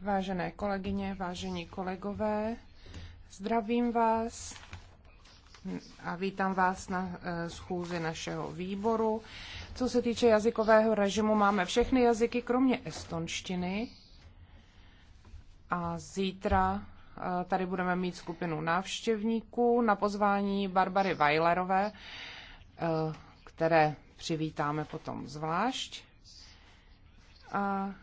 Vážené kolegyně, vážení kolegové, zdravím vás a vítám vás na eh, schůzi našeho výboru. Co se týče jazykového režimu, máme všechny jazyky, kromě estonštiny. A zítra eh, tady budeme mít skupinu návštěvníků na pozvání Barbary Weilerové, eh, které přivítáme potom zvlášť. A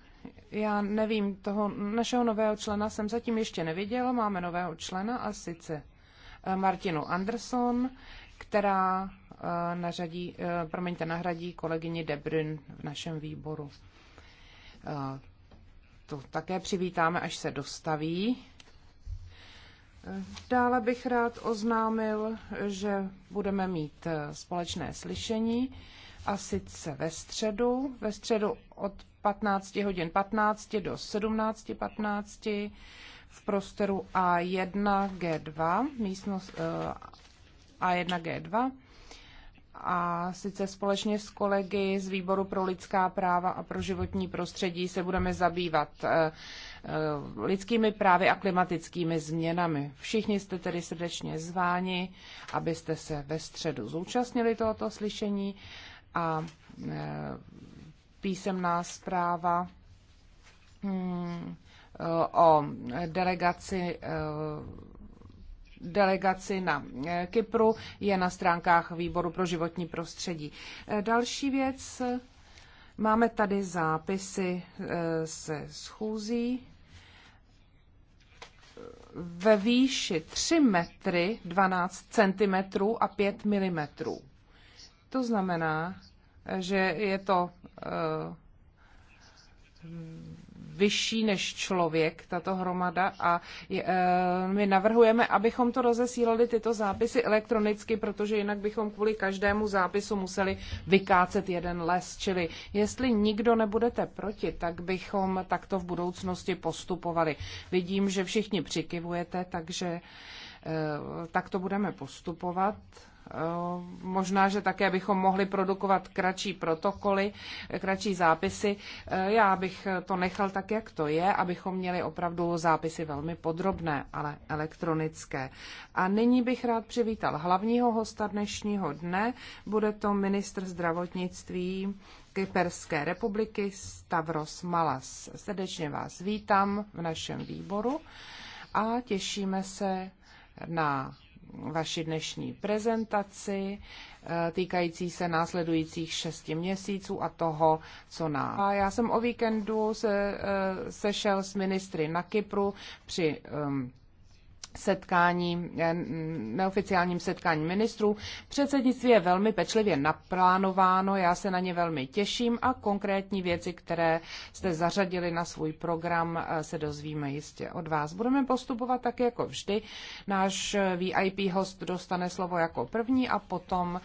já nevím, toho našeho nového člena jsem zatím ještě neviděla. Máme nového člena a sice eh, Martinu Anderson, která eh, nařadí, eh, promiňte, nahradí kolegyni Debrin v našem výboru. To také přivítáme, až se dostaví. Dále bych rád oznámil, že budeme mít společné slyšení a sice ve středu, ve středu od 15 hodin 15 do 17.15 v prostoru A1 G2, místnost eh, A1 G2 a sice společně s kolegy z Výboru pro lidská práva a pro životní prostředí se budeme zabývat eh, eh, lidskými právy a klimatickými změnami. Všichni jste tedy srdečně zváni, abyste se ve středu zúčastnili tohoto slyšení a písemná zpráva hmm, eh, o delegaci eh, delegaci na eh, Kypru je na stránkách Výboru pro životní prostředí. Další věc, máme tady zápisy se schůzí ve výši 3 metry, 12 cm a 5 mm. To znamená, že je to eh, vyšší než člověk, tato hromada, a je, eh, my navrhujeme, abychom to rozesílali tyto zápisy elektronicky, protože jinak bychom kvůli každému zápisu museli vykácet jeden les. Čili jestli nikdo nebudete proti, tak bychom takto v budoucnosti postupovali. Vidím, že všichni přikivujete, takže eh, tak to budeme postupovat. Eh, možná, že také bychom mohli produkovat kratší protokoly, eh, kratší zápisy. Eh, já bych to nechal tak, jak to je, abychom měli opravdu zápisy velmi podrobné, ale elektronické. A nyní bych rád přivítal hlavního hosta dnešního dne. Bude to ministr zdravotnictví Kyperské republiky Stavros Malas. Srdečně vás vítám v našem výboru a těšíme se na vaši dnešní prezentaci eh, týkající se následujících šesti měsíců a toho, co ná. A já jsem o víkendu se, eh, sešel s ministry na Kypru při um, setkání, eh, neoficiálním setkání ministrů. Předsednictví je velmi pečlivě naplánováno, já se na ně velmi těším a konkrétní věci, které jste zařadili na svůj program, eh, se dozvíme jistě od vás. Budeme postupovat tak jako vždy. Náš eh, VIP host dostane slovo jako první a potom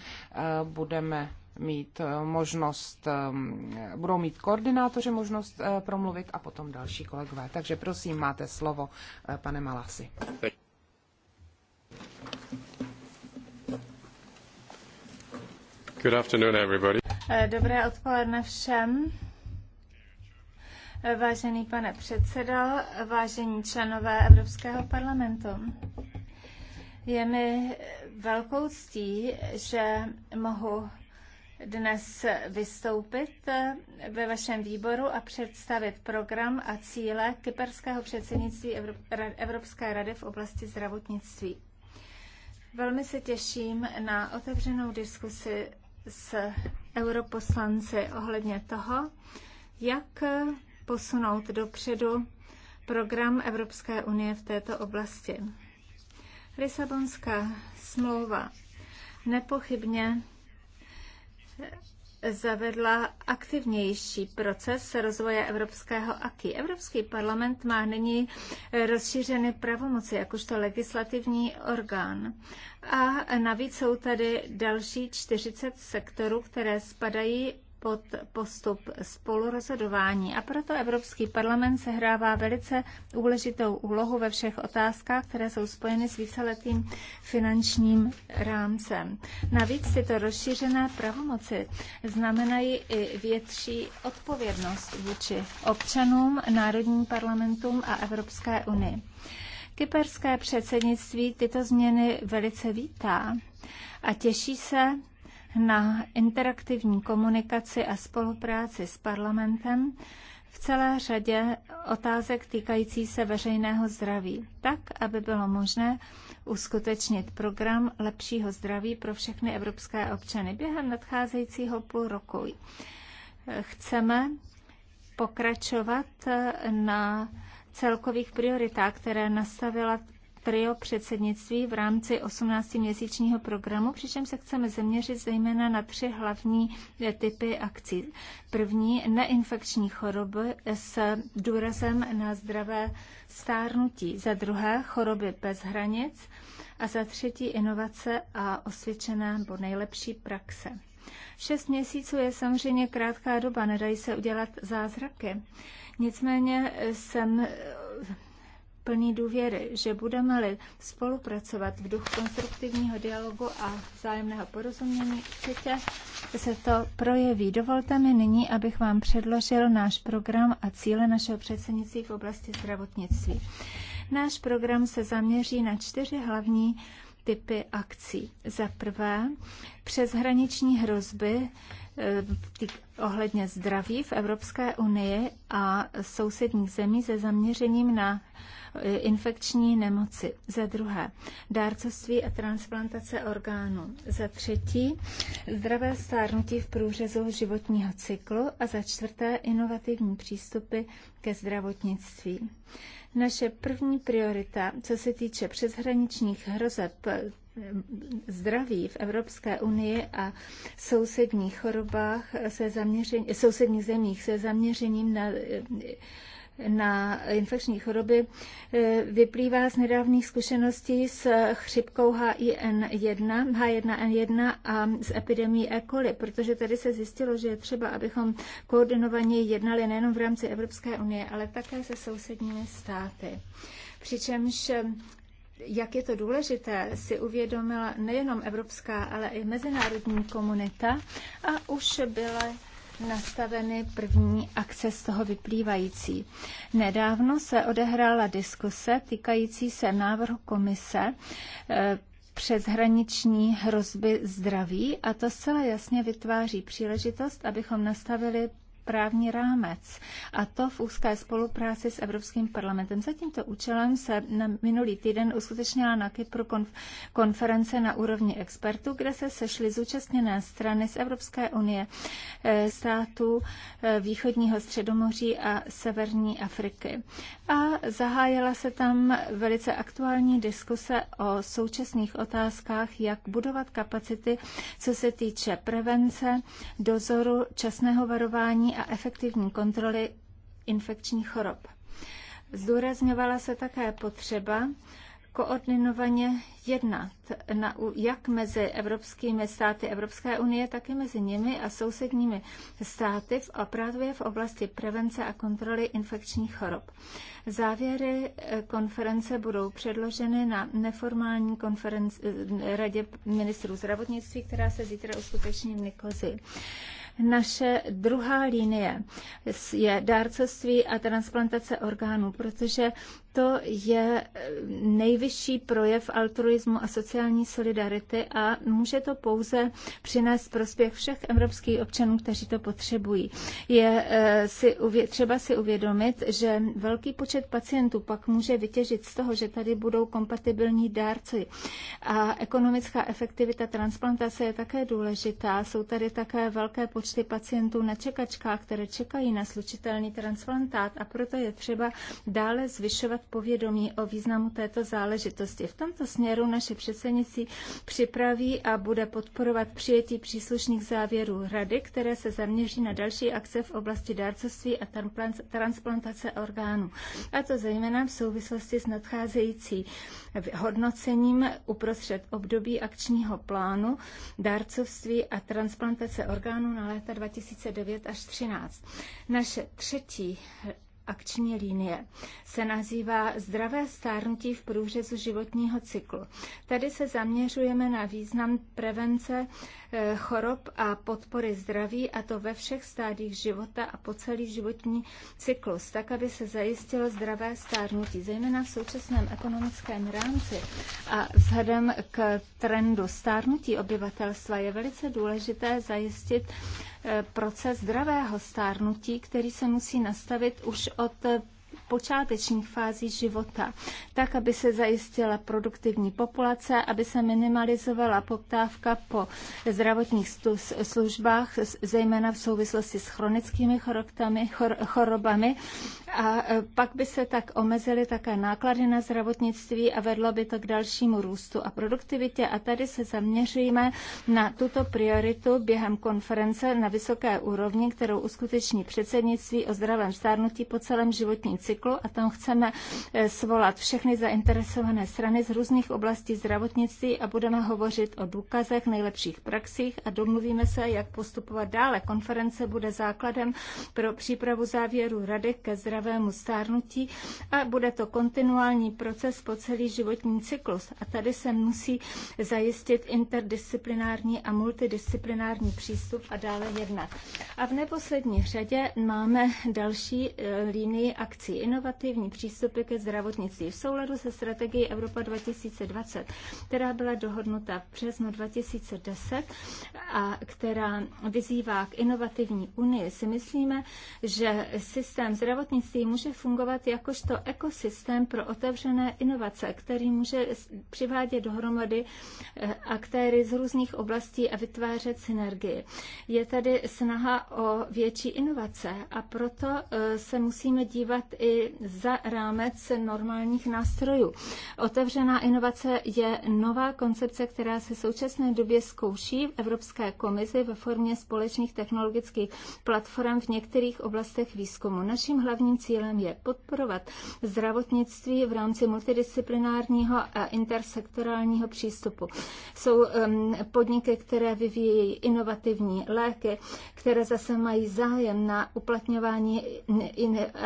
budeme mít možnost, ehm, budou mít koordinátoři možnost promluvit a potom další kolegové. Takže prosím, máte slovo, pane Malasi. Good afternoon, everybody. Eh, dobré odpoledne všem. Eh, vážený pane předsedo, vážení členové Evropského parlamentu. Je mi velkou ctí, že mohu dnes vystoupit eh, ve vašem výboru a představit program a cíle kyperského předsednictví Evropské rady v oblasti zdravotnictví. Velmi se těším na otevřenou diskusi s europoslanci ohledně toho, jak posunout dopředu program Evropské unie v této oblasti. Lisabonská smlouva nepochybně zavedla aktivnější proces rozvoje evropského AKI. Evropský parlament má nyní rozšířeny pravomoci jakožto legislativní orgán. A navíc jsou tady další 40 sektorů, které spadají pod postup spolurozhodování a proto Evropský parlament sehrává velice důležitou úlohu ve všech otázkách, které jsou spojeny s víceletým finančním rámcem. Navíc tyto rozšířené pravomoci znamenají i větší odpovědnost vůči občanům, národním parlamentům a Evropské unii. Kyperské předsednictví tyto změny velice vítá a těší se na interaktivní komunikaci a spolupráci s parlamentem v celé řadě otázek týkající se veřejného zdraví, tak, aby bylo možné uskutečnit program lepšího zdraví pro všechny evropské občany během nadcházejícího půl roku. Chceme pokračovat na celkových prioritách, které nastavila trio předsednictví v rámci 18-měsíčního programu, přičem se chceme zaměřit zejména na tři hlavní eh, typy akcí. První, neinfekční choroby s důrazem na zdravé stárnutí. Za druhé, choroby bez hranic. A za třetí, inovace a osvědčená nebo nejlepší praxe. Šest měsíců je samozřejmě krátká doba, nedají se udělat zázraky. Nicméně eh, jsem plný důvěry, že budeme-li spolupracovat v duchu konstruktivního dialogu a vzájemného porozumění, určitě se to projeví. Dovolte mi nyní, abych vám předložil náš program a cíle našeho předsednictví v oblasti zdravotnictví. Náš program se zaměří na čtyři hlavní typy akcí. Za prvé, přeshraniční hrozby Eh, ohledně zdraví v Evropské unii a sousedních zemí se zaměřením na eh, infekční nemoci. Za druhé, dárcovství a transplantace orgánů. Za třetí, zdravé stárnutí v průřezu životního cyklu. A za čtvrté, inovativní přístupy ke zdravotnictví. Naše první priorita, co se týče přeshraničních hrozeb eh, zdraví v Evropské unii a sousedních chorobách se zaměření, sousedních zemích se zaměřením na eh, na infekční choroby eh, vyplývá z nedávných zkušeností s chřipkou H1N1, H1N1 a z epidemí E. coli, protože tady se zjistilo, že je třeba, abychom koordinovaně jednali nejenom v rámci Evropské unie, ale také se sousedními státy. Přičemž eh, jak je to důležité, si uvědomila nejenom evropská, ale i mezinárodní komunita a už byly nastaveny první akce z toho vyplývající. Nedávno se odehrála diskuse týkající se návrhu komise eh, přeshraniční hrozby zdraví a to zcela jasně vytváří příležitost, abychom nastavili právní rámec, a to v úzké spolupráci s Evropským parlamentem. Za tímto účelem se na minulý týden uskutečnila na Kypru konference na úrovni expertů, kde se sešly zúčastněné strany z Evropské unie, eh, států eh, východního středomoří a severní Afriky. A zahájila se tam velice aktuální diskuse o současných otázkách, jak budovat kapacity, co se týče prevence, dozoru, časného varování a efektivní kontroly infekčních chorob. Zdůrazňovala se také potřeba koordinovaně jednat, na, jak mezi evropskými státy Evropské unie, tak i mezi nimi a sousedními státy v opravdu v oblasti prevence a kontroly infekčních chorob. Závěry eh, konference budou předloženy na neformální konferenci eh, Radě ministrů zdravotnictví, která se zítra uskuteční v Nikozi. Naše druhá linie je dárcovství a transplantace orgánů, protože to je eh, nejvyšší projev altruismu a sociální solidarity a může to pouze přinést prospěch všech evropských občanů, kteří to potřebují. Je eh, si, třeba si uvědomit, že velký počet pacientů pak může vytěžit z toho, že tady budou kompatibilní dárci. A ekonomická efektivita transplantace je také důležitá. Jsou tady také velké počty pacientů na čekačkách, které čekají na slučitelný transplantát a proto je třeba dále zvyšovat zvyšovat povědomí o významu této záležitosti. V tomto směru naše předsednici připraví a bude podporovat přijetí příslušných závěrů Rady, které se zaměří na další akce v oblasti dárcovství a transplantace orgánů. A to zejména v souvislosti s nadcházející hodnocením uprostřed období akčního plánu dárcovství a transplantace orgánů na léta 2009 až 2013. Naše třetí akční linie se nazývá Zdravé stárnutí v průřezu životního cyklu. Tady se zaměřujeme na význam prevence Eh, chorob a podpory zdraví, a to ve všech stádích života a po celý životní cyklus, tak, aby se zajistilo zdravé stárnutí, zejména v současném ekonomickém rámci a vzhledem k trendu stárnutí obyvatelstva je velice důležité zajistit eh, proces zdravého stárnutí, který se musí nastavit už od počátečních fázi života, tak, aby se zajistila produktivní populace, aby se minimalizovala poptávka po zdravotních službách, zejména v souvislosti s chronickými chorobami, chorobami a e, pak by se tak omezily také náklady na zdravotnictví a vedlo by to k dalšímu růstu a produktivitě. A tady se zaměříme na tuto prioritu během konference na vysoké úrovni, kterou uskuteční předsednictví o zdravém stárnutí po celém životním cyklu cyklu a tam chceme eh, svolat všechny zainteresované strany z různých oblastí zdravotnictví a budeme hovořit o důkazech, nejlepších praxích a domluvíme se, jak postupovat dále. Konference bude základem pro přípravu závěru Rady ke zdravému stárnutí a bude to kontinuální proces po celý životní cyklus. A tady se musí zajistit interdisciplinární a multidisciplinární přístup a dále jednat. A v neposlední řadě máme další eh, línii akcí inovativní přístupy ke zdravotnictví v souladu se strategií Evropa 2020, která byla dohodnuta v březnu 2010 a která vyzývá k inovativní unii, si myslíme, že systém zdravotnictví může fungovat jakožto ekosystém pro otevřené inovace, který může přivádět dohromady eh, aktéry z různých oblastí a vytvářet synergii. Je tady snaha o větší inovace a proto eh, se musíme dívat i za rámec normálních nástrojů. Otevřená inovace je nová koncepce, která se v současné době zkouší v Evropské komisi ve formě společných technologických platform v některých oblastech výzkumu. Naším hlavním cílem je podporovat zdravotnictví v rámci multidisciplinárního a intersektorálního přístupu. Jsou um, podniky, které vyvíjejí inovativní léky, které zase mají zájem na uplatňování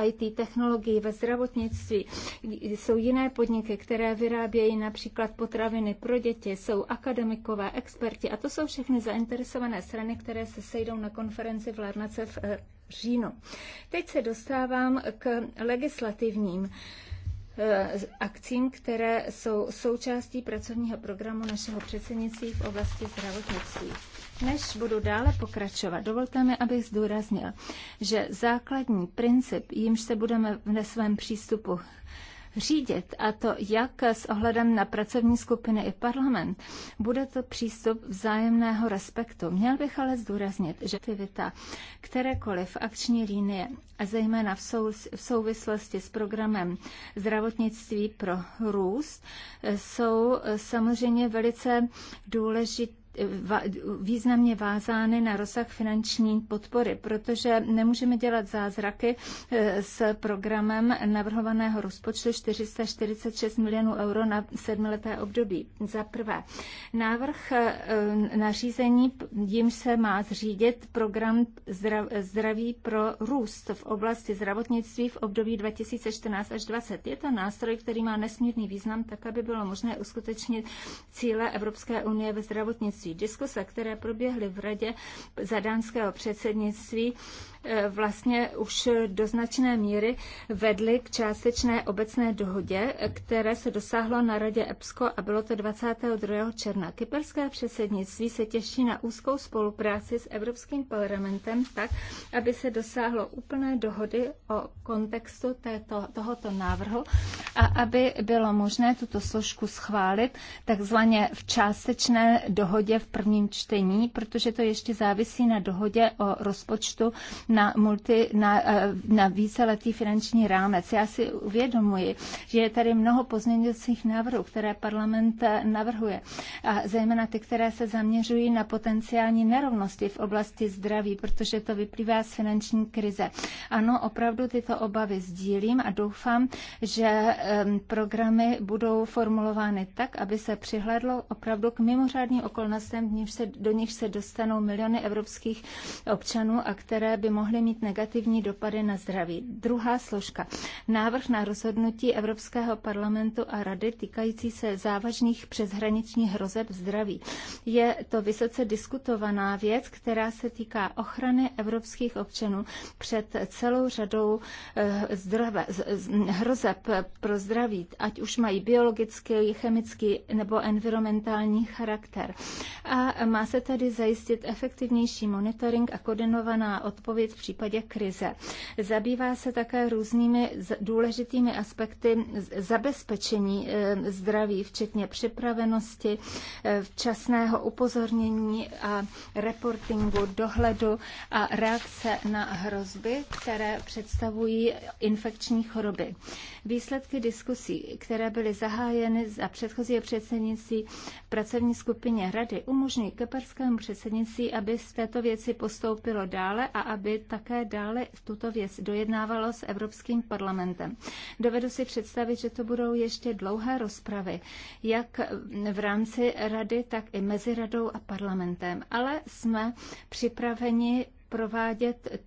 IT technologií technologií, ve zdravotnictví. Jsou jiné podniky, které vyrábějí například potraviny pro děti, jsou akademikové, experti a to jsou všechny zainteresované strany, které se sejdou na konferenci vládnace v eh, říjnu. Teď se dostávám k legislativním eh, akcím, které jsou součástí pracovního programu našeho předsednictví v oblasti zdravotnictví. Než budu dále pokračovat, dovolte mi, abych zdůraznil, že základní princip, jimž se budeme ve svém přístupu řídit, a to jak s ohledem na pracovní skupiny i parlament, bude to přístup vzájemného respektu. Měl bych ale zdůraznit, že aktivita kterékoliv akční linie, a zejména v, sou, v souvislosti s programem zdravotnictví pro růst, jsou samozřejmě velice důležité významně vázány na rozsah finanční podpory, protože nemůžeme dělat zázraky eh, s programem navrhovaného rozpočtu 446 milionů euro na sedmileté období. Za prvé, návrh eh, nařízení, jim se má zřídit program Zdraví pro růst v oblasti zdravotnictví v období 2014 až 2020. Je to nástroj, který má nesmírný význam, tak aby bylo možné uskutečnit cíle Evropské unie ve zdravotnictví Diskuse, které proběhly v radě za dánského předsednictví, Eh, vlastně už do značné míry vedly k částečné obecné dohodě, eh, které se dosáhlo na Radě EPSCO a bylo to 22. června. Kyperské předsednictví se těší na úzkou spolupráci s Evropským parlamentem tak, aby se dosáhlo úplné dohody o kontextu této, tohoto návrhu a aby bylo možné tuto složku schválit takzvaně v částečné dohodě v prvním čtení, protože to ještě závisí na dohodě o rozpočtu na, multi, na, eh, na víceletý finanční rámec. Já si uvědomuji, že je tady mnoho pozměňujících návrhů, které parlament eh, navrhuje, a zejména ty, které se zaměřují na potenciální nerovnosti v oblasti zdraví, protože to vyplývá z finanční krize. Ano, opravdu tyto obavy sdílím a doufám, že programy budou formulovány tak, aby se přihledlo opravdu k mimořádným okolnostem, do nich se dostanou miliony evropských občanů a které by mohly mohly mít negativní dopady na zdraví. Druhá složka. Návrh na rozhodnutí Evropského parlamentu a rady týkající se závažných přeshraničních hrozeb zdraví. Je to vysoce diskutovaná věc, která se týká ochrany evropských občanů před celou řadou eh, zdrave, hrozeb pro zdraví, ať už mají biologický, chemický nebo environmentální charakter. A má se tedy zajistit efektivnější monitoring a koordinovaná odpověď zapojit v případě krize. Zabývá se také různými důležitými aspekty zabezpečení eh, zdraví, včetně připravenosti, eh, včasného upozornění a reportingu, dohledu a reakce na hrozby, které představují infekční choroby. Výsledky diskusí, které byly zahájeny za předchozího předsednictví pracovní skupině Rady, umožňují keperskému předsednictví, aby z této věci postoupilo dále a aby také dále tuto věc dojednávalo s Evropským parlamentem. Dovedu si představit, že to budou ještě dlouhé rozpravy, jak v rámci rady, tak i mezi radou a parlamentem. Ale jsme připraveni provádět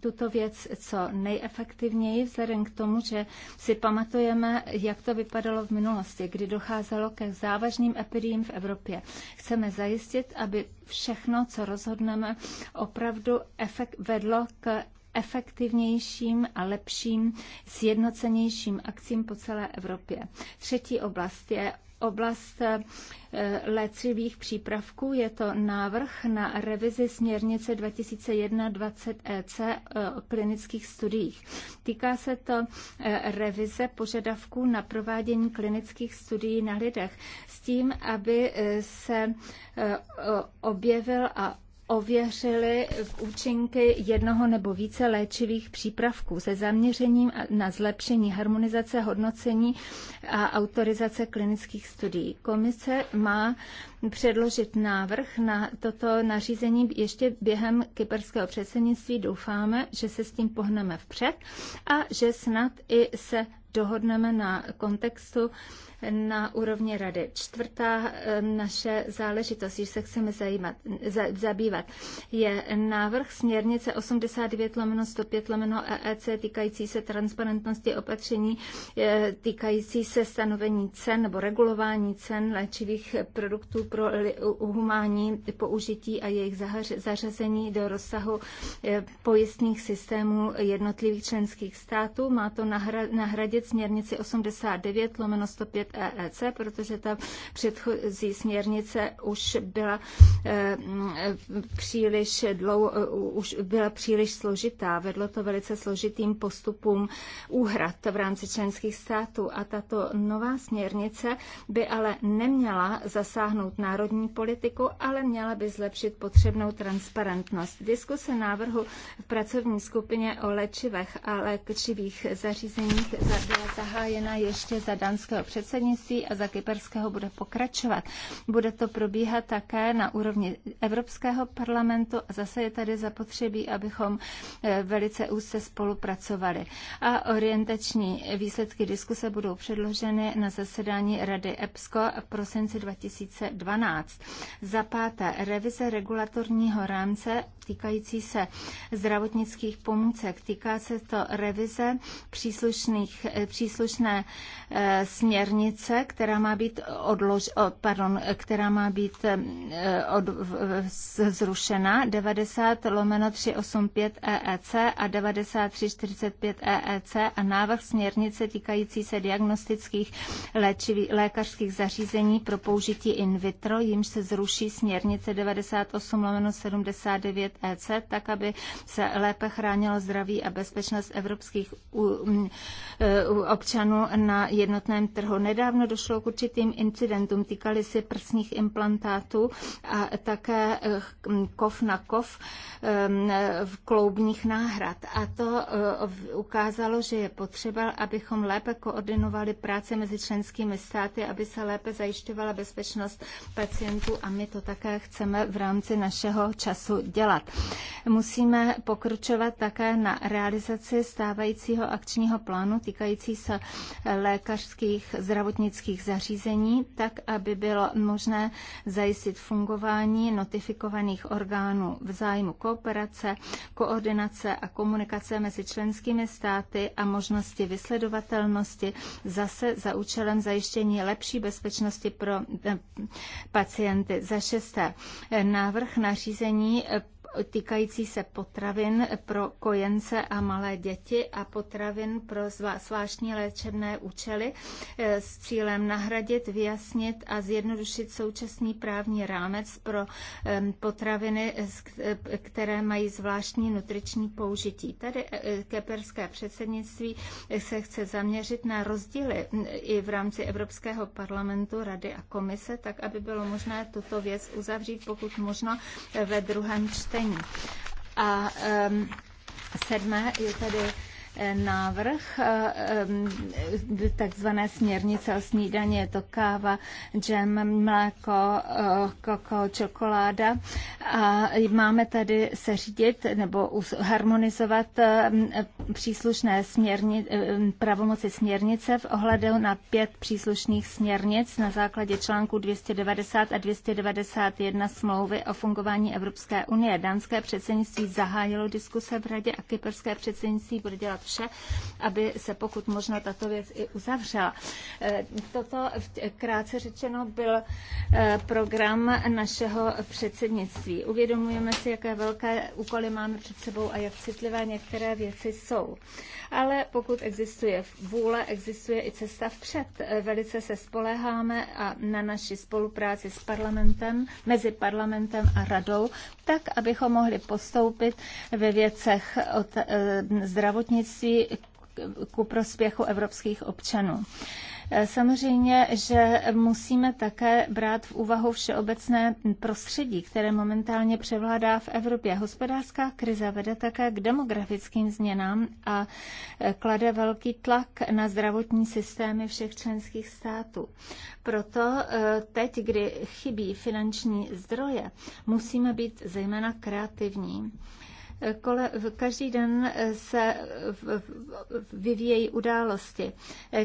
tuto věc co nejefektivněji, vzhledem k tomu, že si pamatujeme, jak to vypadalo v minulosti, kdy docházelo ke závažným epidemím v Evropě. Chceme zajistit, aby všechno, co rozhodneme, opravdu efekt vedlo k efektivnějším a lepším, sjednocenějším akcím po celé Evropě. Třetí oblast je oblast eh, léčivých přípravků. Je to návrh na revizi směrnice 2001-20EC e eh, o klinických studiích. Týká se to eh, revize požadavků na provádění klinických studií na lidech s tím, aby se objevil a ověřili účinky jednoho nebo více léčivých přípravků se zaměřením na zlepšení harmonizace, hodnocení a autorizace klinických studií. Komise má předložit návrh na toto nařízení ještě během kyperského předsednictví. Doufáme, že se s tím pohneme vpřed a že snad i se dohodneme na kontextu na úrovni rady. Čtvrtá eh, naše záležitost, když se chceme zajímat, za, zabývat, je návrh směrnice 89 lomeno 105 lomeno EEC týkající se transparentnosti opatření, eh, týkající se stanovení cen nebo regulování cen léčivých produktů pro humánní použití a jejich zařazení do rozsahu eh, pojistných systémů jednotlivých členských států. Má to nahradit směrnici 89 lomeno 105 EEC, protože ta předchozí směrnice už byla eh, příliš dlouho, eh, už byla příliš složitá. Vedlo to velice složitým postupům úhrad v rámci členských států a tato nová směrnice by ale neměla zasáhnout národní politiku, ale měla by zlepšit potřebnou transparentnost. Diskuse návrhu v pracovní skupině o léčivech a léčivých zařízeních byla zahájena ještě za danského předsednictví předsednictví a za kyperského bude pokračovat. Bude to probíhat také na úrovni Evropského parlamentu a zase je tady zapotřebí, abychom eh, velice úzce spolupracovali. A orientační výsledky diskuse budou předloženy na zasedání Rady EPSCO v prosinci 2012. Za páté, revize regulatorního rámce týkající se zdravotnických pomůcek. Týká se to revize příslušných, eh, příslušné eh, směrnice směrnice, která má být, odlož, pardon, která má být eh, od, zrušena 90 lomeno 385 EEC a 9345 EEC a návrh směrnice týkající se diagnostických léčiv, lékařských zařízení pro použití in vitro, jimž se zruší směrnice 98 lomeno 79 EC, tak aby se lépe chránilo zdraví a bezpečnost evropských eh, občanů na jednotném trhu nedávno došlo k určitým incidentům, týkaly se prsních implantátů a také eh, mm, kov na kov ehm, v kloubních náhrad. A to eh, ukázalo, že je potřeba, abychom lépe koordinovali práce mezi členskými státy, aby se lépe zajišťovala bezpečnost pacientů a my to také chceme v rámci našeho času dělat. Musíme pokročovat také na realizaci stávajícího akčního plánu týkající se lékařských zdravotních zdravotnických zařízení, tak aby bylo možné zajistit fungování notifikovaných orgánů v zájmu kooperace, koordinace a komunikace mezi členskými státy a možnosti vysledovatelnosti zase za účelem zajištění lepší bezpečnosti pro eh, pacienty. Za šesté, návrh nařízení týkající se potravin pro kojence a malé děti a potravin pro zvláštní léčebné účely eh, s cílem nahradit, vyjasnit a zjednodušit současný právní rámec pro potraviny, eh, které mají zvláštní nutriční použití. Tady eh, keperské předsednictví se chce zaměřit na rozdíly i v rámci Evropského parlamentu, Rady a Komise, tak aby bylo možné tuto věc uzavřít, pokud možno ve druhém čtení a um, sedmé je tady návrh eh, eh, takzvané směrnice o snídaně. Je to káva, džem, mléko, eh, koko, čokoláda. A máme tady seřídit nebo harmonizovat příslušné směrni, pravomoci směrnice v ohledu na pět příslušných směrnic na základě článku 290 a 291 smlouvy o fungování Evropské unie. Dánské předsednictví zahájilo diskuse v radě a kyperské předsednictví bude dělat vše, aby se pokud možno tato věc i uzavřela. Eh, toto krátce řečeno byl eh, program našeho předsednictví. Uvědomujeme si, jaké velké úkoly máme před sebou a jak citlivé některé věci jsou ale pokud existuje vůle, existuje i cesta vpřed. Velice se spoleháme a na naši spolupráci s parlamentem, mezi parlamentem a radou, tak, abychom mohli postoupit ve věcech od eh, zdravotnictví ku prospěchu evropských občanů. Eh, samozřejmě, že musíme také brát v úvahu všeobecné prostředí, které momentálně převládá v Evropě. Hospodářská krize vede také k demografickým změnám a eh, klade velký tlak na zdravotní systémy všech členských států. Proto eh, teď, kdy chybí finanční zdroje, musíme být zejména kreativní. Každý den se vyvíjejí události,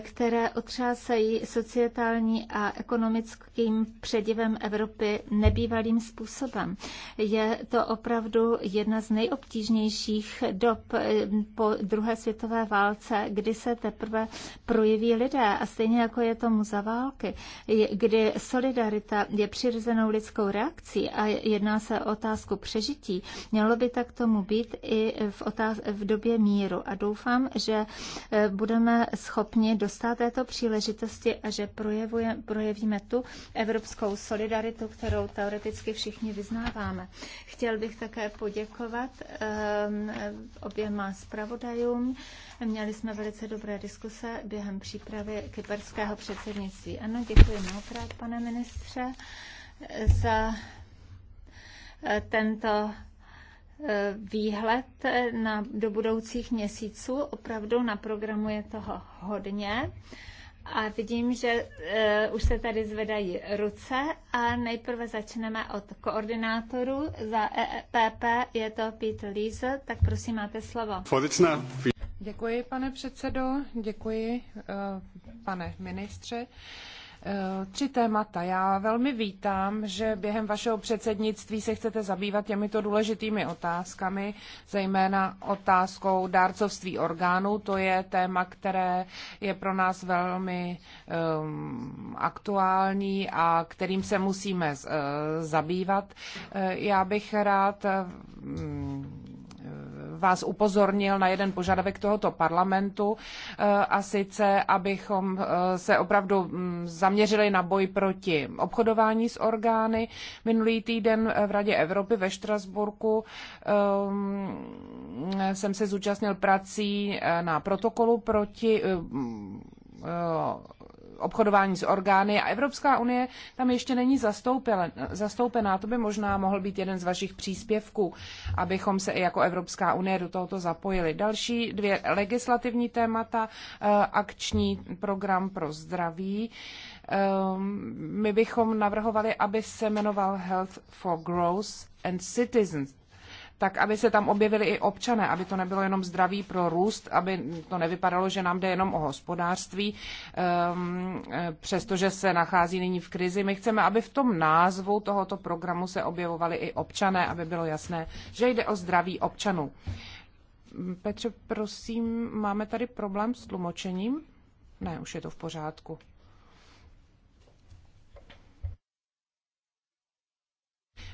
které otřásají societální a ekonomickým předivem Evropy nebývalým způsobem. Je to opravdu jedna z nejobtížnějších dob eh, po druhé světové válce, kdy se teprve projeví lidé a stejně jako je tomu za války, kdy solidarita je přirozenou lidskou reakcí a jedná se o otázku přežití, mělo by tak tomu být i v, otáz- v době míru a doufám, že eh, budeme schopni dostat této příležitosti a že projevíme tu evropskou solidaritu, kterou teoreticky všichni vyznáváme. Chtěl bych také poděkovat ehm, oběma zpravodajům. Měli jsme velice dobré diskuse během přípravy kyperského předsednictví. Ano, děkuji mnohokrát, pane ministře, za eh, tento výhled na, do budoucích měsíců. Opravdu naprogramuje toho hodně. A vidím, že uh, už se tady zvedají ruce a nejprve začneme od koordinátorů. Za EPP e je to Peter Liese, tak prosím, máte slovo. Děkuji, pane předsedo, děkuji, uh, pane ministře. Uh, Eh, tři témata. Já velmi vítám, že během vašeho předsednictví se chcete zabývat těmito důležitými otázkami, zejména otázkou dárcovství orgánů. To je téma, které je pro nás velmi um, aktuální a kterým se musíme uh, zabývat. Uh, já bych rád vás upozornil na jeden požadavek tohoto parlamentu eh, a sice, abychom eh, se opravdu mm, zaměřili na boj proti obchodování s orgány. Minulý týden eh, v Radě Evropy ve Štrasburku jsem se zúčastnil prací na protokolu proti obchodování s orgány a Evropská unie tam ještě není zastoupená. To by možná mohl být jeden z vašich příspěvků, abychom se i jako Evropská unie do tohoto zapojili. Další dvě legislativní témata, eh, akční program pro zdraví. Ehm, my bychom navrhovali, aby se jmenoval Health for Growth and Citizens tak aby se tam objevili i občané, aby to nebylo jenom zdraví pro růst, aby to nevypadalo, že nám jde jenom o hospodářství, um, přestože se nachází nyní v krizi. My chceme, aby v tom názvu tohoto programu se objevovali i občané, aby bylo jasné, že jde o zdraví občanů. Petře, prosím, máme tady problém s tlumočením? Ne, už je to v pořádku.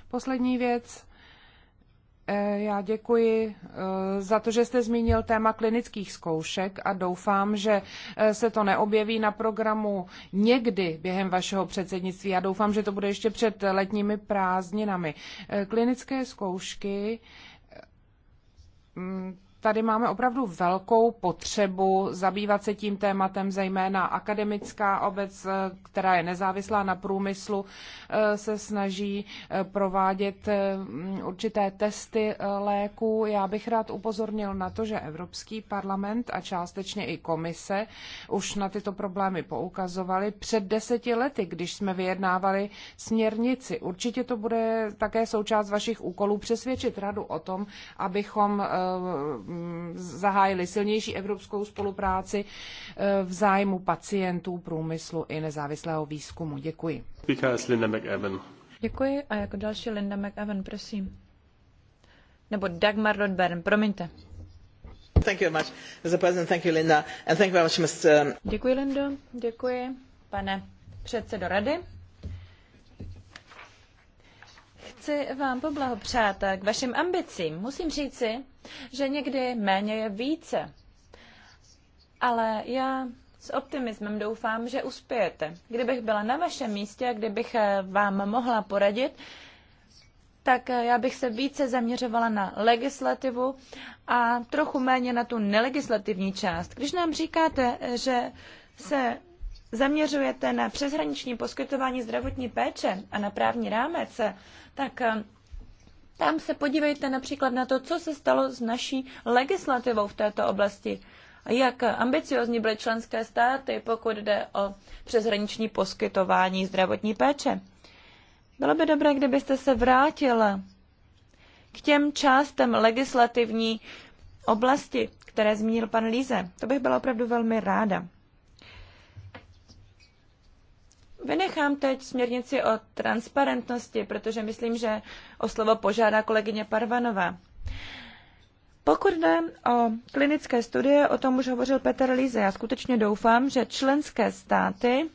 Poslední věc Eh, já děkuji eh, za to, že jste zmínil téma klinických zkoušek a doufám, že eh, se to neobjeví na programu někdy během vašeho předsednictví. Já doufám, že to bude ještě před letními prázdninami. Klinické zkoušky mm, tady máme opravdu velkou potřebu zabývat se tím tématem, zejména akademická obec, eh, která je nezávislá na průmyslu, eh, se snaží eh, provádět mm, určité testy léků. Já bych rád upozornil na to, že Evropský parlament a částečně i komise už na tyto problémy poukazovali před deseti lety, když jsme vyjednávali směrnici. Určitě to bude také součást vašich úkolů přesvědčit radu o tom, abychom zahájili silnější evropskou spolupráci eh, v zájmu pacientů, průmyslu i nezávislého výzkumu. Děkuji. Linda Děkuji a jako další Linda McEwen, prosím. Nebo Dagmar Rodbern, promiňte. Thank you much, Mr. President. Thank you, Linda. And thank you very much, Mr. Děkuji, Lindo. Děkuji, pane předsedo rady. chci vám poblahopřát k vašim ambicím. Musím říci, že někdy méně je více. Ale já s optimismem doufám, že uspějete. Kdybych byla na vašem místě a kdybych eh, vám mohla poradit, tak eh, já bych se více zaměřovala na legislativu a trochu méně na tu nelegislativní část. Když nám říkáte, eh, že se zaměřujete na přeshraniční poskytování zdravotní péče a na právní rámec, tak eh, tam se podívejte například na to, co se stalo s naší legislativou v této oblasti. Jak ambiciozní byly členské státy, pokud jde o přeshraniční poskytování zdravotní péče? Bylo by dobré, kdybyste se vrátila k těm částem legislativní oblasti, které zmínil pan Líze. To bych byla opravdu velmi ráda. Vynechám teď směrnici o transparentnosti, protože myslím, že o slovo požádá kolegyně Parvanová. Pokud jde o klinické studie, o tom už hovořil Petr Líze. Já skutečně doufám, že členské státy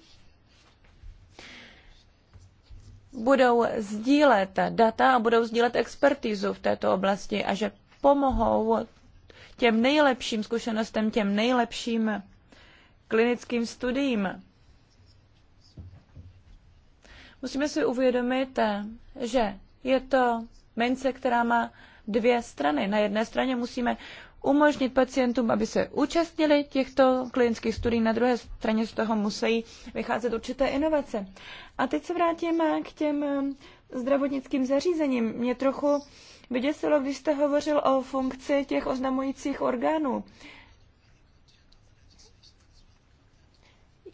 budou sdílet data a budou sdílet expertizu v této oblasti a že pomohou těm nejlepším zkušenostem, těm nejlepším klinickým studiím Musíme si uvědomit, eh, že je to mince, která má dvě strany. Na jedné straně musíme umožnit pacientům, aby se účastnili těchto klinických studií, na druhé straně z toho musí vycházet určité inovace. A teď se vrátíme eh, k těm eh, zdravotnickým zařízením. Mě trochu vyděsilo, když jste hovořil o funkci těch oznamujících orgánů.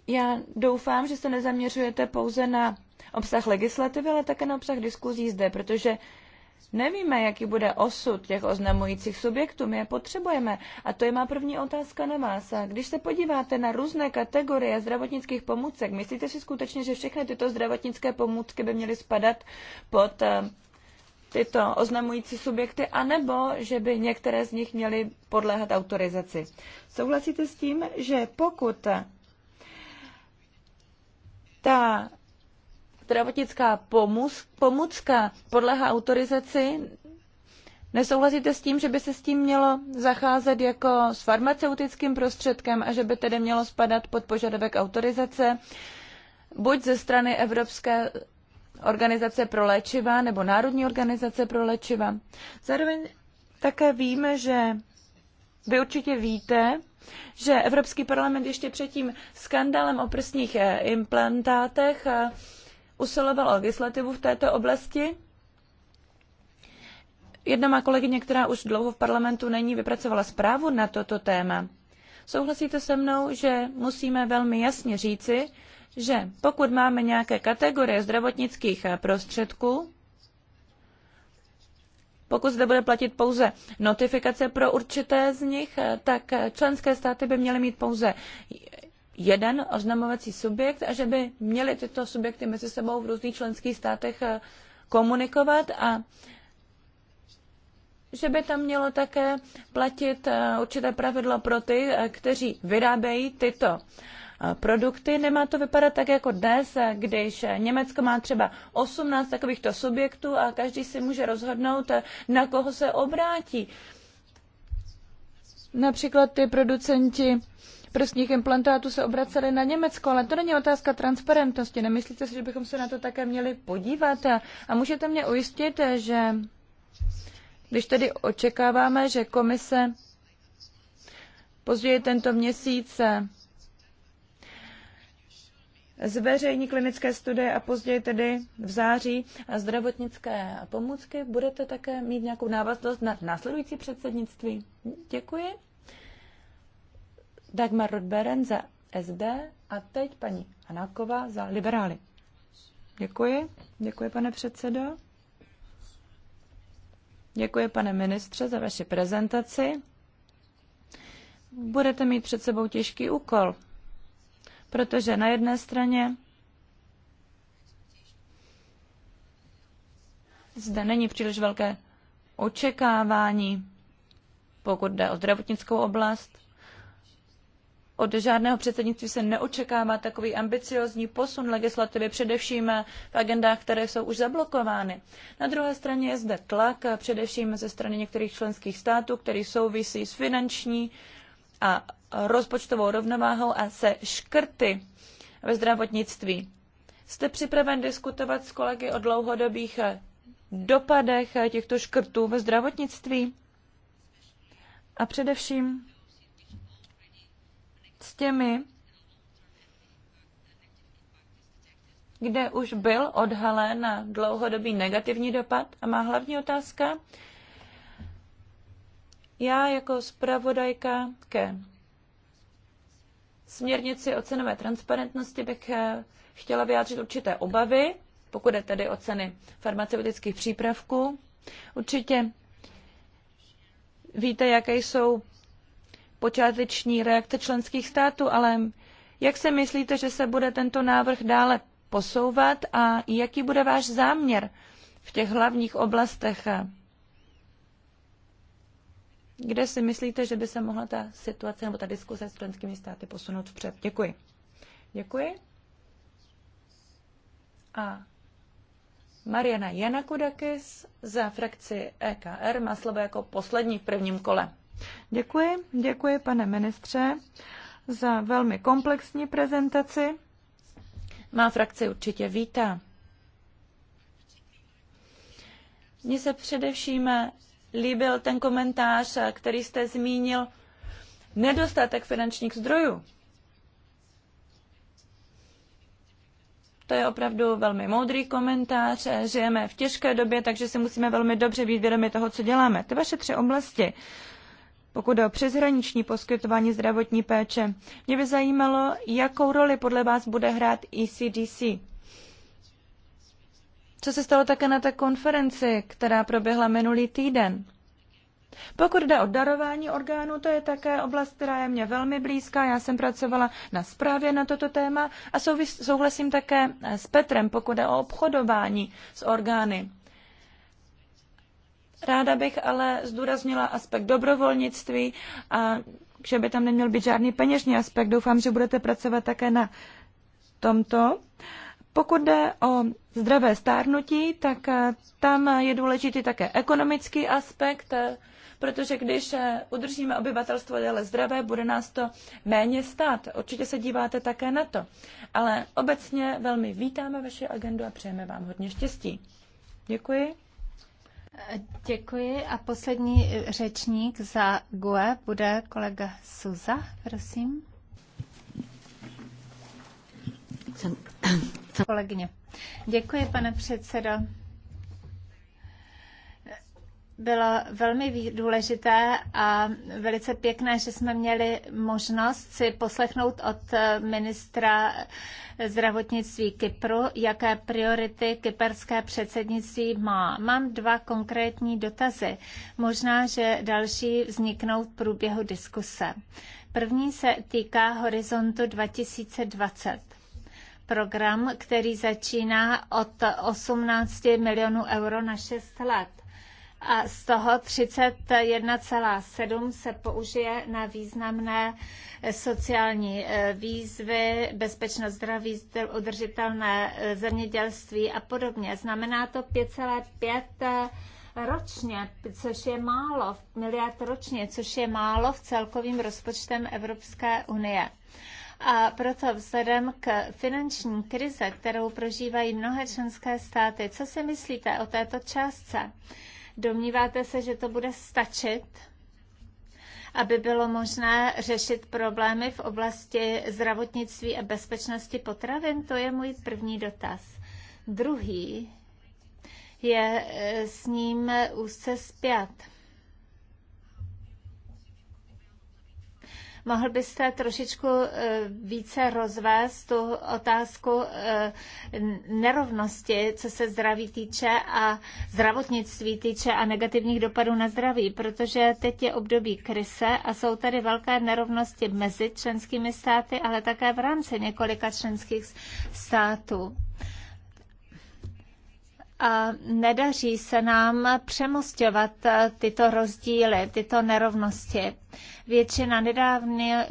Já doufám, že se nezaměřujete pouze na obsah legislativy, ale také na obsah diskuzí zde, protože Nevíme, jaký bude osud těch oznamujících subjektů, my je potřebujeme. A to je má první otázka na vás. A když se podíváte na různé kategorie zdravotnických pomůcek, myslíte si skutečně, že všechny tyto zdravotnické pomůcky by měly spadat pod eh, tyto oznamující subjekty, anebo že by některé z nich měly podléhat autorizaci. Souhlasíte s tím, že pokud ta zdravotnická pomůcka podlehá autorizaci, Nesouhlasíte s tím, že by se s tím mělo zacházet jako s farmaceutickým prostředkem a že by tedy mělo spadat pod požadavek autorizace, buď ze strany Evropské organizace pro léčiva nebo Národní organizace pro léčiva. Zároveň také víme, že vy určitě víte, že Evropský parlament ještě před tím skandálem o prsních implantátech usiloval o legislativu v této oblasti. Jedna má kolegyně, která už dlouho v parlamentu není, vypracovala zprávu na toto téma. Souhlasíte se mnou, že musíme velmi jasně říci, že pokud máme nějaké kategorie zdravotnických prostředků, pokud zde bude platit pouze notifikace pro určité z nich, tak členské státy by měly mít pouze jeden oznamovací subjekt a že by měly tyto subjekty mezi sebou v různých členských státech eh, komunikovat a že by tam mělo také platit eh, určité pravidlo pro ty, eh, kteří vyrábějí tyto produkty. Nemá to vypadat tak jako dnes, když Německo má třeba 18 takovýchto subjektů a každý si může rozhodnout, na koho se obrátí. Například ty producenti prstních implantátů se obraceli na Německo, ale to není otázka transparentnosti. Nemyslíte si, že bychom se na to také měli podívat? A, a můžete mě ujistit, že když tedy očekáváme, že komise později tento měsíc zveřejní klinické studie a později tedy v září a zdravotnické pomůcky. Budete také mít nějakou návaznost na následující předsednictví? Děkuji. Dagmar Rodberen za SD a teď paní Hanáková za liberály. Děkuji. Děkuji, pane předsedo. Děkuji, pane ministře, za vaši prezentaci. Budete mít před sebou těžký úkol, protože na jedné straně zde není příliš velké očekávání, pokud jde o zdravotnickou oblast, od žádného předsednictví se neočekává takový ambiciózní posun legislativy, především v agendách, které jsou už zablokovány. Na druhé straně je zde tlak, především ze strany některých členských států, který souvisí s finanční a rozpočtovou rovnováhou a se škrty ve zdravotnictví. Jste připraven diskutovat s kolegy o dlouhodobých dopadech těchto škrtů ve zdravotnictví? A především s těmi, kde už byl odhalen na dlouhodobý negativní dopad? A má hlavní otázka. Já jako zpravodajka ke směrnici o cenové transparentnosti bych eh, chtěla vyjádřit určité obavy, pokud je tedy o ceny farmaceutických přípravků. Určitě víte, jaké jsou počáteční reakce členských států, ale jak se myslíte, že se bude tento návrh dále posouvat a jaký bude váš záměr v těch hlavních oblastech, kde si myslíte, že by se mohla ta situace nebo ta diskuse s členskými státy posunout vpřed? Děkuji. Děkuji. A Mariana Janakudakis za frakci EKR má slovo jako poslední v prvním kole. Děkuji, děkuji pane ministře za velmi komplexní prezentaci. Má frakce určitě vítá. Mně se především líbil ten komentář, který jste zmínil, nedostatek finančních zdrojů. To je opravdu velmi moudrý komentář. Žijeme v těžké době, takže si musíme velmi dobře být vědomi toho, co děláme. Ty vaše tři oblasti, pokud jde o přeshraniční poskytování zdravotní péče. Mě by zajímalo, jakou roli podle vás bude hrát ECDC. Co se stalo také na té konferenci, která proběhla minulý týden? Pokud jde o darování orgánů, to je také oblast, která je mě velmi blízká. Já jsem pracovala na zprávě na toto téma a souhlasím také s Petrem, pokud jde o obchodování s orgány. Ráda bych ale zdůraznila aspekt dobrovolnictví a že by tam neměl být žádný peněžní aspekt. Doufám, že budete pracovat také na tomto. Pokud jde o zdravé stárnutí, tak eh, tam je důležitý také ekonomický aspekt, eh, protože když eh, udržíme obyvatelstvo déle zdravé, bude nás to méně stát. Určitě se díváte také na to. Ale obecně velmi vítáme vaši agendu a přejeme vám hodně štěstí. Děkuji. Děkuji a poslední řečník za GUE bude kolega Suza, prosím. Kolegyně. Děkuji, pane předsedo bylo velmi důležité a velice pěkné, že jsme měli možnost si poslechnout od eh, ministra zdravotnictví Kypru, jaké priority kyperské předsednictví má. Mám dva konkrétní dotazy. Možná, že další vzniknou v průběhu diskuse. První se týká horizontu 2020 program, který začíná od 18 milionů euro na 6 let a z toho 31,7 se použije na významné eh, sociální eh, výzvy, bezpečnost zdraví, udržitelné eh, zemědělství a podobně. Znamená to 5,5 ročně, což je málo, miliard ročně, což je málo v celkovým rozpočtem Evropské unie. A proto vzhledem k finanční krize, kterou prožívají mnohé členské státy, co si myslíte o této částce? Domníváte se, že to bude stačit? aby bylo možné řešit problémy v oblasti zdravotnictví a bezpečnosti potravin? To je můj první dotaz. Druhý je eh, s ním úzce zpět. Mohl byste trošičku eh, více rozvést tu otázku eh, nerovnosti, co se zdraví týče a zdravotnictví týče a negativních dopadů na zdraví, protože teď je období krize a jsou tady velké nerovnosti mezi členskými státy, ale také v rámci několika členských států a nedaří se nám přemostovat eh, tyto rozdíly, tyto nerovnosti. Většina nedávně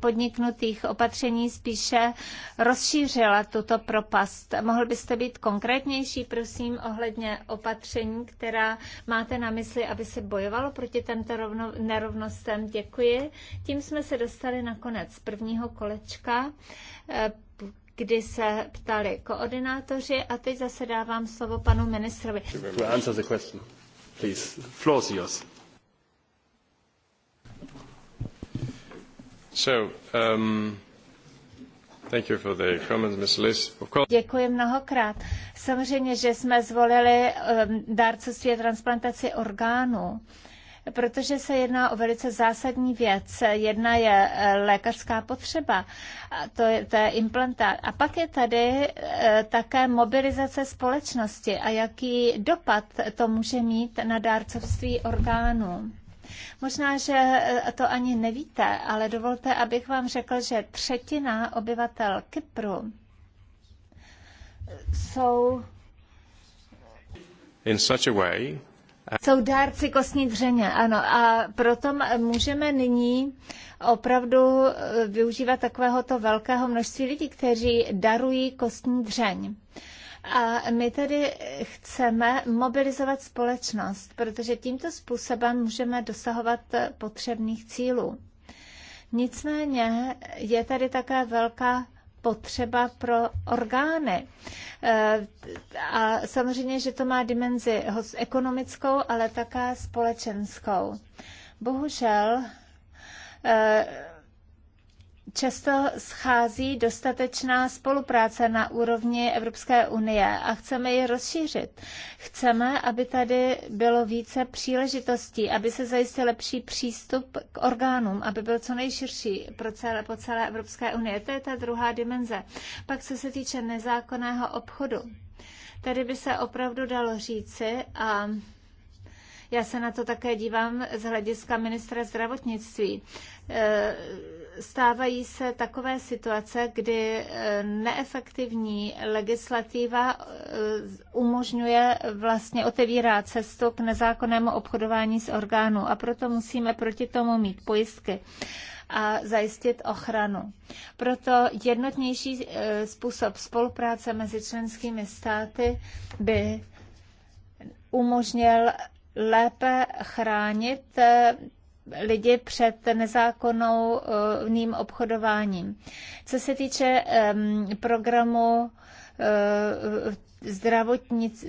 podniknutých opatření spíše rozšířila tuto propast. Mohl byste být konkrétnější, prosím, ohledně opatření, která máte na mysli, aby se bojovalo proti těmto rovno, nerovnostem? Děkuji. Tím jsme se dostali na konec prvního kolečka eh, kdy se ptali koordinátoři a teď zase dávám slovo panu ministrovi. To um, Děkuji mnohokrát. Samozřejmě, že jsme zvolili um, dárcovství a transplantaci orgánů protože se jedná o velice zásadní věc. Jedna je eh, lékařská potřeba, to je, to je implantát. A pak je tady eh, také mobilizace společnosti a jaký dopad to může mít na dárcovství orgánů. Možná, že eh, to ani nevíte, ale dovolte, abych vám řekl, že třetina obyvatel Kypru jsou in such a way jsou dárci kostní dřeně, ano. A proto můžeme nyní opravdu eh, využívat takovéhoto velkého množství lidí, kteří darují kostní dřeň. A my tedy chceme mobilizovat společnost, protože tímto způsobem můžeme dosahovat eh, potřebných cílů. Nicméně je tady také velká potřeba pro orgány. Eh, a samozřejmě, že to má dimenzi ekonomickou, ale také společenskou. Bohužel eh, často schází dostatečná spolupráce na úrovni Evropské unie a chceme ji rozšířit. Chceme, aby tady bylo více příležitostí, aby se zajistil lepší přístup k orgánům, aby byl co nejširší pro celé, po celé Evropské unie. To je ta druhá dimenze. Pak co se týče nezákonného obchodu, tady by se opravdu dalo říci a já se na to také dívám z hlediska ministra zdravotnictví stávají se takové situace, kdy eh, neefektivní legislativa eh, umožňuje vlastně otevírá cestu k nezákonnému obchodování s orgánů a proto musíme proti tomu mít pojistky a zajistit ochranu. Proto jednotnější eh, způsob spolupráce mezi členskými státy by umožnil lépe chránit lidi před nezákonným obchodováním. Co se týče programu eh, zdravotnic,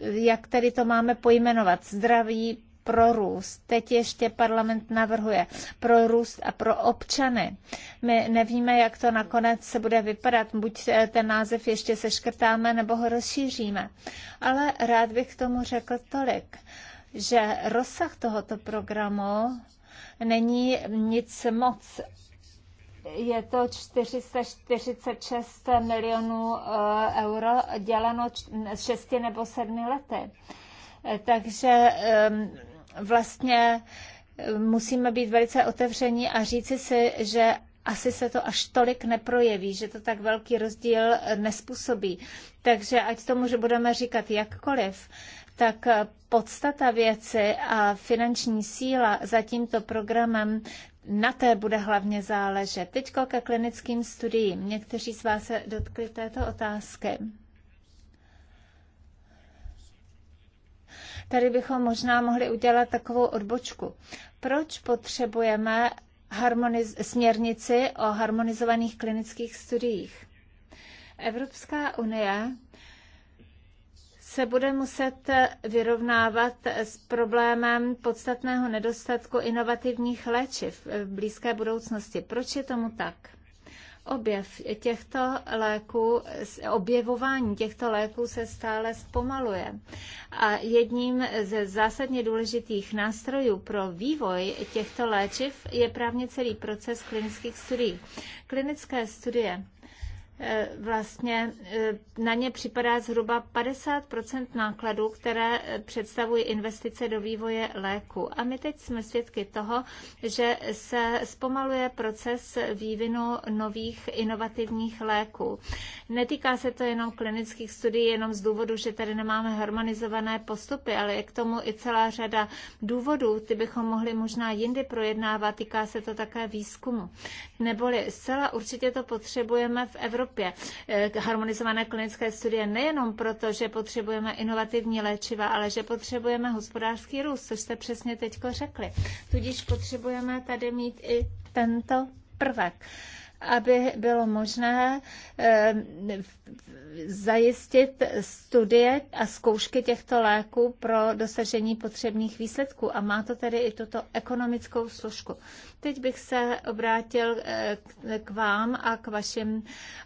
jak tady to máme pojmenovat, zdraví pro růst. Teď ještě parlament navrhuje pro růst a pro občany. My nevíme, jak to nakonec se bude vypadat. Buď eh, ten název ještě seškrtáme, nebo ho rozšíříme. Ale rád bych k tomu řekl tolik že rozsah tohoto programu není nic moc je to 446 milionů eh, euro děleno šesti nebo sedmi lety. Eh, takže ehm, vlastně eh, musíme být velice otevření a říci si, že asi se to až tolik neprojeví, že to tak velký rozdíl nespůsobí. Takže ať tomu, že budeme říkat jakkoliv, tak podstata věci a finanční síla za tímto programem na té bude hlavně záležet. Teď ke klinickým studiím. Někteří z vás se dotkli této otázky. Tady bychom možná mohli udělat takovou odbočku. Proč potřebujeme harmoniz- směrnici o harmonizovaných klinických studiích? Evropská unie se bude muset vyrovnávat s problémem podstatného nedostatku inovativních léčiv v blízké budoucnosti. Proč je tomu tak? Objev těchto léků, objevování těchto léků se stále zpomaluje. A jedním ze zásadně důležitých nástrojů pro vývoj těchto léčiv je právě celý proces klinických studií. Klinické studie E, vlastně e, na ně připadá zhruba 50 nákladů, které e, představují investice do vývoje léku. A my teď jsme svědky toho, že se zpomaluje proces vývinu nových inovativních léků. Netýká se to jenom klinických studií, jenom z důvodu, že tady nemáme harmonizované postupy, ale je k tomu i celá řada důvodů, ty bychom mohli možná jindy projednávat, týká se to také výzkumu. Neboli zcela určitě to potřebujeme v Evropě Evropě. Eh, harmonizované klinické studie nejenom proto, že potřebujeme inovativní léčiva, ale že potřebujeme hospodářský růst, což jste přesně teď řekli. Tudíž potřebujeme tady mít i tento prvek aby bylo možné ehm, zajistit studie a zkoušky těchto léků pro dosažení potřebných výsledků. A má to tedy i tuto ekonomickou složku. Teď bych se obrátil eh, k vám a k vašim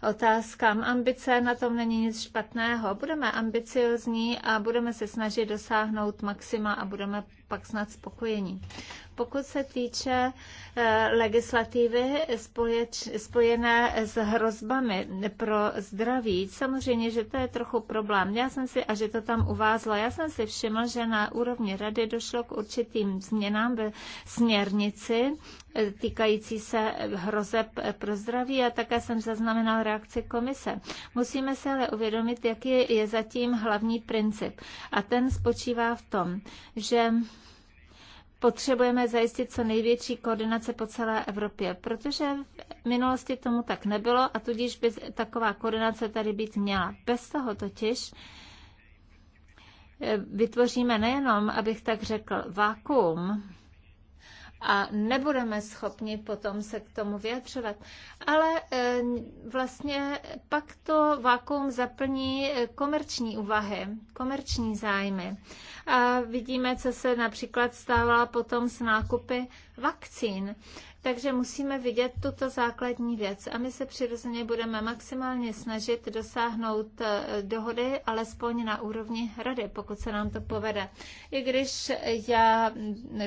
otázkám. Ambice na tom není nic špatného. Budeme ambiciozní a budeme se snažit dosáhnout maxima a budeme pak snad spokojení. Pokud se týče eh, legislativy spojené s hrozbami pro zdraví, samozřejmě, že to je trochu problém. Já jsem si, a že to tam uvázlo, já jsem si všiml, že na úrovni rady došlo k určitým změnám ve směrnici eh, týkající se hrozeb pro zdraví a také jsem zaznamenal reakci komise. Musíme se ale uvědomit, jaký je zatím hlavní princip. A ten spočívá v tom, že potřebujeme zajistit co největší koordinace po celé Evropě, protože v minulosti tomu tak nebylo a tudíž by taková koordinace tady být měla. Bez toho totiž eh, vytvoříme nejenom, abych tak řekl, vákum a nebudeme schopni potom se k tomu vyjadřovat. Ale eh, vlastně pak to vákuum zaplní eh, komerční úvahy, komerční zájmy. A vidíme, co se například stávalo potom s nákupy vakcín. Takže musíme vidět tuto základní věc a my se přirozeně budeme maximálně snažit dosáhnout eh, dohody, alespoň na úrovni rady, pokud se nám to povede. I když já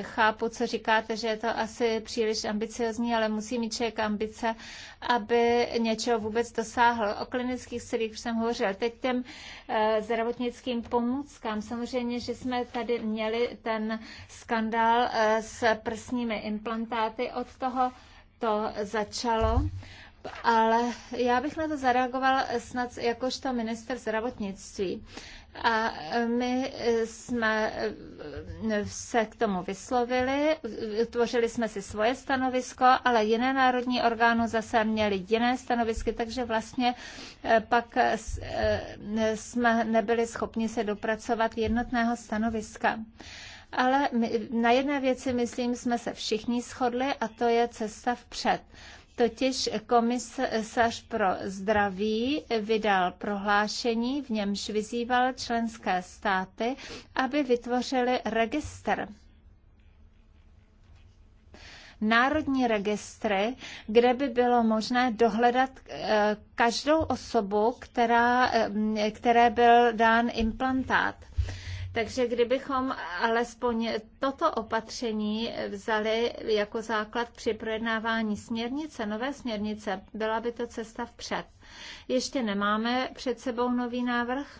chápu, co říkáte, že je to asi příliš ambiciozní, ale musí mít člověk ambice, aby něčeho vůbec dosáhl. O klinických studiích už jsem hovořil. Teď těm eh, zdravotnickým pomůckám. Samozřejmě, že jsme tady měli ten skandál eh, s prsními implantáty od toho, toho to začalo, ale já bych na to zareagovala snad jakožto minister zdravotnictví. A my jsme se k tomu vyslovili, tvořili jsme si svoje stanovisko, ale jiné národní orgány zase měly jiné stanovisky, takže vlastně eh, pak eh, eh, jsme nebyli schopni se dopracovat jednotného stanoviska ale my, na jedné věci, myslím, jsme se všichni shodli a to je cesta vpřed. Totiž komisař pro zdraví vydal prohlášení, v němž vyzýval členské státy, aby vytvořili registr národní registry, kde by bylo možné dohledat eh, každou osobu, která, eh, které byl dán implantát. Takže kdybychom alespoň toto opatření vzali jako základ při projednávání směrnice, nové směrnice, byla by to cesta vpřed. Ještě nemáme před sebou nový návrh,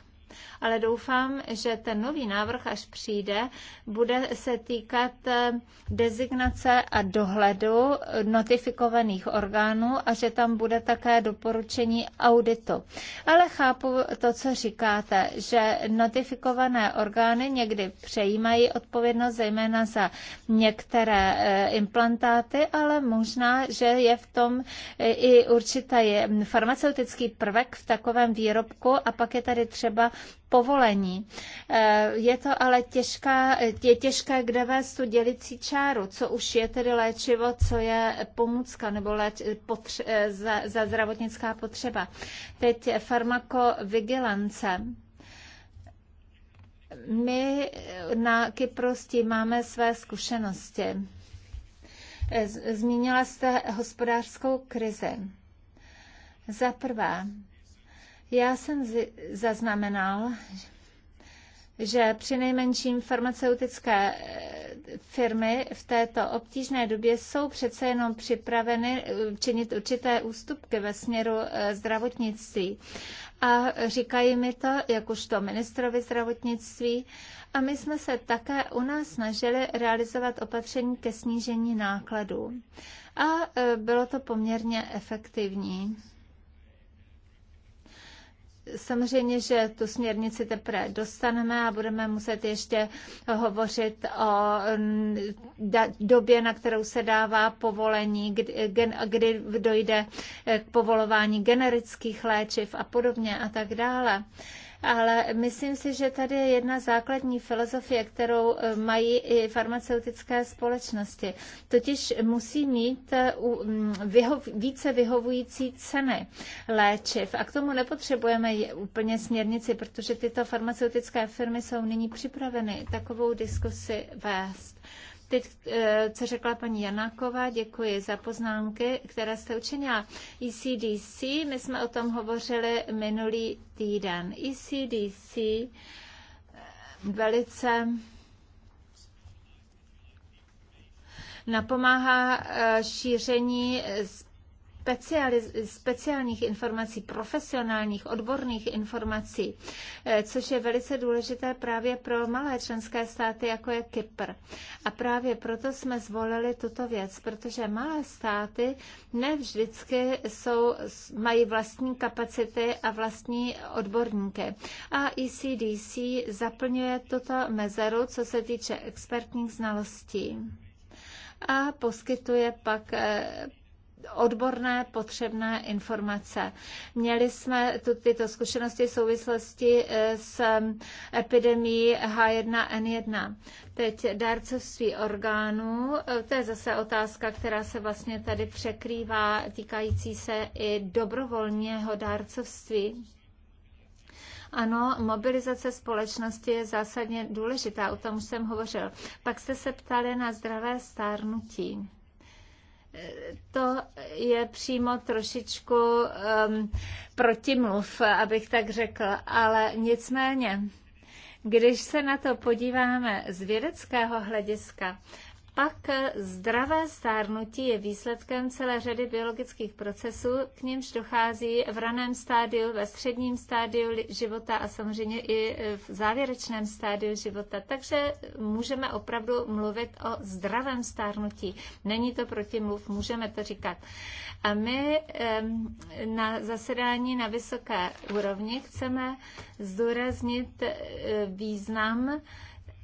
ale doufám, že ten nový návrh, až přijde, bude se týkat eh, designace a dohledu notifikovaných orgánů a že tam bude také doporučení auditu. Ale chápu to, co říkáte, že notifikované orgány někdy přejímají odpovědnost zejména za některé eh, implantáty, ale možná, že je v tom eh, i určitý farmaceutický prvek v takovém výrobku a pak je tady třeba povolení. Eh, je to ale těžká, je těžké, kde vést tu dělicí čáru, co už je tedy léčivo, co je pomůcka nebo léč, potře, eh, za, za zdravotnická potřeba. Teď farmakovigilance. My eh, na Kypru s tím máme své zkušenosti. Zmínila jste hospodářskou krizi. Za prvé, já jsem zaznamenal, že při nejmenším farmaceutické eh, firmy v této obtížné době jsou přece jenom připraveny eh, činit určité ústupky ve směru eh, zdravotnictví. A říkají mi to, jakožto ministrovi zdravotnictví, a my jsme se také u nás snažili realizovat opatření ke snížení nákladů. A bylo to poměrně efektivní. Samozřejmě, že tu směrnici teprve dostaneme a budeme muset ještě hovořit o době, na kterou se dává povolení, kdy, kdy dojde k povolování generických léčiv a podobně a tak dále ale myslím si, že tady je jedna základní filozofie, kterou eh, mají i farmaceutické společnosti. Totiž musí mít eh, mm, více vyhovující ceny léčiv. A k tomu nepotřebujeme úplně směrnici, protože tyto farmaceutické firmy jsou nyní připraveny takovou diskusi vést teď, eh, co řekla paní Janáková, děkuji za poznámky, které jste učinila. ECDC, my jsme o tom hovořili minulý týden. ECDC eh, velice napomáhá eh, šíření speciálních informací, profesionálních, odborných informací, eh, což je velice důležité právě pro malé členské státy, jako je Kypr. A právě proto jsme zvolili tuto věc, protože malé státy ne vždycky jsou, mají vlastní kapacity a vlastní odborníky. A ECDC zaplňuje tuto mezeru, co se týče expertních znalostí a poskytuje pak eh, odborné potřebné informace. Měli jsme tu, tyto zkušenosti v souvislosti eh, s eh, epidemí H1N1. Teď dárcovství orgánů, eh, to je zase otázka, která se vlastně tady překrývá, týkající se i dobrovolného dárcovství. Ano, mobilizace společnosti je zásadně důležitá, o tom už jsem hovořil. Pak jste se ptali na zdravé stárnutí to je přímo trošičku um, protimluv, abych tak řekl, ale nicméně, když se na to podíváme z vědeckého hlediska, pak zdravé stárnutí je výsledkem celé řady biologických procesů, k nímž dochází v raném stádiu, ve středním stádiu života a samozřejmě i v závěrečném stádiu života. Takže můžeme opravdu mluvit o zdravém stárnutí. Není to protimluv, můžeme to říkat. A my na zasedání na vysoké úrovni chceme zdůraznit eh, význam,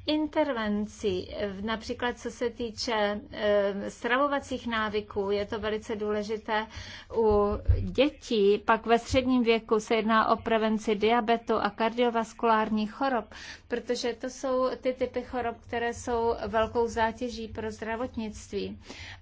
intervencí, například co se týče eh, stravovacích návyků, je to velice důležité u dětí, pak ve středním věku se jedná o prevenci diabetu a kardiovaskulárních chorob, protože to jsou ty typy chorob, které jsou velkou zátěží pro zdravotnictví.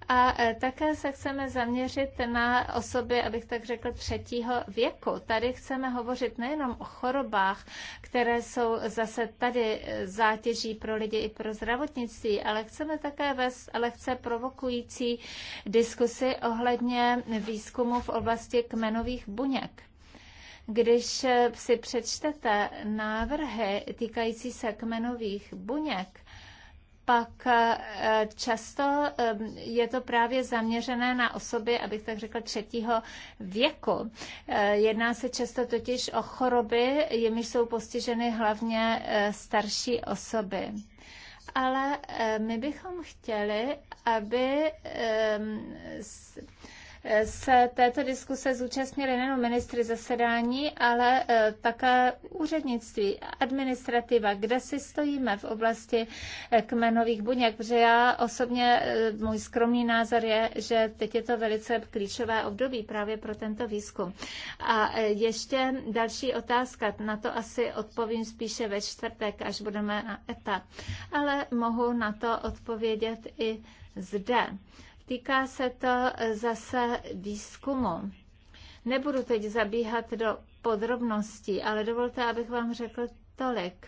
A eh, také se chceme zaměřit na osoby, abych tak řekl, třetího věku. Tady chceme hovořit nejenom o chorobách, které jsou zase tady eh, zátěží pro lidi i pro zdravotnictví, ale chceme také vést lehce provokující diskusy ohledně výzkumu v oblasti kmenových buněk. Když si přečtete návrhy týkající se kmenových buněk, pak eh, často eh, je to právě zaměřené na osoby, abych tak řekla, třetího věku. Eh, jedná se často totiž o choroby, jimi jsou postiženy hlavně starší osoby. Ale my bychom chtěli, aby se této diskuse zúčastnili nejen ministry zasedání, ale e, také úřednictví, administrativa, kde si stojíme v oblasti e, kmenových buněk, protože já osobně, e, můj skromný názor je, že teď je to velice klíčové období právě pro tento výzkum. A ještě další otázka, na to asi odpovím spíše ve čtvrtek, až budeme na ETA, ale mohu na to odpovědět i zde. Týká se to zase výzkumu. Nebudu teď zabíhat do podrobností, ale dovolte, abych vám řekl tolik.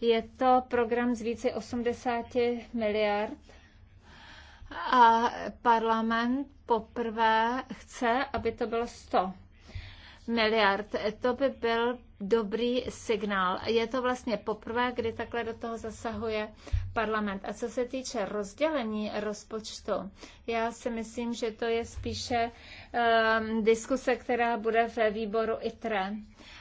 Je to program z více 80 miliard a parlament poprvé chce, aby to bylo 100 miliard. To by byl dobrý signál. Je to vlastně poprvé, kdy takhle do toho zasahuje parlament. A co se týče rozdělení rozpočtu, já si myslím, že to je spíše um, diskuse, která bude ve výboru ITRE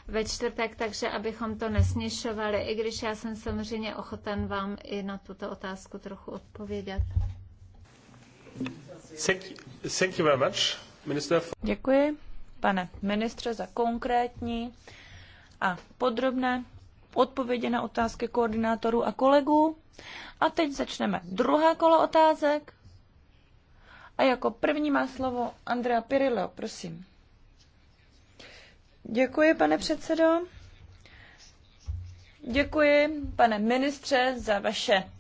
ve čtvrtek, takže abychom to nesměšovali, i když já jsem samozřejmě ochoten vám i na tuto otázku trochu odpovědět. Thank you, thank you very much, minister. Děkuji, pane ministře, za konkrétní a podrobné odpovědi na otázky koordinátorů a kolegů. A teď začneme druhé kolo otázek. A jako první má slovo Andrea Pirillo, prosím. Děkuji, pane předsedo. Děkuji, pane ministře, za vaše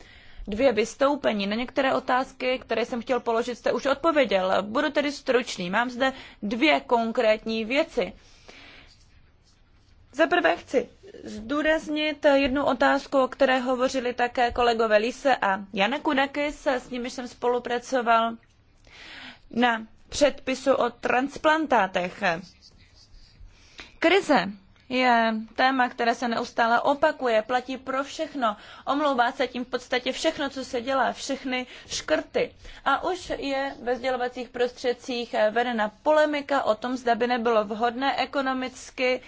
dvě vystoupení. Na některé otázky, které jsem chtěl položit, jste už odpověděl. Budu tedy stručný. Mám zde dvě konkrétní věci. Za prvé chci zdůraznit jednu otázku, o které hovořili také kolegové Lise a Jana Kudakis, s nimiž jsem spolupracoval na předpisu o transplantátech. Krize je téma, které se neustále opakuje, platí pro všechno, omlouvá se tím v podstatě všechno, co se dělá, všechny škrty. A už je ve sdělovacích prostředcích vedena polemika o tom, zda by nebylo vhodné ekonomicky uh,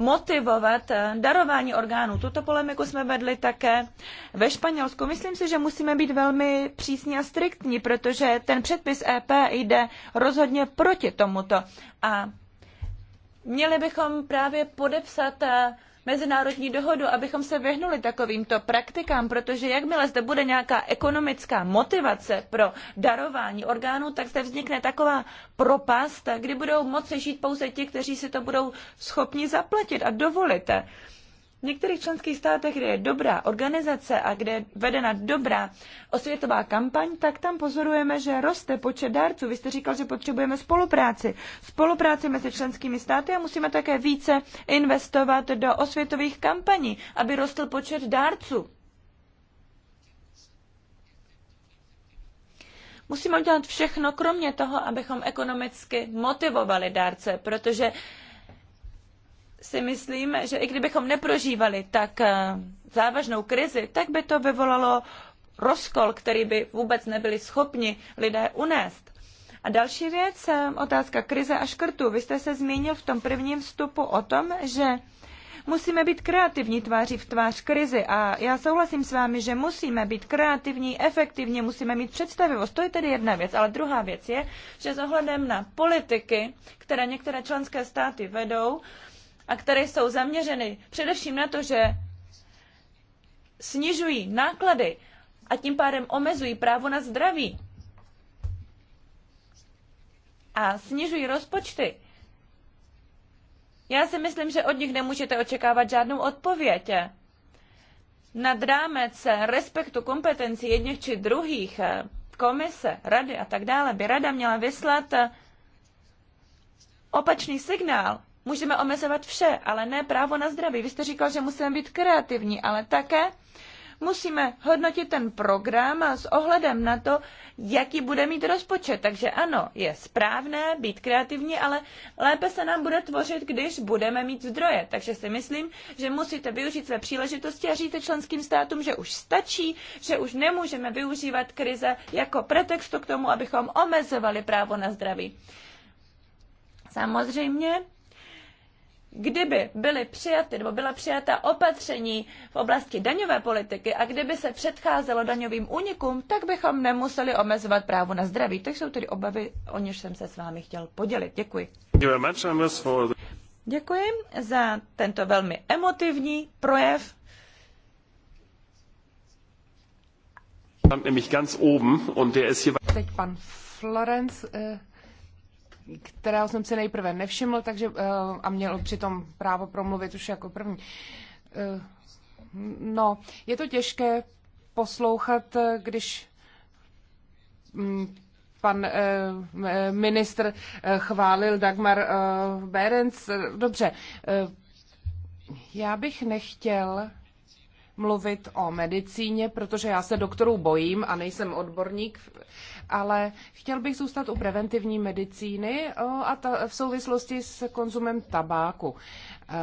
motivovat eh, darování orgánů. Tuto polemiku jsme vedli také ve Španělsku. Myslím si, že musíme být velmi přísní a striktní, protože ten předpis EP jde rozhodně proti tomuto. A měli bychom právě podepsat eh, mezinárodní dohodu, abychom se vyhnuli takovýmto praktikám, protože jakmile zde bude nějaká ekonomická motivace pro darování orgánů, tak zde vznikne taková propast, kdy budou moci žít pouze ti, kteří si to budou schopni zaplatit a dovolit. V některých členských státech, kde je dobrá organizace a kde je vedena dobrá osvětová kampaň, tak tam pozorujeme, že roste počet dárců. Vy jste říkal, že potřebujeme spolupráci. Spolupráci mezi členskými státy a musíme také více investovat do osvětových kampaní, aby rostl počet dárců. Musíme udělat všechno, kromě toho, abychom ekonomicky motivovali dárce, protože si myslím, že i kdybychom neprožívali tak eh, závažnou krizi, tak by to vyvolalo rozkol, který by vůbec nebyli schopni lidé unést. A další věc, eh, otázka krize a škrtů. Vy jste se zmínil v tom prvním vstupu o tom, že musíme být kreativní tváří v tvář krizi a já souhlasím s vámi, že musíme být kreativní, efektivní, musíme mít představivost. To je tedy jedna věc, ale druhá věc je, že s ohledem na politiky, které některé členské státy vedou, a které jsou zaměřeny především na to, že snižují náklady a tím pádem omezují právo na zdraví a snižují rozpočty, já si myslím, že od nich nemůžete očekávat žádnou odpověď. Nad rámec respektu kompetencí jedněch či druhých, komise, rady a tak dále, by rada měla vyslat opačný signál, Můžeme omezovat vše, ale ne právo na zdraví. Vy jste říkal, že musíme být kreativní, ale také musíme hodnotit ten program s ohledem na to, jaký bude mít rozpočet. Takže ano, je správné být kreativní, ale lépe se nám bude tvořit, když budeme mít zdroje. Takže si myslím, že musíte využít své příležitosti a říct členským státům, že už stačí, že už nemůžeme využívat krize jako pretextu k tomu, abychom omezovali právo na zdraví. Samozřejmě, kdyby byly přijaty nebo byla přijata opatření v oblasti daňové politiky a kdyby se předcházelo daňovým únikům, tak bychom nemuseli omezovat právo na zdraví. To jsou tedy obavy, o něž jsem se s vámi chtěl podělit. Děkuji. Děkuji za tento velmi emotivní projev. Teď pan uh kterého jsem si nejprve nevšiml, takže eh, a měl přitom právo promluvit už jako první. Eh, no, je to těžké poslouchat, eh, když mm, pan ministr chválil Dagmar Berens. Dobře, já bych nechtěl mluvit o medicíně, protože já se doktorů bojím a nejsem odborník ale chtěl bych zůstat u preventivní medicíny a ta, v souvislosti s konzumem tabáku. E,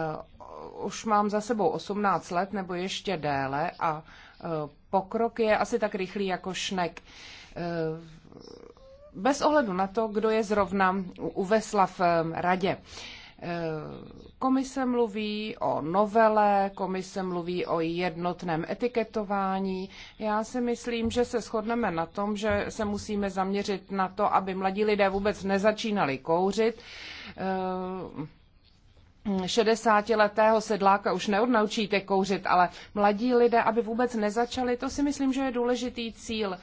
už mám za sebou 18 let nebo ještě déle a e, pokrok je asi tak rychlý jako šnek e, bez ohledu na to, kdo je zrovna u vesla v radě. Komise mluví o novele, komise mluví o jednotném etiketování. Já si myslím, že se shodneme na tom, že se musíme zaměřit na to, aby mladí lidé vůbec nezačínali kouřit. 60-letého eh, sedláka už neodnaučíte kouřit, ale mladí lidé, aby vůbec nezačali, to si myslím, že je důležitý cíl.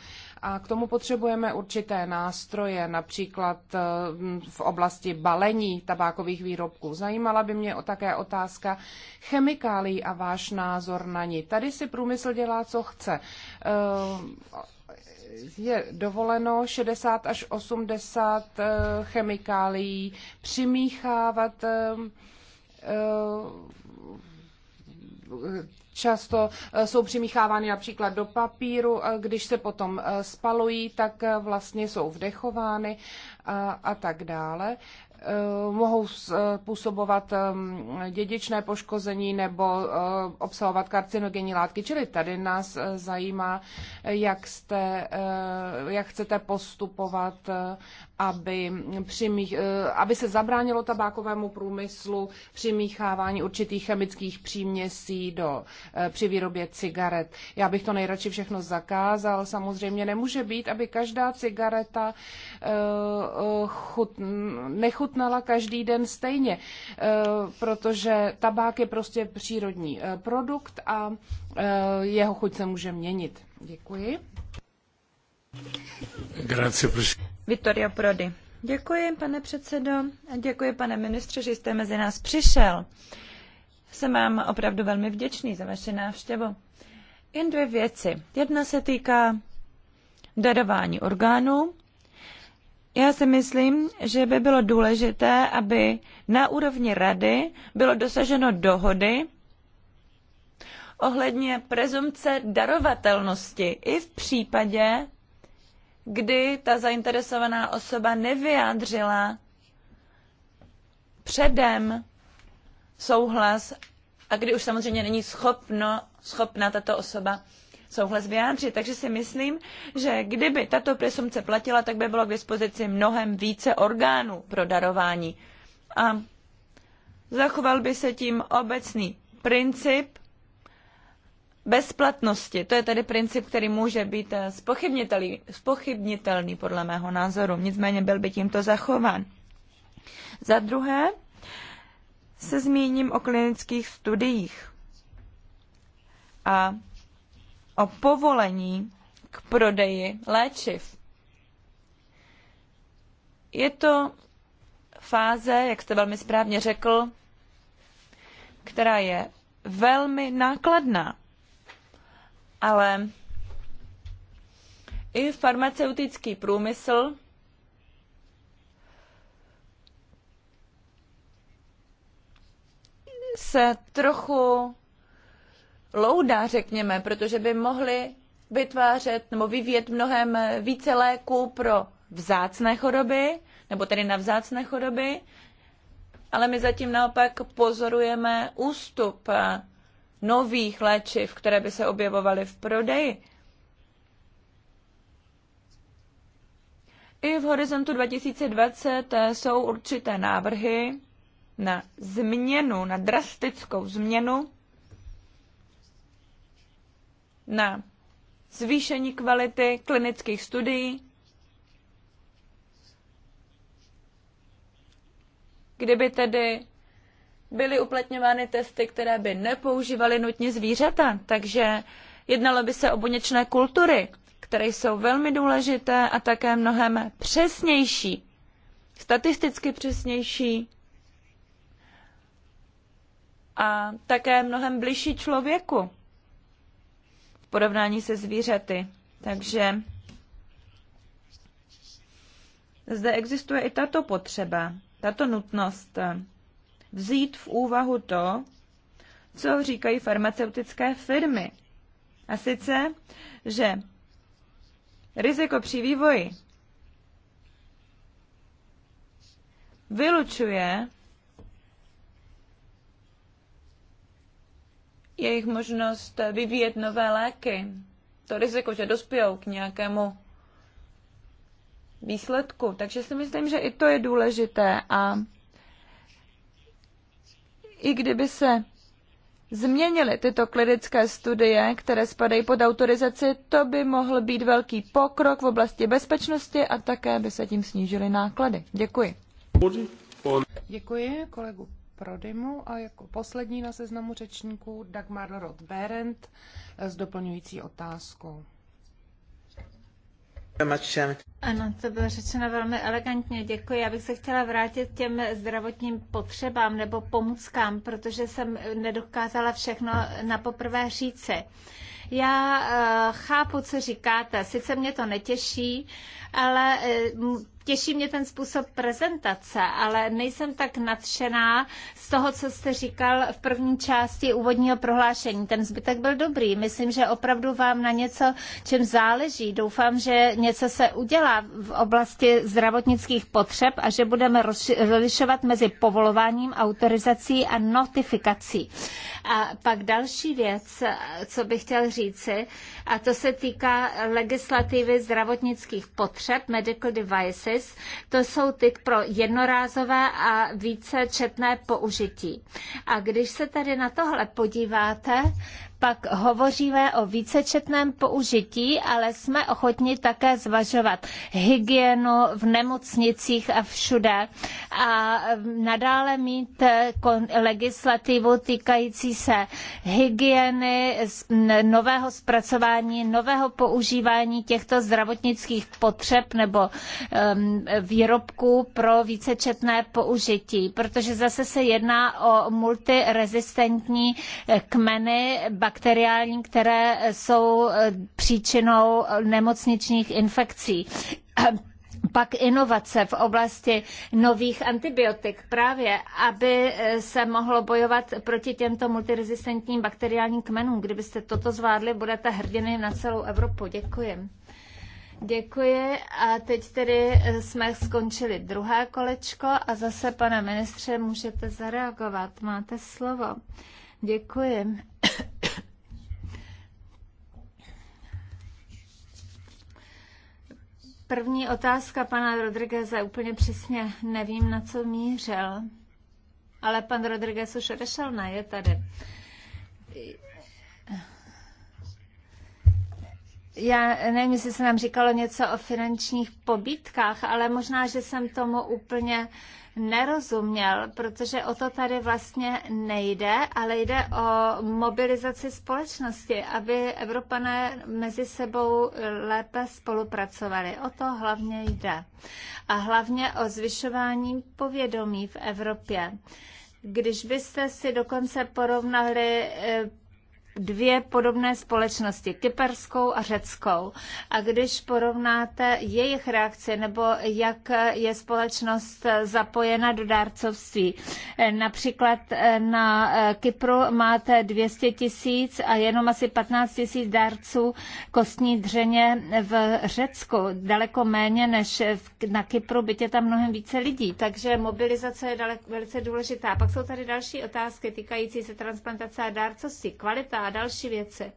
A k tomu potřebujeme určité nástroje, například eh, v oblasti balení tabákových výrobků. Zajímala by mě také otázka chemikálí a váš názor na ní. Tady si průmysl dělá, co chce eh, je dovoleno 60 až 80 eh, chemikálií přimíchávat často eh, jsou přimíchávány například do papíru, eh, když se potom eh, spalují, tak vlastně jsou vdechovány a, a tak dále. Eh, mohou způsobovat eh, eh, dědičné poškození nebo obsahovat karcinogenní látky. Čili tady nás zajímá, jak, jste, jak chcete postupovat, aby, přimích, aby se zabránilo tabákovému průmyslu přimíchávání určitých chemických příměsí do, při výrobě cigaret. Já bych to nejradši všechno zakázal. Samozřejmě nemůže být, aby každá cigareta chut, nechutná chutnala každý den stejně, eh, protože tabák je prostě přírodní eh, produkt a eh, jeho chuť se může měnit. Děkuji. Grazie, Vittorio Prodi. Děkuji, pane předsedo, a děkuji, pane ministře, že jste mezi nás přišel. Jsem vám opravdu velmi vděčný za vaše návštěvu. Jen dvě věci. Jedna se týká darování orgánů já si myslím, že by bylo důležité, aby na úrovni rady bylo dosaženo dohody ohledně prezumce darovatelnosti i v případě, kdy ta zainteresovaná osoba nevyjádřila předem souhlas a kdy už samozřejmě není schopno, schopna tato osoba souhlas vyjádřit. Takže si myslím, že kdyby tato presumce platila, tak by bylo k dispozici mnohem více orgánů pro darování. A zachoval by se tím obecný princip bezplatnosti. To je tedy princip, který může být eh, spochybnitelný, spochybnitelný podle mého názoru. Nicméně byl by tímto zachován. Za druhé se zmíním o klinických studiích a o povolení k prodeji léčiv. Je to fáze, jak jste velmi správně řekl, která je velmi nákladná. Ale i farmaceutický průmysl se trochu louda, řekněme, protože by mohli vytvářet nebo vyvíjet mnohem více léků pro vzácné choroby, nebo tedy na vzácné choroby, ale my zatím naopak pozorujeme ústup nových léčiv, které by se objevovaly v prodeji. I v horizontu 2020 jsou určité návrhy na změnu, na drastickou změnu na zvýšení kvality klinických studií, kdyby tedy byly uplatňovány testy, které by nepoužívaly nutně zvířata. Takže jednalo by se o buněčné kultury, které jsou velmi důležité a také mnohem přesnější, statisticky přesnější a také mnohem bližší člověku porovnání se zvířaty. Takže zde existuje i tato potřeba, tato nutnost vzít v úvahu to, co říkají farmaceutické firmy. A sice, že riziko při vývoji vylučuje jejich možnost vyvíjet nové léky, to riziko, že dospějou k nějakému výsledku. Takže si myslím, že i to je důležité a i kdyby se změnily tyto klinické studie, které spadají pod autorizaci, to by mohl být velký pokrok v oblasti bezpečnosti a také by se tím snížily náklady. Děkuji. Děkuji kolegu Prodymu a jako poslední na seznamu řečníků Dagmar Roth Berend s doplňující otázkou. Ano, to bylo řečeno velmi elegantně, děkuji. Já bych se chtěla vrátit k těm zdravotním potřebám nebo pomůckám, protože jsem nedokázala všechno na poprvé říci. Já eh, chápu, co říkáte, sice mě to netěší, ale eh, Těší mě ten způsob prezentace, ale nejsem tak nadšená z toho, co jste říkal v první části úvodního prohlášení. Ten zbytek byl dobrý. Myslím, že opravdu vám na něco, čem záleží. Doufám, že něco se udělá v oblasti zdravotnických potřeb a že budeme rozlišovat mezi povolováním, autorizací a notifikací. A pak další věc, co bych chtěl říci, a to se týká legislativy zdravotnických potřeb, medical devices, Office, to jsou ty pro jednorázové a více četné použití. A když se tady na tohle podíváte, pak hovoříme o vícečetném použití, ale jsme ochotni také zvažovat hygienu v nemocnicích a všude a nadále mít eh, legislativu týkající se hygieny, nového zpracování, nového používání těchto zdravotnických potřeb nebo ehm, výrobků pro vícečetné použití, protože zase se jedná o multirezistentní eh, kmeny, bakteriální, které jsou eh, příčinou nemocničních infekcí pak inovace v oblasti nových antibiotik právě, aby eh, se mohlo bojovat proti těmto multirezistentním bakteriálním kmenům. Kdybyste toto zvládli, budete hrdiny na celou Evropu. Děkuji. Děkuji a teď tedy eh, jsme skončili druhé kolečko a zase, pane ministře, můžete zareagovat. Máte slovo. Děkuji. První otázka pana Rodrigueza úplně přesně nevím, na co mířil, ale pan Rodriguez už odešel, ne, je tady. Já nevím, jestli se nám říkalo něco o finančních pobítkách, ale možná, že jsem tomu úplně nerozuměl, protože o to tady vlastně nejde, ale jde o mobilizaci společnosti, aby Evropané mezi sebou lépe spolupracovali. O to hlavně jde. A hlavně o zvyšování povědomí v Evropě. Když byste si dokonce porovnali eh, dvě podobné společnosti, kyperskou a řeckou. A když porovnáte jejich reakce nebo jak je společnost zapojena do dárcovství, například eh, na eh, Kypru máte 200 tisíc a jenom asi 15 tisíc dárců kostní dřeně v Řecku, daleko méně než na Kypru, byť je tam mnohem více lidí, takže mobilizace je daleko, velice důležitá. Pak jsou tady další otázky týkající se transplantace a dárcovství, kvalita a další věci.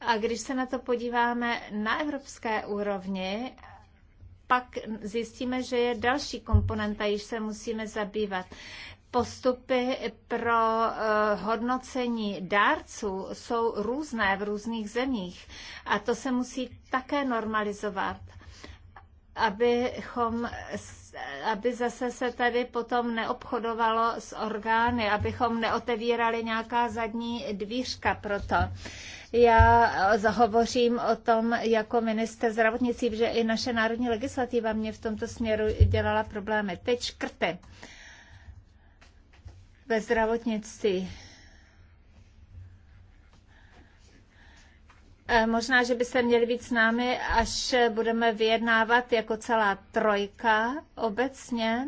A když se na to podíváme na evropské úrovni, pak zjistíme, že je další komponenta, již se musíme zabývat postupy pro eh, hodnocení dárců jsou různé v různých zemích a to se musí také normalizovat, abychom aby zase se tady potom neobchodovalo s orgány, abychom neotevírali nějaká zadní dvířka proto. Já eh, zahovořím o tom jako minister zdravotnictví, že i naše národní legislativa mě v tomto směru dělala problémy. Teď škrty ve zdravotnictví Eh, možná, že by se měli být s námi, až budeme vyjednávat jako celá trojka obecně.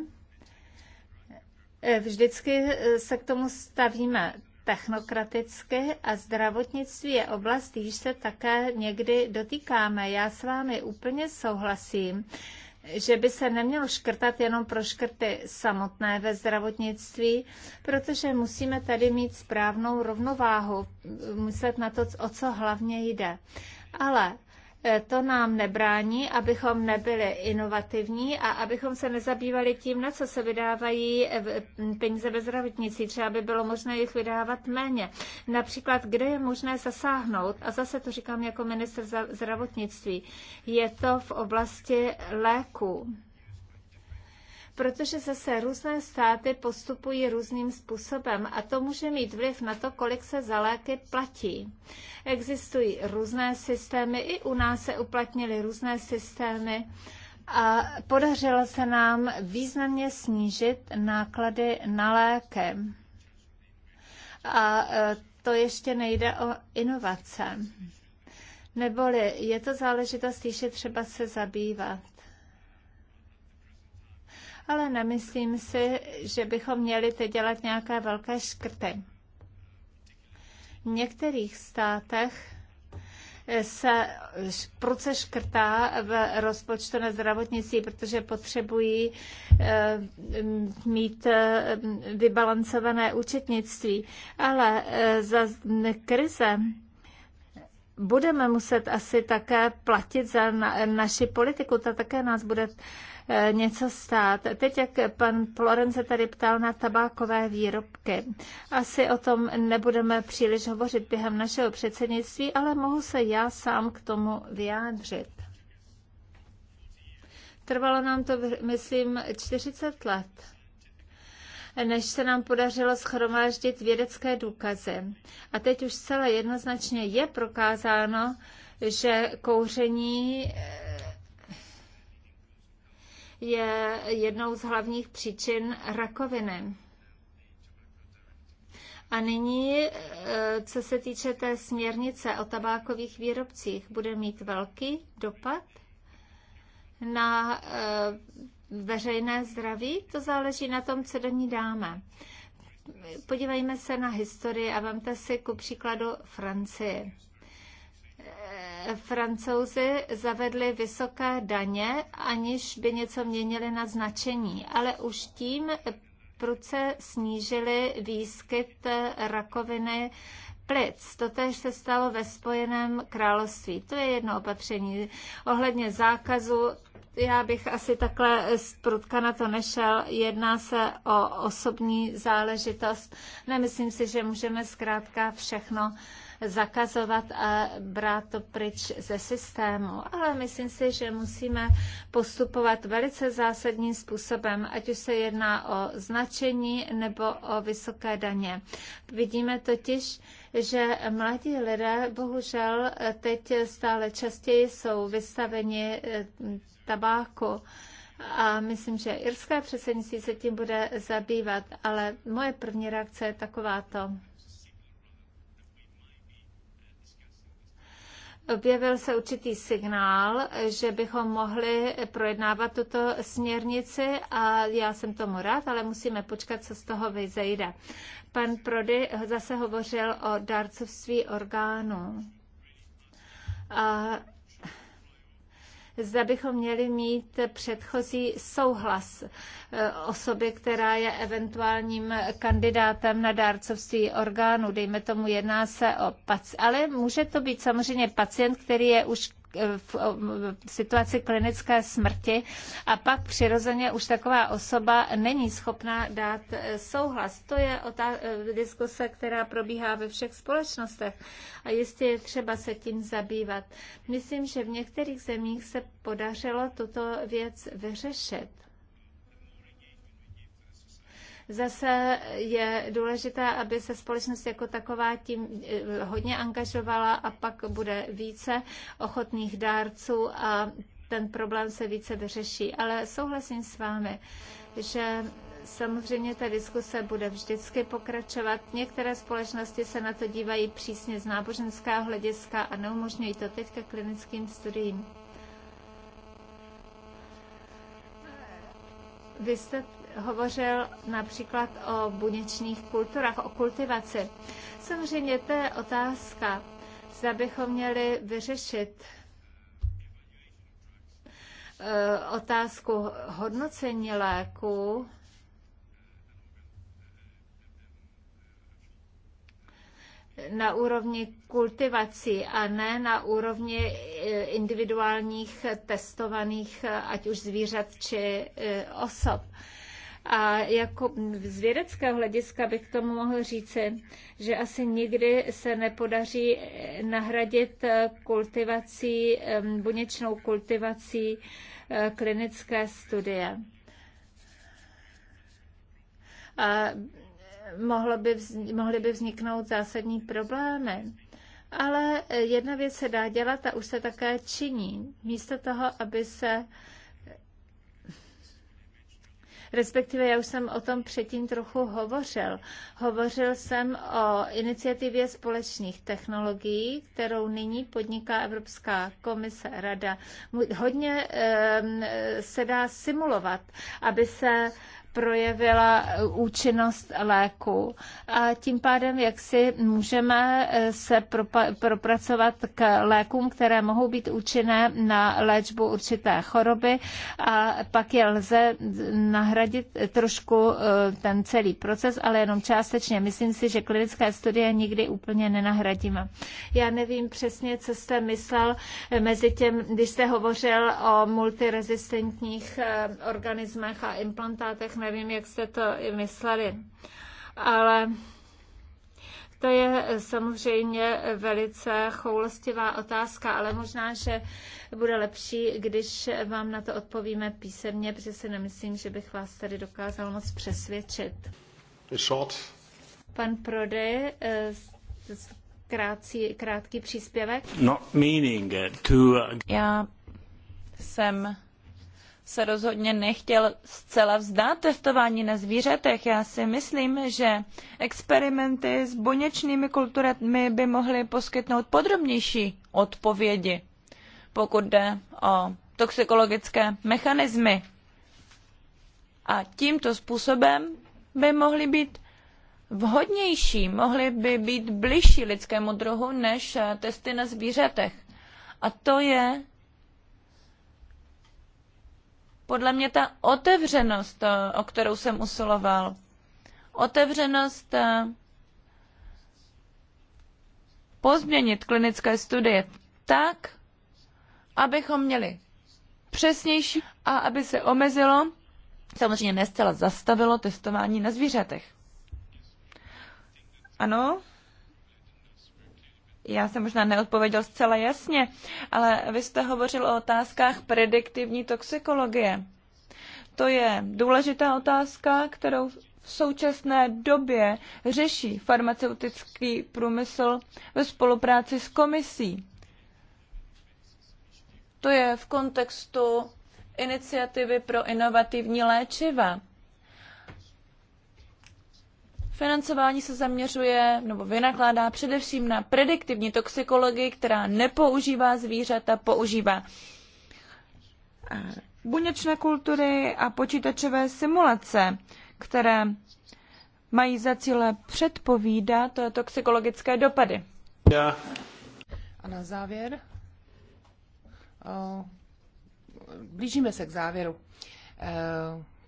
Eh, vždycky eh, se k tomu stavíme technokraticky a zdravotnictví je oblast, když se také někdy dotýkáme. Já s vámi úplně souhlasím, že by se nemělo škrtat jenom pro škrty samotné ve zdravotnictví, protože musíme tady mít správnou rovnováhu, myslet na to, o co hlavně jde. Ale Eh, to nám nebrání, abychom nebyli inovativní a abychom se nezabývali tím, na co se vydávají eh, mm, peníze ve zdravotnictví. Třeba by bylo možné jich vydávat méně. Například, kde je možné zasáhnout, a zase to říkám jako minister zdravotnictví, je to v oblasti léku protože zase různé státy postupují různým způsobem a to může mít vliv na to, kolik se za léky platí. Existují různé systémy, i u nás se uplatnily různé systémy a podařilo se nám významně snížit náklady na léky. A e, to ještě nejde o inovace. Neboli je to záležitost, již je třeba se zabývat ale nemyslím si, že bychom měli teď dělat nějaké velké škrty. V některých státech se proces škrtá v rozpočtu na zdravotnictví, protože potřebují eh, mít eh, vybalancované účetnictví. Ale eh, za krize budeme muset asi také platit za naši politiku. Ta také nás bude Eh, něco stát. Teď, jak pan Ploren se tady ptal na tabákové výrobky, asi o tom nebudeme příliš hovořit během našeho předsednictví, ale mohu se já sám k tomu vyjádřit. Trvalo nám to, myslím, 40 let než se nám podařilo schromáždit vědecké důkazy. A teď už celé jednoznačně je prokázáno, že kouření eh, je jednou z hlavních příčin rakoviny. A nyní, eh, co se týče té směrnice o tabákových výrobcích, bude mít velký dopad na eh, veřejné zdraví. To záleží na tom, co do ní dáme. Podívejme se na historii a vemte si ku příkladu Francii francouzi zavedli vysoké daně, aniž by něco měnili na značení, ale už tím pruce snížili výskyt rakoviny plic. Totež se stalo ve Spojeném království. To je jedno opatření. Ohledně zákazu já bych asi takhle z prudka na to nešel. Jedná se o osobní záležitost. Nemyslím si, že můžeme zkrátka všechno uh, zakazovat a brát to pryč ze systému. Ale myslím si, že musíme postupovat velice zásadním způsobem, ať už se jedná o značení nebo o vysoké daně. Vidíme totiž, že mladí lidé bohužel teď stále častěji jsou vystaveni eh, tabáku. A myslím, že irské předsednictví se tím bude zabývat, ale moje první reakce je takováto. objevil se určitý signál, že bychom mohli projednávat tuto směrnici a já jsem tomu rád, ale musíme počkat, co z toho vyzejde. Pan Prody zase hovořil o dárcovství orgánů. A zda bychom měli mít předchozí souhlas eh, osoby, která je eventuálním kandidátem na dárcovství orgánu. Dejme tomu, jedná se o pacient. Ale může to být samozřejmě pacient, který je už v situaci klinické smrti a pak přirozeně už taková osoba není schopná dát e, souhlas. To je ta e, diskuse, která probíhá ve všech společnostech a jistě je třeba se tím zabývat. Myslím, že v některých zemích se podařilo tuto věc vyřešit. Zase je důležité, aby se společnost jako taková tím eh, hodně angažovala a pak bude více ochotných dárců a ten problém se více vyřeší. Ale souhlasím s vámi, že samozřejmě ta diskuse bude vždycky pokračovat. Některé společnosti se na to dívají přísně z náboženského hlediska a neumožňují to teď ke klinickým studiím. Vy jste hovořil například o buněčných kulturách, o kultivaci. Samozřejmě to je otázka, zda bychom měli vyřešit eh, otázku hodnocení léku na úrovni kultivací a ne na úrovni eh, individuálních testovaných, eh, ať už zvířat či osob. A jako z vědeckého hlediska bych tomu mohl říci, že asi nikdy se nepodaří nahradit kultivací, buněčnou kultivací eh, klinické studie. A mohlo by, mohly by vzniknout zásadní problémy. Ale jedna věc se dá dělat a už se také činí. Místo toho, aby se Respektive já už jsem o tom předtím trochu hovořil. Hovořil jsem o iniciativě společných technologií, kterou nyní podniká Evropská komise Rada. Hodně eh, se dá simulovat, aby se projevila eh, účinnost léku a tím pádem, jak si můžeme eh, se propracovat k lékům, které mohou být účinné na léčbu určité choroby a pak je lze nahradit trošku eh, ten celý proces, ale jenom částečně. Myslím si, že klinické studie nikdy úplně nenahradíme. Já nevím přesně, co jste myslel mezi tím, když jste hovořil o multiresistentních organismech a implantátech nevím, jak jste to mysleli. Ale to je samozřejmě velice choulostivá otázka, ale možná, že bude lepší, když vám na to odpovíme písemně, protože si nemyslím, že bych vás tady dokázal moc přesvědčit. Short. Pan prodej eh, krátcí, krátký příspěvek. Not meaning to... Uh, Já jsem se rozhodně nechtěl zcela vzdát testování na zvířatech. Já si myslím, že experimenty s buněčnými kulturami by mohly poskytnout podrobnější odpovědi, pokud jde o toxikologické mechanismy. A tímto způsobem by mohly být vhodnější, mohly by být bližší lidskému druhu než testy na zvířatech. A to je podle mě ta otevřenost, eh, o kterou jsem usiloval, otevřenost eh, pozměnit klinické studie tak, abychom měli přesnější a aby se omezilo, samozřejmě nestala zastavilo testování na zvířatech. Ano, já jsem možná neodpověděl zcela jasně, ale vy jste hovořil o otázkách prediktivní toxikologie. To je důležitá otázka, kterou v současné době řeší farmaceutický průmysl ve spolupráci s komisí. To je v kontextu iniciativy pro inovativní léčiva. Financování se zaměřuje nebo vynakládá především na prediktivní toxikologii, která nepoužívá zvířata, používá eh, buněčné kultury a počítačové simulace, které mají za cíle předpovídat toxikologické dopady. Já. A na závěr. O, eh, blížíme se k závěru e,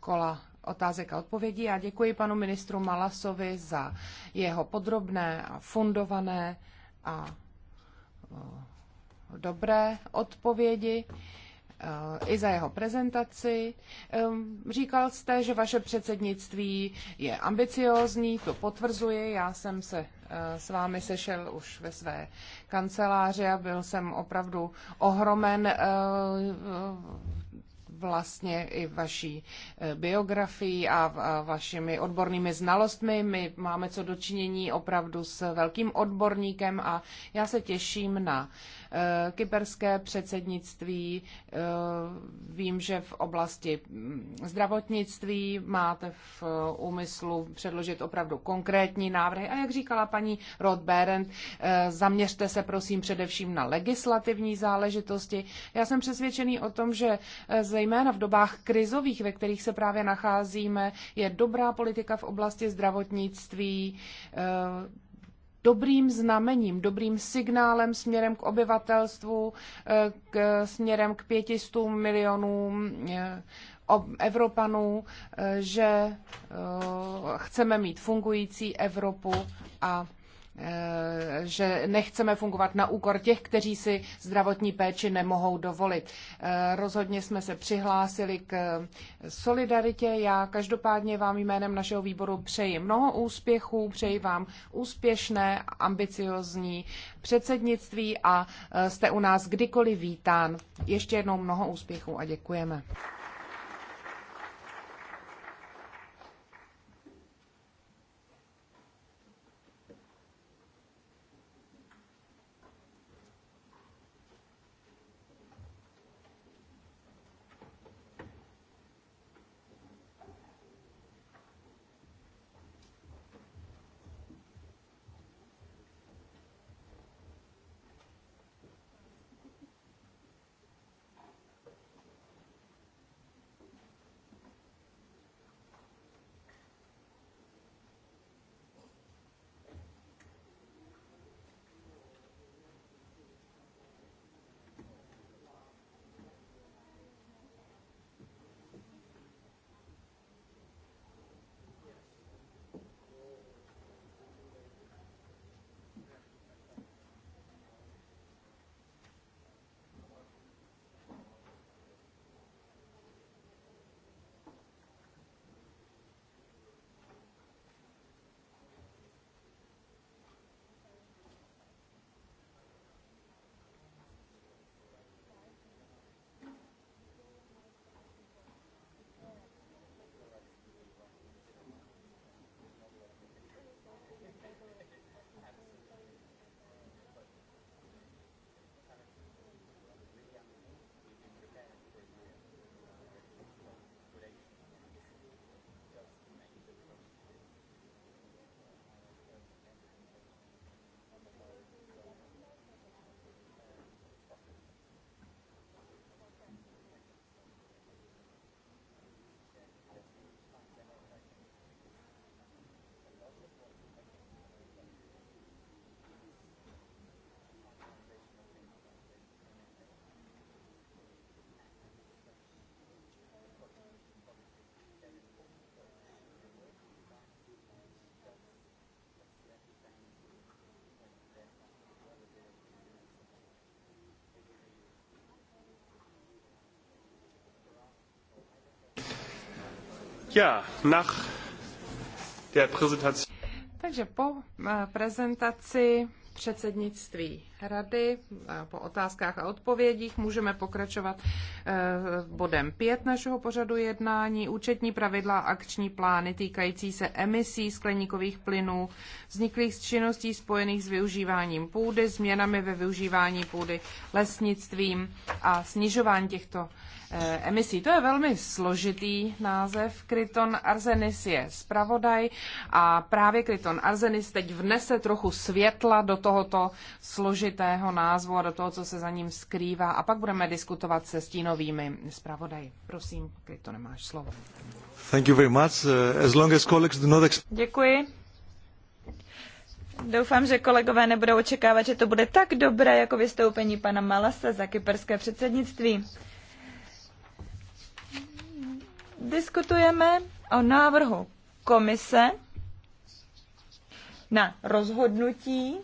kola otázek a odpovědí. Já děkuji panu ministru Malasovi za jeho podrobné a fundované a dobré odpovědi e, i za jeho prezentaci. E, říkal jste, že vaše předsednictví je ambiciózní, to potvrzuji. Já jsem se e, s vámi sešel už ve své kanceláři a byl jsem opravdu ohromen vlastně i vaší eh, biografií a vašimi odbornými znalostmi. My máme co dočinění opravdu s velkým odborníkem a já se těším na uh, Eh, kyperské předsednictví. Eh, vím, že v oblasti mm, zdravotnictví máte v eh, úmyslu předložit opravdu konkrétní návrhy. A jak říkala paní Roth-Berend, zaměřte se prosím především na legislativní záležitosti. Já jsem přesvědčený o tom, že zejména v dobách krizových, ve kterých se právě nacházíme, je dobrá politika v oblasti zdravotnictví dobrým znamením, dobrým signálem směrem k obyvatelstvu, eh, k, směrem k 500 milionům eh, Evropanů, eh, že chceme mít fungující Evropu a že nechceme fungovat na úkor těch, kteří si zdravotní péči nemohou dovolit. Rozhodně jsme se přihlásili k solidaritě. Já každopádně vám jménem našeho výboru přeji mnoho úspěchů, přeji vám úspěšné, ambiciozní předsednictví a jste u nás kdykoliv vítán. Ještě jednou mnoho úspěchů a děkujeme. Ja, nach der Präsentation. Takže po eh, prezentaci předsednictví rady po otázkách a odpovědích. Můžeme pokračovat eh, bodem 5 našeho pořadu jednání. Účetní pravidla a akční plány týkající se emisí skleníkových plynů, vzniklých z činností spojených s využíváním půdy, změnami ve využívání půdy, lesnictvím a snižování těchto eh, emisí. To je velmi složitý název. Kryton Arzenis je zpravodaj a právě Kryton Arzenis teď vnese trochu světla do tohoto složitého složitého názvu a do toho, co se za ním skrývá. A pak budeme diskutovat se stínovými zpravodaji. Prosím, když to nemáš slovo. Thank you very much. Uh, as long as colleagues do not Děkuji. Doufám, že kolegové nebudou očekávat, že to bude tak dobré jako vystoupení pana Malasa za kyperské předsednictví. Diskutujeme o návrhu komise na rozhodnutí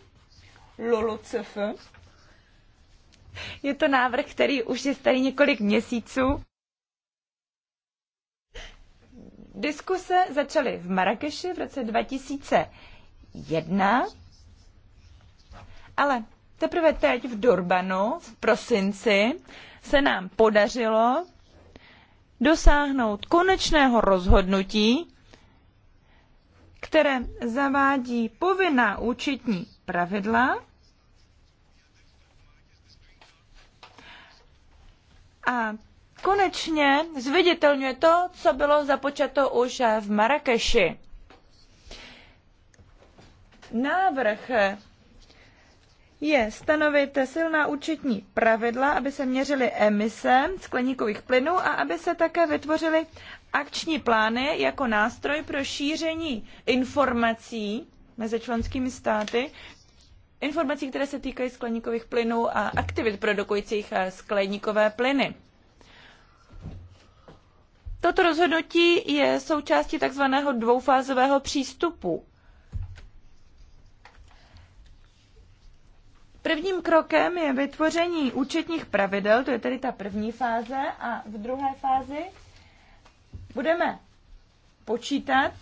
LULUCF. Je to návrh, který už je starý několik měsíců. Diskuse začaly v Marrakeši v roce 2001, ale teprve teď v Durbanu v prosinci se nám podařilo dosáhnout konečného rozhodnutí, které zavádí povinná účetní pravidla a konečně zviditelňuje to, co bylo započato už v Marrakeši. Návrh je stanovit silná účetní pravidla, aby se měřily emise skleníkových plynů a aby se také vytvořily akční plány jako nástroj pro šíření informací mezi členskými státy, informací, které se týkají skleníkových plynů a aktivit produkujících eh, skleníkové plyny. Toto rozhodnutí je součástí takzvaného dvoufázového přístupu. Prvním krokem je vytvoření účetních pravidel, to je tedy ta první fáze, a v druhé fázi budeme počítat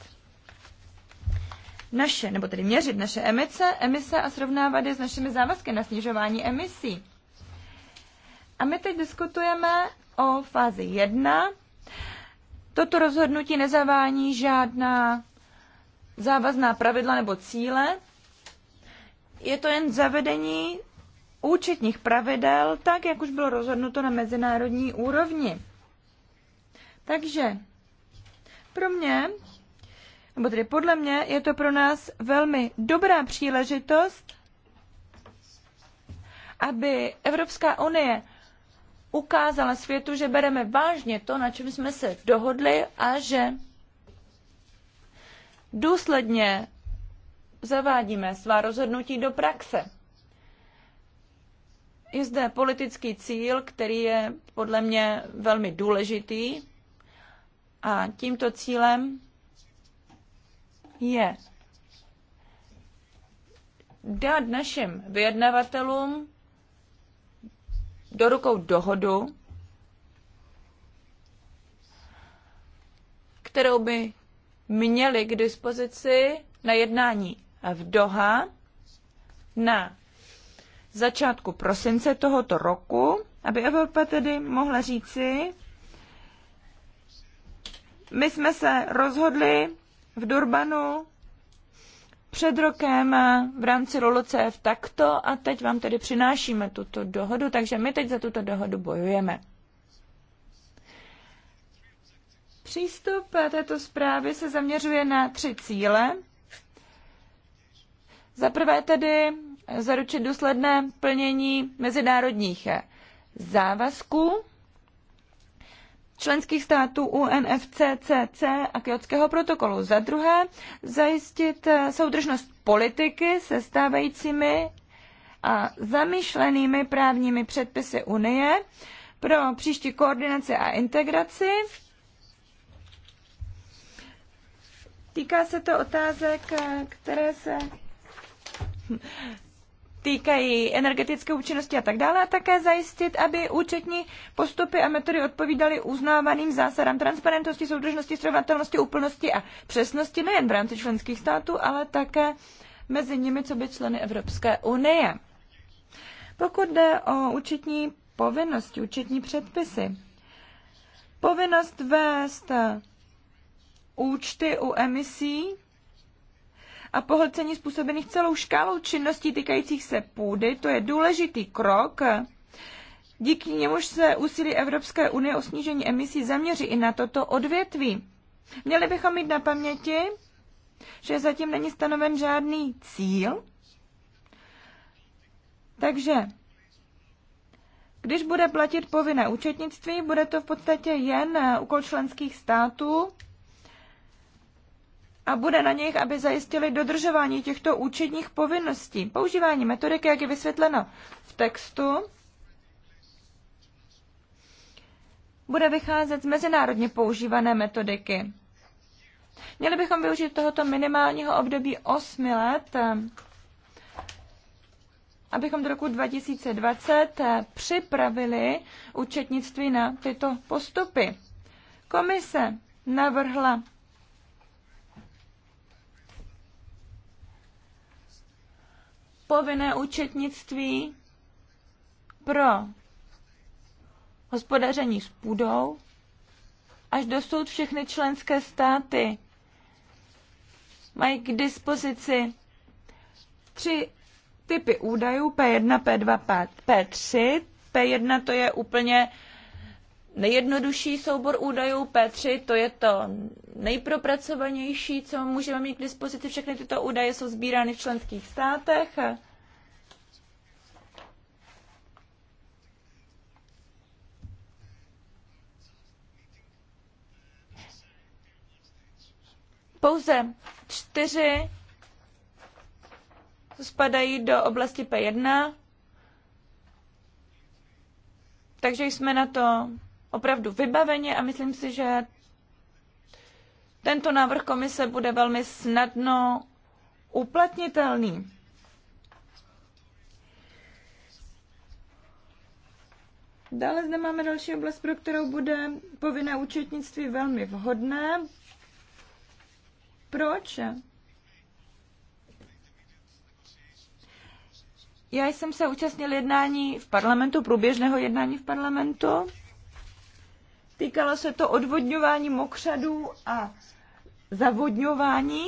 naše, nebo tedy měřit naše emise, emise a srovnávat je s našimi závazky na snižování emisí. A my teď diskutujeme o fázi 1. Toto rozhodnutí nezavání žádná závazná pravidla nebo cíle. Je to jen zavedení účetních pravidel, tak jak už bylo rozhodnuto na mezinárodní úrovni. Takže pro mě nebo tedy podle mě je to pro nás velmi dobrá příležitost, aby Evropská unie ukázala světu, že bereme vážně to, na čem jsme se dohodli a že důsledně zavádíme svá rozhodnutí do praxe. Je zde politický cíl, který je podle mě velmi důležitý a tímto cílem je dát našim vyjednavatelům do rukou dohodu, kterou by měli k dispozici na jednání v Doha na začátku prosince tohoto roku, aby Evropa tedy mohla říci, my jsme se rozhodli v Durbanu před rokem v rámci LULUCF takto a teď vám tedy přinášíme tuto dohodu, takže my teď za tuto dohodu bojujeme. Přístup této zprávy se zaměřuje na tři cíle. Za prvé tedy zaručit důsledné plnění mezinárodních závazků členských států UNFCCC a Kyotského protokolu. Za druhé, zajistit eh, soudržnost politiky se stávajícími a zamýšlenými právními předpisy Unie pro příští koordinaci a integraci. Týká se to otázek, eh, které se týkají energetické účinnosti a tak dále, a také zajistit, aby účetní postupy a metody odpovídaly uznávaným zásadám transparentnosti, soudržnosti, srovnatelnosti, úplnosti a přesnosti nejen v rámci členských států, ale také mezi nimi, co by členy Evropské unie. Pokud jde o účetní povinnosti, účetní předpisy, povinnost vést účty u emisí a pohlcení způsobených celou škálou činností týkajících se půdy, to je důležitý krok, díky němuž se úsilí Evropské unie o snížení emisí zaměří i na toto odvětví. Měli bychom mít na paměti, že zatím není stanoven žádný cíl, takže když bude platit povinné účetnictví, bude to v podstatě jen úkol členských států a bude na nich, aby zajistili dodržování těchto účetních povinností. Používání metodiky, jak je vysvětleno v textu, bude vycházet z mezinárodně používané metodiky. Měli bychom využít tohoto minimálního období 8 let, abychom do roku 2020 připravili účetnictví na tyto postupy. Komise navrhla povinné účetnictví pro hospodaření s půdou. Až dosud všechny členské státy mají k dispozici tři typy údajů P1, P2, P3. P1 to je úplně nejjednodušší soubor údajů, P3 to je to nejpropracovanější, co můžeme mít k dispozici. Všechny tyto údaje jsou sbírány v členských státech. Pouze čtyři spadají do oblasti P1, takže jsme na to opravdu vybaveni a myslím si, že tento návrh komise bude velmi snadno uplatnitelný. Dále zde máme další oblast, pro kterou bude povinné účetnictví velmi vhodné. Proč? Já jsem se účastnil jednání v parlamentu, průběžného jednání v parlamentu Týkalo se to odvodňování mokřadů a zavodňování.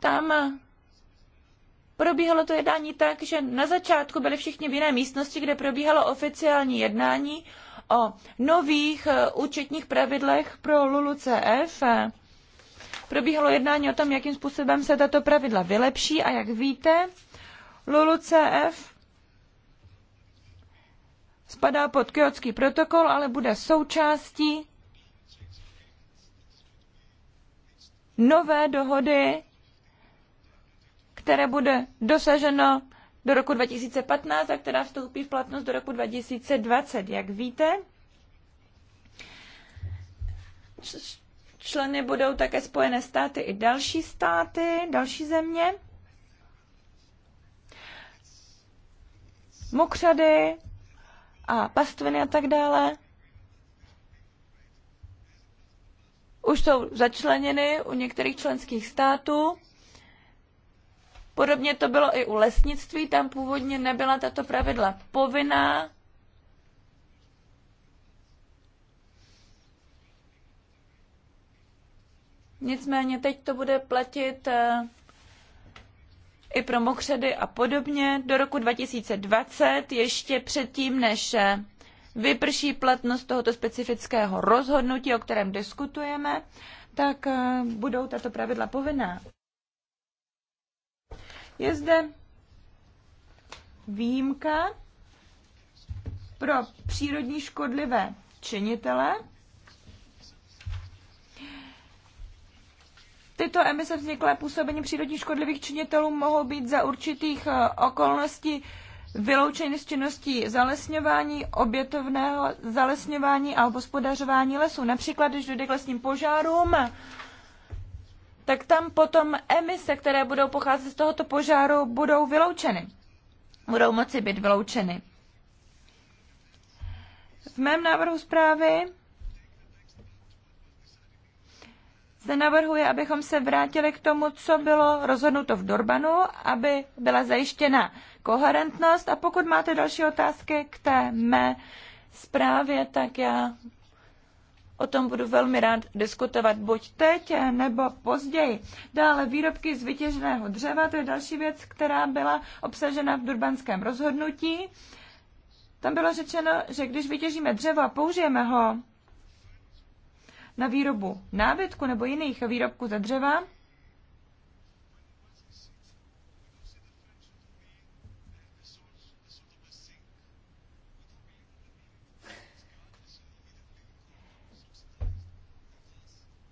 Tam probíhalo to jednání tak, že na začátku byli všichni v jiné místnosti, kde probíhalo oficiální jednání o nových eh, účetních pravidlech pro LULUCF. Probíhalo jednání o tom, jakým způsobem se tato pravidla vylepší a jak víte, LULUCF spadá pod kyotský protokol, ale bude součástí nové dohody, které bude dosaženo do roku 2015 a která vstoupí v platnost do roku 2020. Jak víte, členy budou také Spojené státy i další státy, další země. mokřady a pastviny a tak dále, už jsou začleněny u některých členských států. Podobně to bylo i u lesnictví, tam původně nebyla tato pravidla povinná. Nicméně teď to bude platit eh, i pro mokřady a podobně do roku 2020, ještě předtím, než vyprší platnost tohoto specifického rozhodnutí, o kterém diskutujeme, tak eh, budou tato pravidla povinná. Je zde výjimka pro přírodní škodlivé činitele, Tyto emise vzniklé působení přírodních škodlivých činitelů mohou být za určitých eh, okolností vyloučeny z činností zalesňování, obětovného zalesňování a obospodařování lesů. Například, když dojde k lesním požárům, tak tam potom emise, které budou pocházet z tohoto požáru, budou vyloučeny. Budou moci být vyloučeny. V mém návrhu zprávy zde navrhuje, abychom se vrátili k tomu, co bylo rozhodnuto v Dorbanu, aby byla zajištěna koherentnost. A pokud máte další otázky k té mé zprávě, tak já o tom budu velmi rád diskutovat buď teď, nebo později. Dále výrobky z vytěženého dřeva, to je další věc, která byla obsažena v durbanském rozhodnutí. Tam bylo řečeno, že když vytěžíme dřevo a použijeme ho na výrobu nábytku nebo jiných výrobků ze dřeva,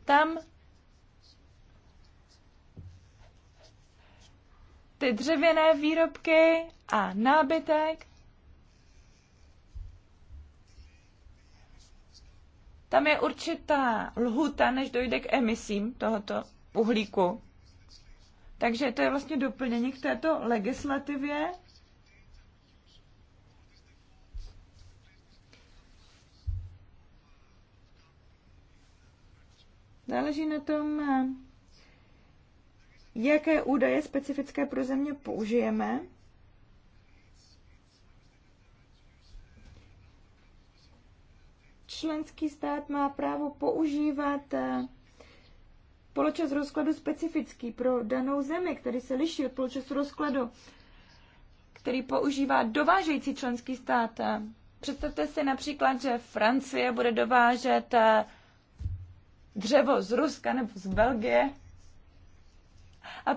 tam ty dřevěné výrobky a nábytek Tam je určitá lhuta, než dojde k emisím tohoto uhlíku. Takže to je vlastně doplnění k této legislativě. Záleží na tom, jaké údaje specifické pro země použijeme. členský stát má právo používat eh, poločas rozkladu specifický pro danou zemi, který se liší od poločasu rozkladu, který používá dovážející členský stát. Eh, představte si například, že Francie bude dovážet eh, dřevo z Ruska nebo z Belgie a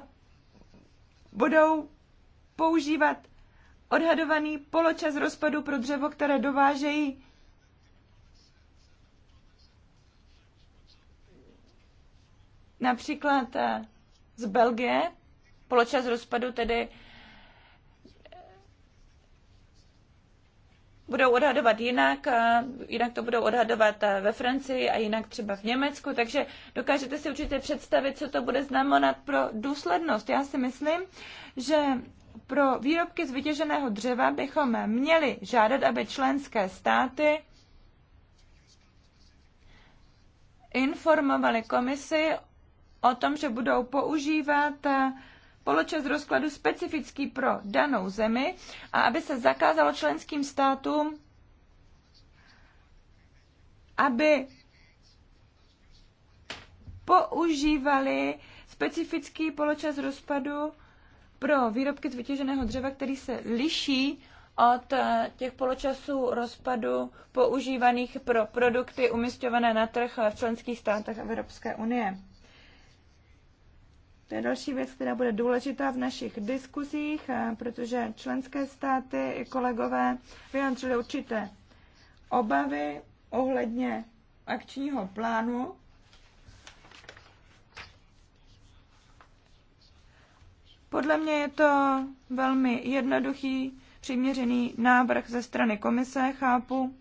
budou používat odhadovaný poločas rozpadu pro dřevo, které dovážejí Například eh, z Belgie, poločas rozpadu tedy eh, budou odhadovat jinak, eh, jinak to budou odhadovat ve Francii a jinak třeba v Německu, takže dokážete si určitě představit, co to bude znamenat pro důslednost. Já si myslím, že pro výrobky z vytěženého dřeva bychom měli žádat, aby členské státy informovali komisi o tom, že budou používat eh, poločas rozkladu specifický pro danou zemi a aby se zakázalo členským státům, aby používali specifický poločas rozpadu pro výrobky z vytěženého dřeva, který se liší od eh, těch poločasů rozpadu používaných pro produkty umistované na trh v členských státech Evropské unie. To je další věc, která bude důležitá v našich diskuzích, eh, protože členské státy i kolegové vyjádřili určité obavy ohledně akčního plánu. Podle mě je to velmi jednoduchý, přiměřený návrh ze strany komise. Chápu,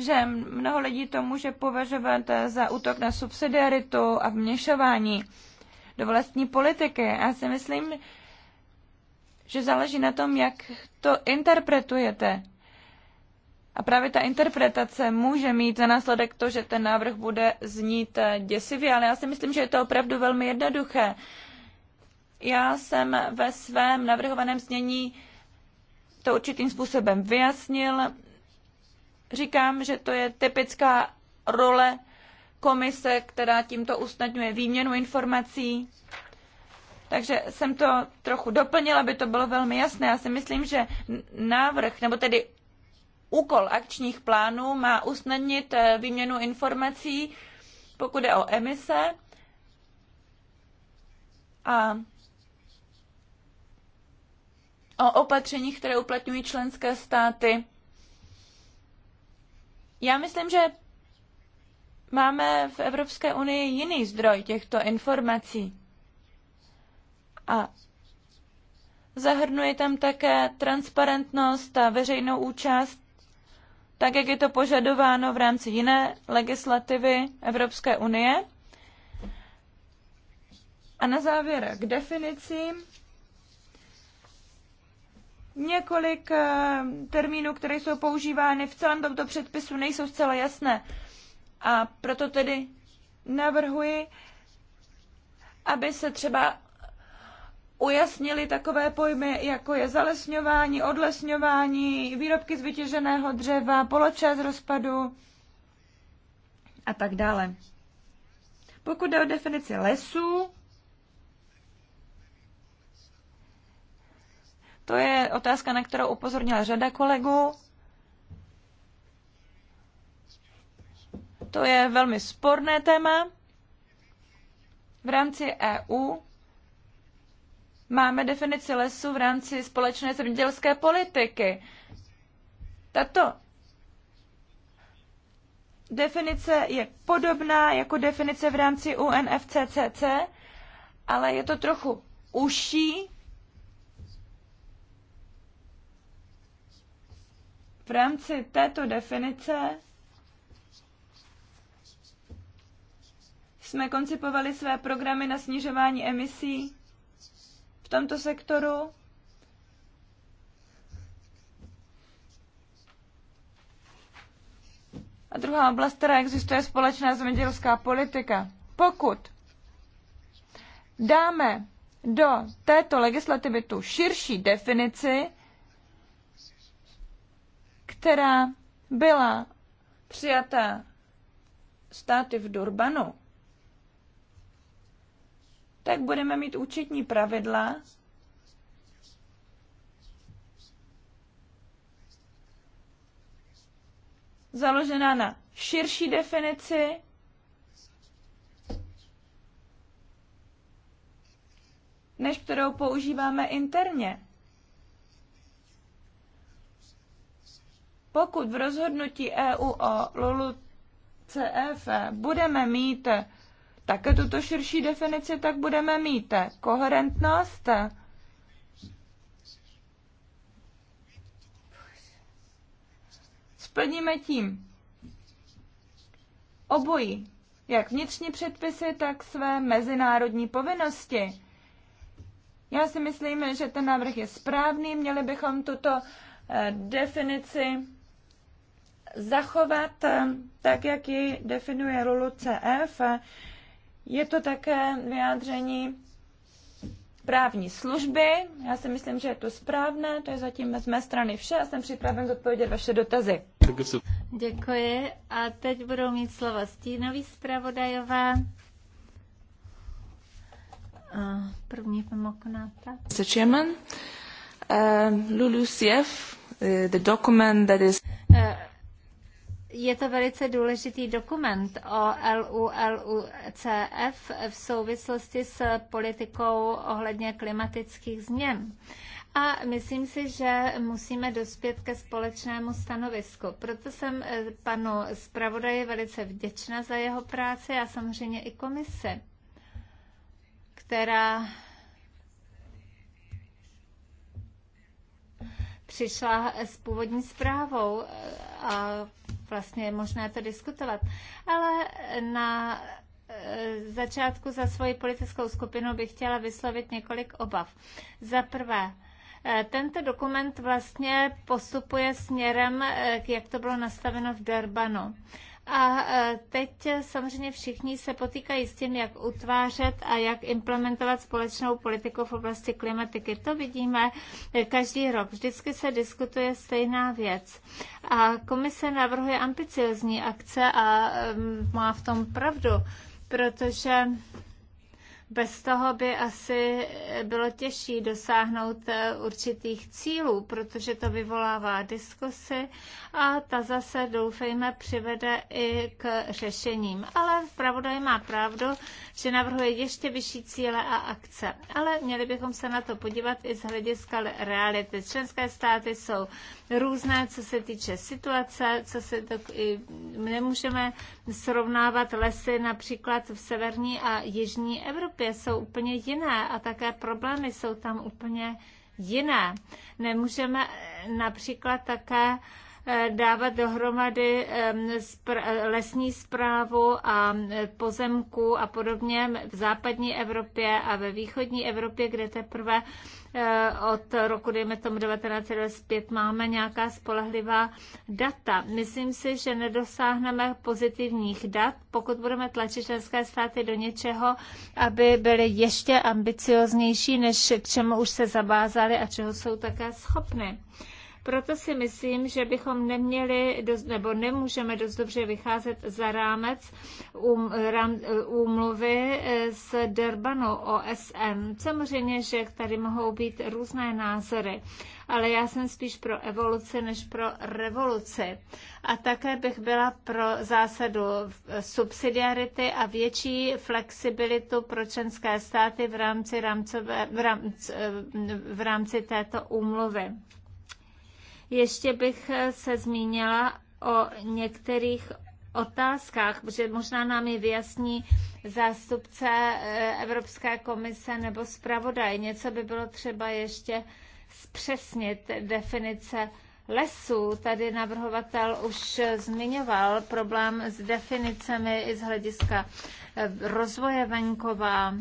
že mnoho lidí to může považovat za útok na subsidiaritu a vměšování do vlastní politiky. Já si myslím, že záleží na tom, jak to interpretujete. A právě ta interpretace může mít za následek to, že ten návrh bude znít děsivě, ale já si myslím, že je to opravdu velmi jednoduché. Já jsem ve svém navrhovaném znění to určitým způsobem vyjasnil. Říkám, že to je typická role komise, která tímto usnadňuje výměnu informací. Takže jsem to trochu doplnila, aby to bylo velmi jasné. Já si myslím, že návrh, nebo tedy úkol akčních plánů má usnadnit eh, výměnu informací, pokud je o emise. A o opatřeních, které uplatňují členské státy já myslím, že máme v Evropské unii jiný zdroj těchto informací. A zahrnuje tam také transparentnost a veřejnou účast, tak jak je to požadováno v rámci jiné legislativy Evropské unie. A na závěr k definicím. Několik eh, termínů, které jsou používány v celém tomto předpisu, nejsou zcela jasné. A proto tedy navrhuji, aby se třeba ujasnili takové pojmy, jako je zalesňování, odlesňování, výrobky z vytěženého dřeva, poločas z rozpadu a tak dále. Pokud jde o definici lesů, To je otázka, na kterou upozornila řada kolegů. To je velmi sporné téma. V rámci EU máme definici lesu v rámci společné zemědělské politiky. Tato definice je podobná jako definice v rámci UNFCCC, ale je to trochu užší rámci této definice jsme koncipovali své programy na snižování emisí v tomto sektoru. A druhá oblast, která existuje, společná zemědělská politika. Pokud dáme do této legislativy tu širší definici, která byla přijata státy v Durbanu, tak budeme mít účetní pravidla, založená na širší definici než kterou používáme interně. Pokud v rozhodnutí EU o LULU budeme mít také tuto širší definici, tak budeme mít koherentnost splníme tím obojí, jak vnitřní předpisy, tak své mezinárodní povinnosti. Já si myslím, že ten návrh je správný, měli bychom tuto eh, definici zachovat eh, tak, jak ji definuje Lulu CF. Je to také vyjádření právní služby. Já si myslím, že je to správné. To je zatím z mé strany vše a jsem připraven zodpovědět vaše dotazy. Děkuji a teď budou mít slovo stínový zpravodajová. První pamokonáta. Mr. Chairman, uh, eh, CF, uh, eh, the document that is... Uh, je to velice důležitý dokument o LULUCF v souvislosti s politikou ohledně klimatických změn. A myslím si, že musíme dospět ke společnému stanovisku. Proto jsem eh, panu zpravodaji velice vděčná za jeho práci a samozřejmě i komise, která přišla s původní zprávou eh, a vlastně je možné to diskutovat. Ale na eh, začátku za svoji politickou skupinu bych chtěla vyslovit několik obav. Za prvé, eh, tento dokument vlastně postupuje směrem, eh, jak to bylo nastaveno v Durbanu. A e, teď samozřejmě všichni se potýkají s tím, jak utvářet a jak implementovat společnou politiku v oblasti klimatiky. To vidíme e, každý rok. Vždycky se diskutuje stejná věc. A komise navrhuje ambiciozní akce a e, má v tom pravdu, protože bez toho by asi bylo těžší dosáhnout eh, určitých cílů, protože to vyvolává diskusy a ta zase, doufejme, přivede i k řešením. Ale pravodaj má pravdu, že navrhuje ještě vyšší cíle a akce. Ale měli bychom se na to podívat i z hlediska reality. Členské státy jsou různé, co se týče situace, co se to, nemůžeme srovnávat lesy například v severní a jižní Evropě, jsou úplně jiné a také problémy jsou tam úplně jiné. Nemůžeme například také Eh, dávat dohromady lesní zprávu a eh, pozemku a podobně v západní Evropě a ve východní Evropě, kde teprve eh, od roku, dejme tomu 1925, máme nějaká spolehlivá data. Myslím si, že nedosáhneme pozitivních dat, pokud budeme tlačit členské státy do něčeho, aby byly ještě ambicioznější, než k čemu už se zabázali a čeho jsou také schopny. Proto si myslím, že bychom neměli dost, nebo nemůžeme dost dobře vycházet za rámec um, eh, úmluvy eh, s Derbanu OSN. Samozřejmě, že tady mohou být různé názory, ale já jsem spíš pro evoluci než pro revoluci. A také bych byla pro zásadu eh, subsidiarity a větší flexibilitu pro členské státy v rámci, rámcové, v rámci, v rámci této úmluvy. Ještě bych se zmínila o některých otázkách, protože možná nám je vyjasní zástupce eh, Evropské komise nebo zpravodaj. Něco by bylo třeba ještě zpřesnit definice lesů. Tady navrhovatel už zmiňoval problém s definicemi i z hlediska eh, rozvoje venkova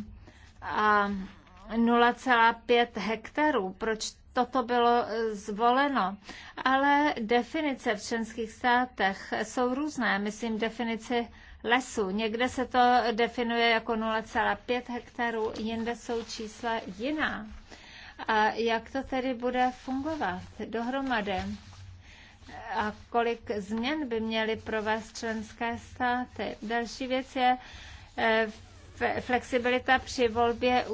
a 0,5 hektarů. Proč toto bylo eh, zvoleno. Ale definice v členských státech jsou různé. Myslím, definici lesů. Někde se to definuje jako 0,5 hektarů, jinde jsou čísla jiná. A jak to tedy bude fungovat dohromady? A kolik změn by měly provést členské státy? Další věc je eh, flexibilita při volbě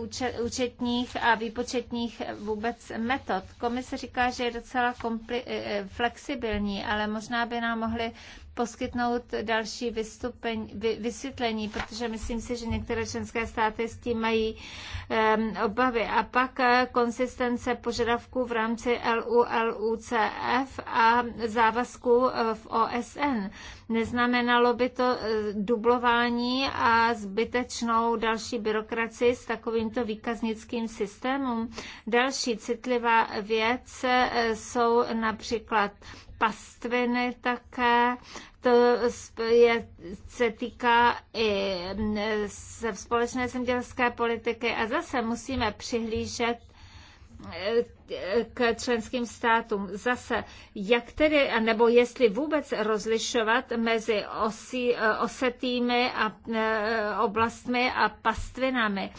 účetních a výpočetních vůbec metod. Komise říká, že je docela eh, eh, flexibilní, ale možná by nám mohli poskytnout další vystupeň, vy, vysvětlení, protože myslím si, že některé členské státy s tím mají um, obavy. A pak eh, konsistence požadavků v rámci LULUCF a závazků eh, v OSN. Neznamenalo by to eh, dublování a zbytečnou další byrokracii s takovýmto výkaznickým systémem? Další citlivá věc jsou například pastviny také, to je, se týká i mm, se společné zemědělské politiky a zase musíme přihlížet k členským státům. Zase, jak tedy, nebo jestli vůbec rozlišovat mezi osí, osetými a e, oblastmi a pastvinami.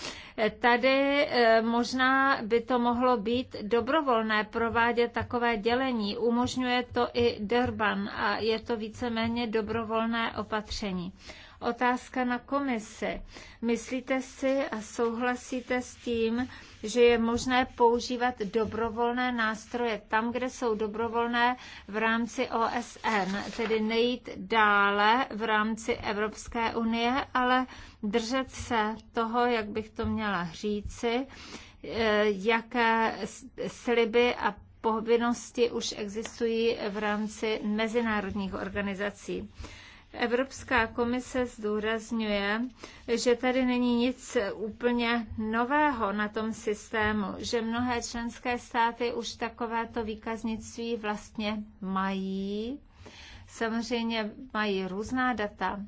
Tady e, možná by to mohlo být dobrovolné provádět takové dělení. Umožňuje to i Durban a je to víceméně dobrovolné opatření. Otázka na komise. Myslíte si a souhlasíte s tím, že je možné používat dobrovolné nástroje tam, kde jsou dobrovolné v rámci OSN, tedy nejít dále v rámci Evropské unie, ale držet se toho, jak bych to měla říci, eh, jaké sliby a povinnosti už existují v rámci mezinárodních organizací. Evropská komise zdůrazňuje, že tady není nic úplně nového na tom systému, že mnohé členské státy už takovéto výkaznictví vlastně mají. Samozřejmě mají různá data.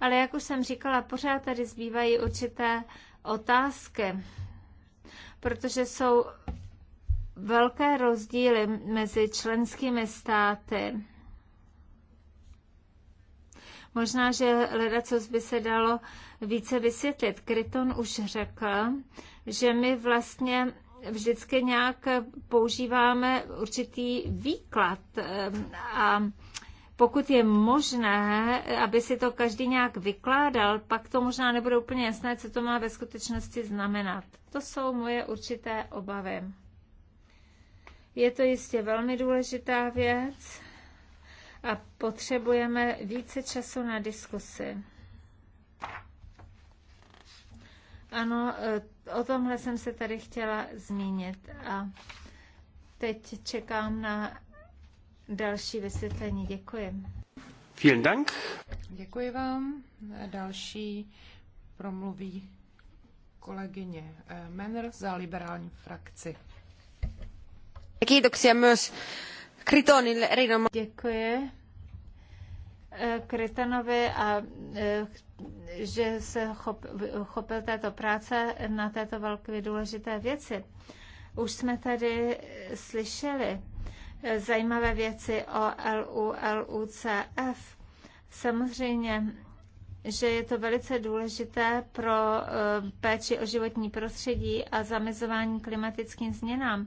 Ale jak už jsem říkala, pořád tady zbývají určité otázky, protože jsou velké rozdíly mezi členskými státy Možná, že leda, co by se dalo více vysvětlit. Kryton už řekl, že my vlastně vždycky nějak používáme určitý výklad ehm, a pokud je možné, aby si to každý nějak vykládal, pak to možná nebude úplně jasné, co to má ve skutečnosti znamenat. To jsou moje určité obavy. Je to jistě velmi důležitá věc a potřebujeme více času na diskusy. Ano, eh, o tomhle jsem se tady chtěla zmínit a teď čekám na další vysvětlení. Děkuji. Vielen Dank. Děkuji vám. Další promluví kolegyně eh, Menner za liberální frakci. Kiitoksia myös Děkuji. Eh, Krytonovi a eh, že se chopil této práce na této velké důležité věci. Už jsme tady eh, slyšeli zajímavé věci o LULUCF. Samozřejmě že je to velice důležité pro eh, péči o životní prostředí a zamezování klimatickým změnám.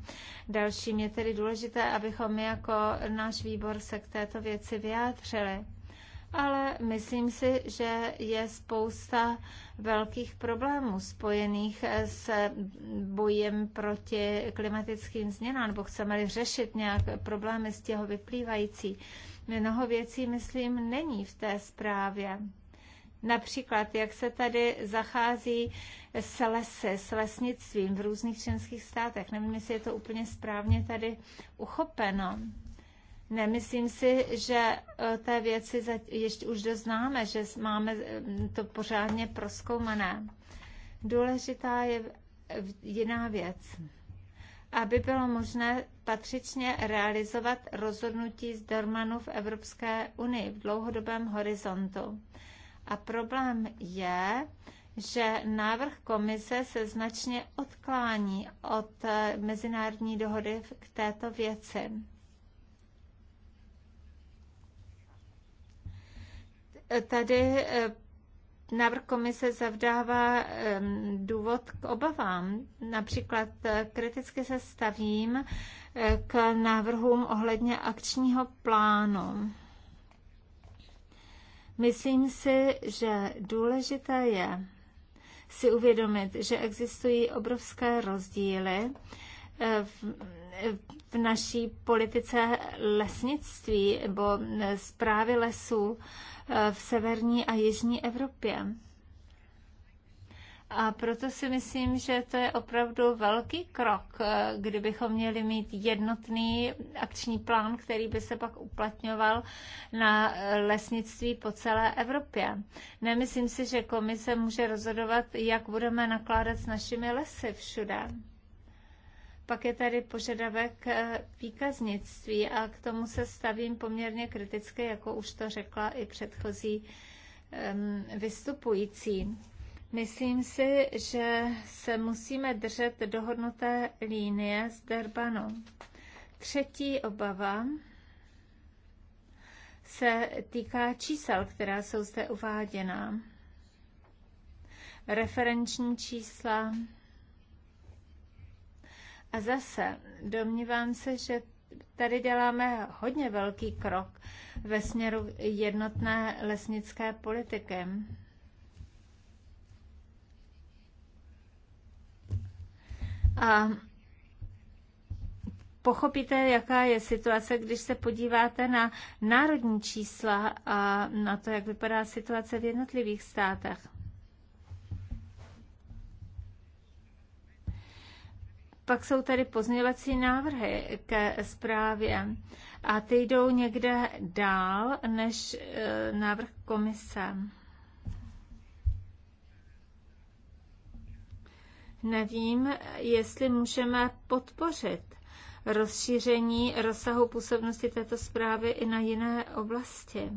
Dalším je tedy důležité, abychom my jako náš výbor se k této věci vyjádřili. Ale myslím si, že je spousta velkých problémů spojených eh, s bojem proti klimatickým změnám, nebo chceme-li řešit nějak problémy z těho vyplývající. Mnoho věcí, myslím, není v té zprávě. Například, jak se tady zachází s lesy, s lesnictvím v různých členských státech. Nevím, jestli je to úplně správně tady uchopeno. Nemyslím si, že e, té věci ještě už doznáme, že máme e, to pořádně proskoumané. Důležitá je jiná věc. Aby bylo možné patřičně realizovat rozhodnutí z Dormanu v Evropské unii v dlouhodobém horizontu. A problém je, že návrh komise se značně odklání od eh, mezinárodní dohody k této věci. Tady eh, návrh komise zavdává ehm, důvod k obavám. Například eh, kriticky se stavím k návrhům ohledně akčního plánu Myslím si, že důležité je si uvědomit, že existují obrovské rozdíly eh, v, v naší politice lesnictví nebo eh, zprávy lesů eh, v severní a jižní Evropě. A proto si myslím, že to je opravdu velký krok, eh, kdybychom měli mít jednotný akční plán, který by se pak uplatňoval na eh, lesnictví po celé Evropě. Nemyslím si, že komise může rozhodovat, jak budeme nakládat s našimi lesy všude. Pak je tady požadavek eh, výkaznictví a k tomu se stavím poměrně kriticky, jako už to řekla i předchozí ehm, vystupující Myslím si, že se musíme držet dohodnuté linie s Derbanu. Třetí obava se týká čísel, která jsou zde uváděna. Referenční čísla. A zase domnívám se, že tady děláme hodně velký krok ve směru jednotné lesnické politiky. A pochopíte, jaká je situace, když se podíváte na národní čísla a na to, jak vypadá situace v jednotlivých státech. Pak jsou tady pozměňovací návrhy ke zprávě a ty jdou někde dál než eh, návrh komise. Nevím, jestli můžeme podpořit rozšíření rozsahu působnosti této zprávy i na jiné oblasti.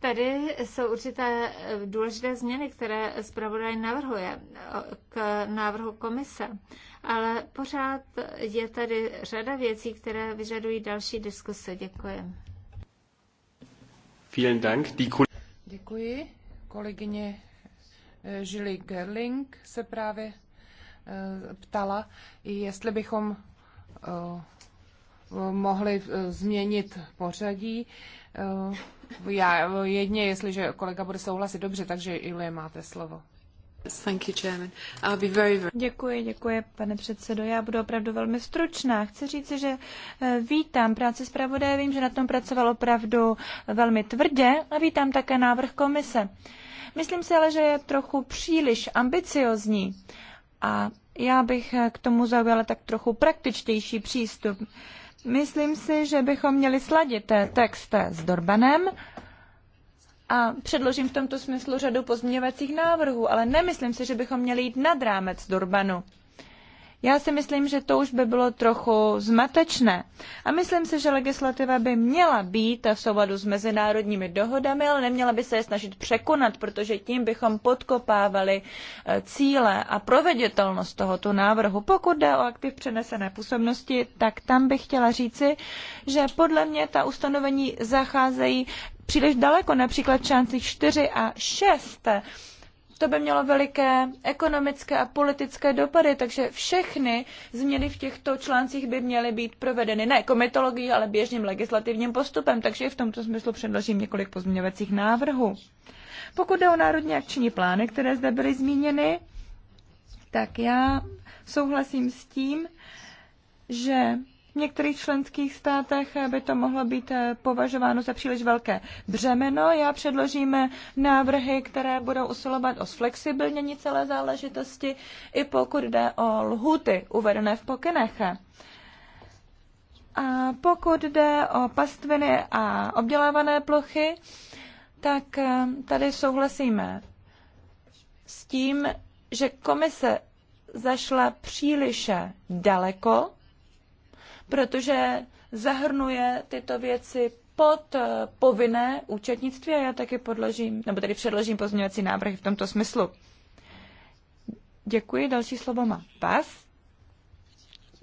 Tady jsou určité důležité změny, které zpravodaj navrhuje k návrhu komise, ale pořád je tady řada věcí, které vyžadují další diskuse. Děkuji. Děkuji. Kolegyně eh, Žili Gerling se právě eh, ptala, jestli bychom eh, mohli změnit pořadí. Já jedně, jestliže kolega bude souhlasit, dobře, takže Julie, máte slovo. Děkuji, děkuji, pane předsedo. Já budu opravdu velmi stručná. Chci říct, že eh, vítám práci zpravodaje, vím, že na tom pracoval opravdu velmi tvrdě a vítám také návrh komise. Myslím si ale, že je trochu příliš ambiciozní a já bych eh, k tomu zaujala tak trochu praktičtější přístup. Myslím si, že bychom měli sladit eh, text s Dorbanem a předložím v tomto smyslu řadu pozměňovacích návrhů, ale nemyslím si, že bychom měli jít nad rámec Durbanu. Já si myslím, že to už by bylo trochu zmatečné. A myslím si, že legislativa by měla být v souladu s mezinárodními dohodami, ale neměla by se je snažit překonat, protože tím bychom podkopávali eh, cíle a proveditelnost tohoto návrhu. Pokud jde o aktiv přenesené působnosti, tak tam bych chtěla říci, že podle mě ta ustanovení zacházejí příliš daleko, například článcích 4 a 6 to by mělo veliké ekonomické a politické dopady, takže všechny změny v těchto článcích by měly být provedeny ne komitologií, ale běžným legislativním postupem, takže v tomto smyslu předložím několik pozměňovacích návrhů. Pokud jde o národní akční plány, které zde byly zmíněny, tak já souhlasím s tím, že některých členských státech by to mohlo být eh, považováno za příliš velké břemeno. Já předložím eh, návrhy, které budou usilovat o zflexibilnění celé záležitosti, i pokud jde o lhuty uvedené v pokynech. A pokud jde o pastviny a obdělávané plochy, tak eh, tady souhlasíme s tím, že komise zašla příliš daleko protože zahrnuje tyto věci pod eh, povinné účetnictví a já taky podložím, nebo tedy předložím pozměňovací návrhy v tomto smyslu. Děkuji. Další slovo má pas.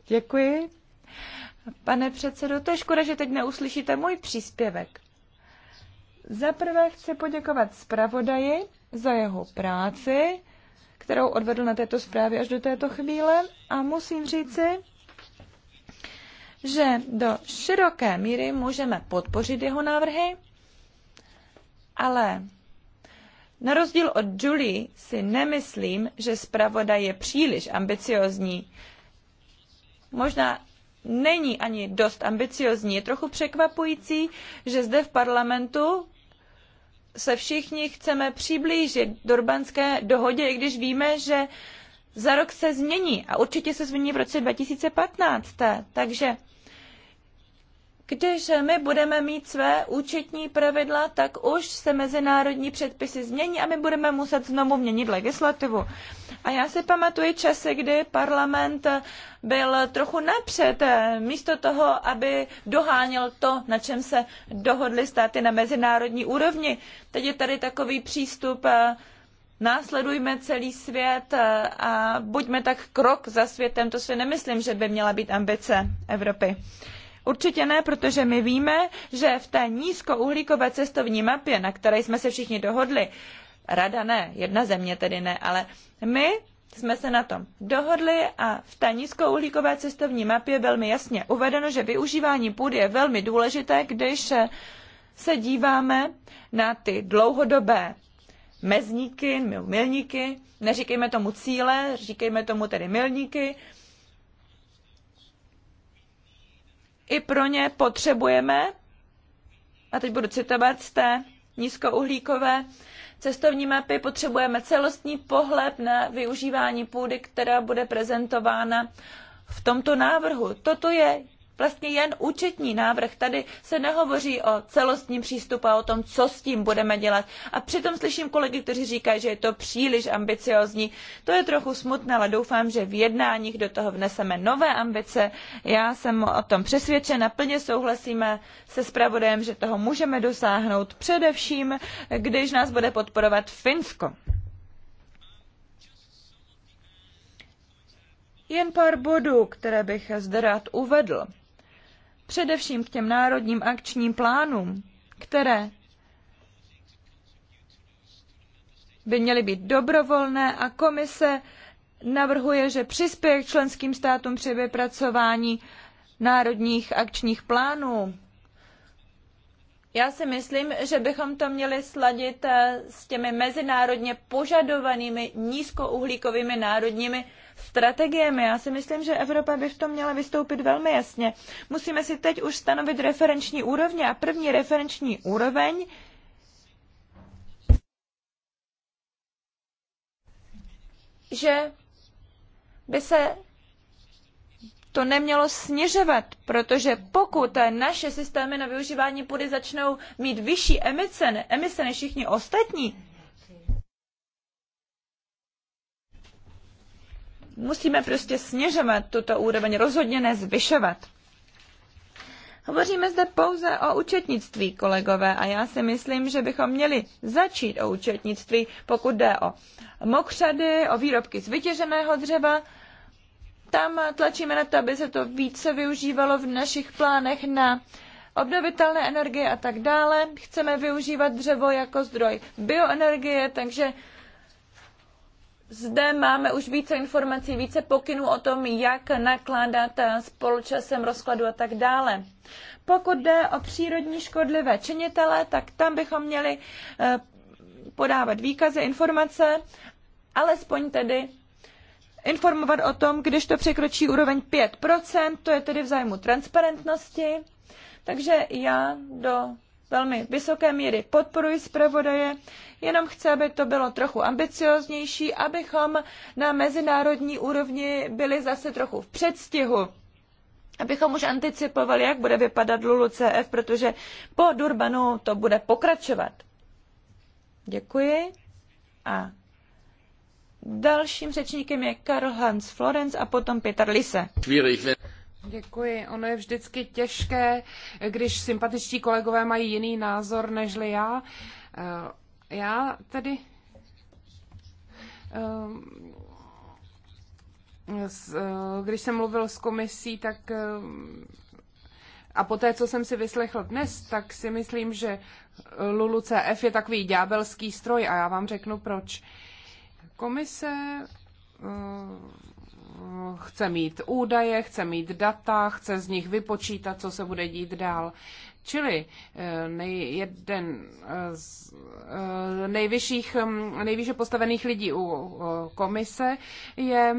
Děkuji. Pane předsedo, to je škoda, že teď neuslyšíte můj příspěvek. Zaprvé chci poděkovat zpravodaji za jeho práci, kterou odvedl na této zprávě až do této chvíle a musím říci, že do široké míry můžeme podpořit jeho návrhy, ale na rozdíl od Julie si nemyslím, že zpravodaj je příliš ambiciozní. Možná není ani dost ambiciozní. Je trochu překvapující, že zde v parlamentu se všichni chceme přiblížit Durbanské dohodě, i když víme, že za rok se změní a určitě se změní v roce 2015. Takže když my budeme mít své účetní pravidla, tak už se mezinárodní předpisy změní a my budeme muset znovu měnit legislativu. A já si pamatuji časy, kdy parlament byl trochu napřed, eh, místo toho, aby doháněl to, na čem se dohodly státy na mezinárodní úrovni. Teď je tady takový přístup eh, následujme celý svět eh, a buďme tak krok za světem, to si nemyslím, že by měla být ambice Evropy. Určitě ne, protože my víme, že v té nízkouhlíkové cestovní mapě, na které jsme se všichni dohodli, rada ne, jedna země tedy ne, ale my jsme se na tom dohodli a v té nízkouhlíkové cestovní mapě je velmi jasně uvedeno, že využívání půdy je velmi důležité, když eh, se díváme na ty dlouhodobé mezníky, milníky, neříkejme tomu cíle, říkejme tomu tedy milníky. I pro ně potřebujeme, a teď budu citovat z té nízkouhlíkové cestovní mapy, potřebujeme celostní pohled na využívání půdy, která bude prezentována v tomto návrhu. Toto je vlastně jen účetní návrh. Tady se nehovoří o celostním přístupu a o tom, co s tím budeme dělat. A přitom slyším kolegy, kteří říkají, že je to příliš ambiciozní. To je trochu smutné, ale doufám, že v jednáních do toho vneseme nové ambice. Já jsem o tom přesvědčena, plně souhlasíme se zpravodajem, že toho můžeme dosáhnout především, když nás bude podporovat Finsko. Jen pár bodů, které bych zde rád uvedl především k těm národním akčním plánům, které by měly být dobrovolné a komise navrhuje, že přispěje k členským státům při vypracování národních akčních plánů já si myslím, že bychom to měli sladit eh, s těmi mezinárodně požadovanými nízkouhlíkovými národními strategiemi. Já si myslím, že Evropa by v tom měla vystoupit velmi jasně. Musíme si teď už stanovit referenční úrovně a první referenční úroveň že by se to nemělo směřovat, protože pokud naše systémy na využívání půdy začnou mít vyšší emise, emise než všichni ostatní, musíme prostě směřovat tuto úroveň, rozhodně ne zvyšovat. Hovoříme zde pouze o účetnictví, kolegové, a já si myslím, že bychom měli začít o účetnictví, pokud jde o mokřady, o výrobky z vytěženého dřeva, tam tlačíme na to, aby se to více využívalo v našich plánech na obnovitelné energie a tak dále. Chceme využívat dřevo jako zdroj bioenergie, takže zde máme už více informací, více pokynů o tom, jak nakládat s poločasem rozkladu a tak dále. Pokud jde o přírodní škodlivé činitele, tak tam bychom měli eh, podávat výkazy, informace, alespoň tedy informovat o tom, když to překročí úroveň 5%, to je tedy v zájmu transparentnosti. Takže já do velmi vysoké míry podporuji zpravodaje, jenom chci, aby to bylo trochu ambicioznější, abychom na mezinárodní úrovni byli zase trochu v předstihu abychom už anticipovali, jak bude vypadat LULUCF, protože po Durbanu to bude pokračovat. Děkuji a Dalším řečníkem je Karl Hans Florenz a potom Peter Lise. Děkuji. Ono je vždycky těžké, když sympatičtí kolegové mají jiný názor nežli já. Eh, já tedy ehm, eh, když jsem mluvil s komisí, tak ehm, a poté, co jsem si vyslechl dnes, tak si myslím, že Lulu CF je takový ďábelský stroj a já vám řeknu proč. Uh, Komise eh, chce mít údaje, chce mít data, chce z nich vypočítat, co se bude dít dál. Čili eh, jeden eh, z nejvyšších, mm, nejvýše postavených lidí u komise je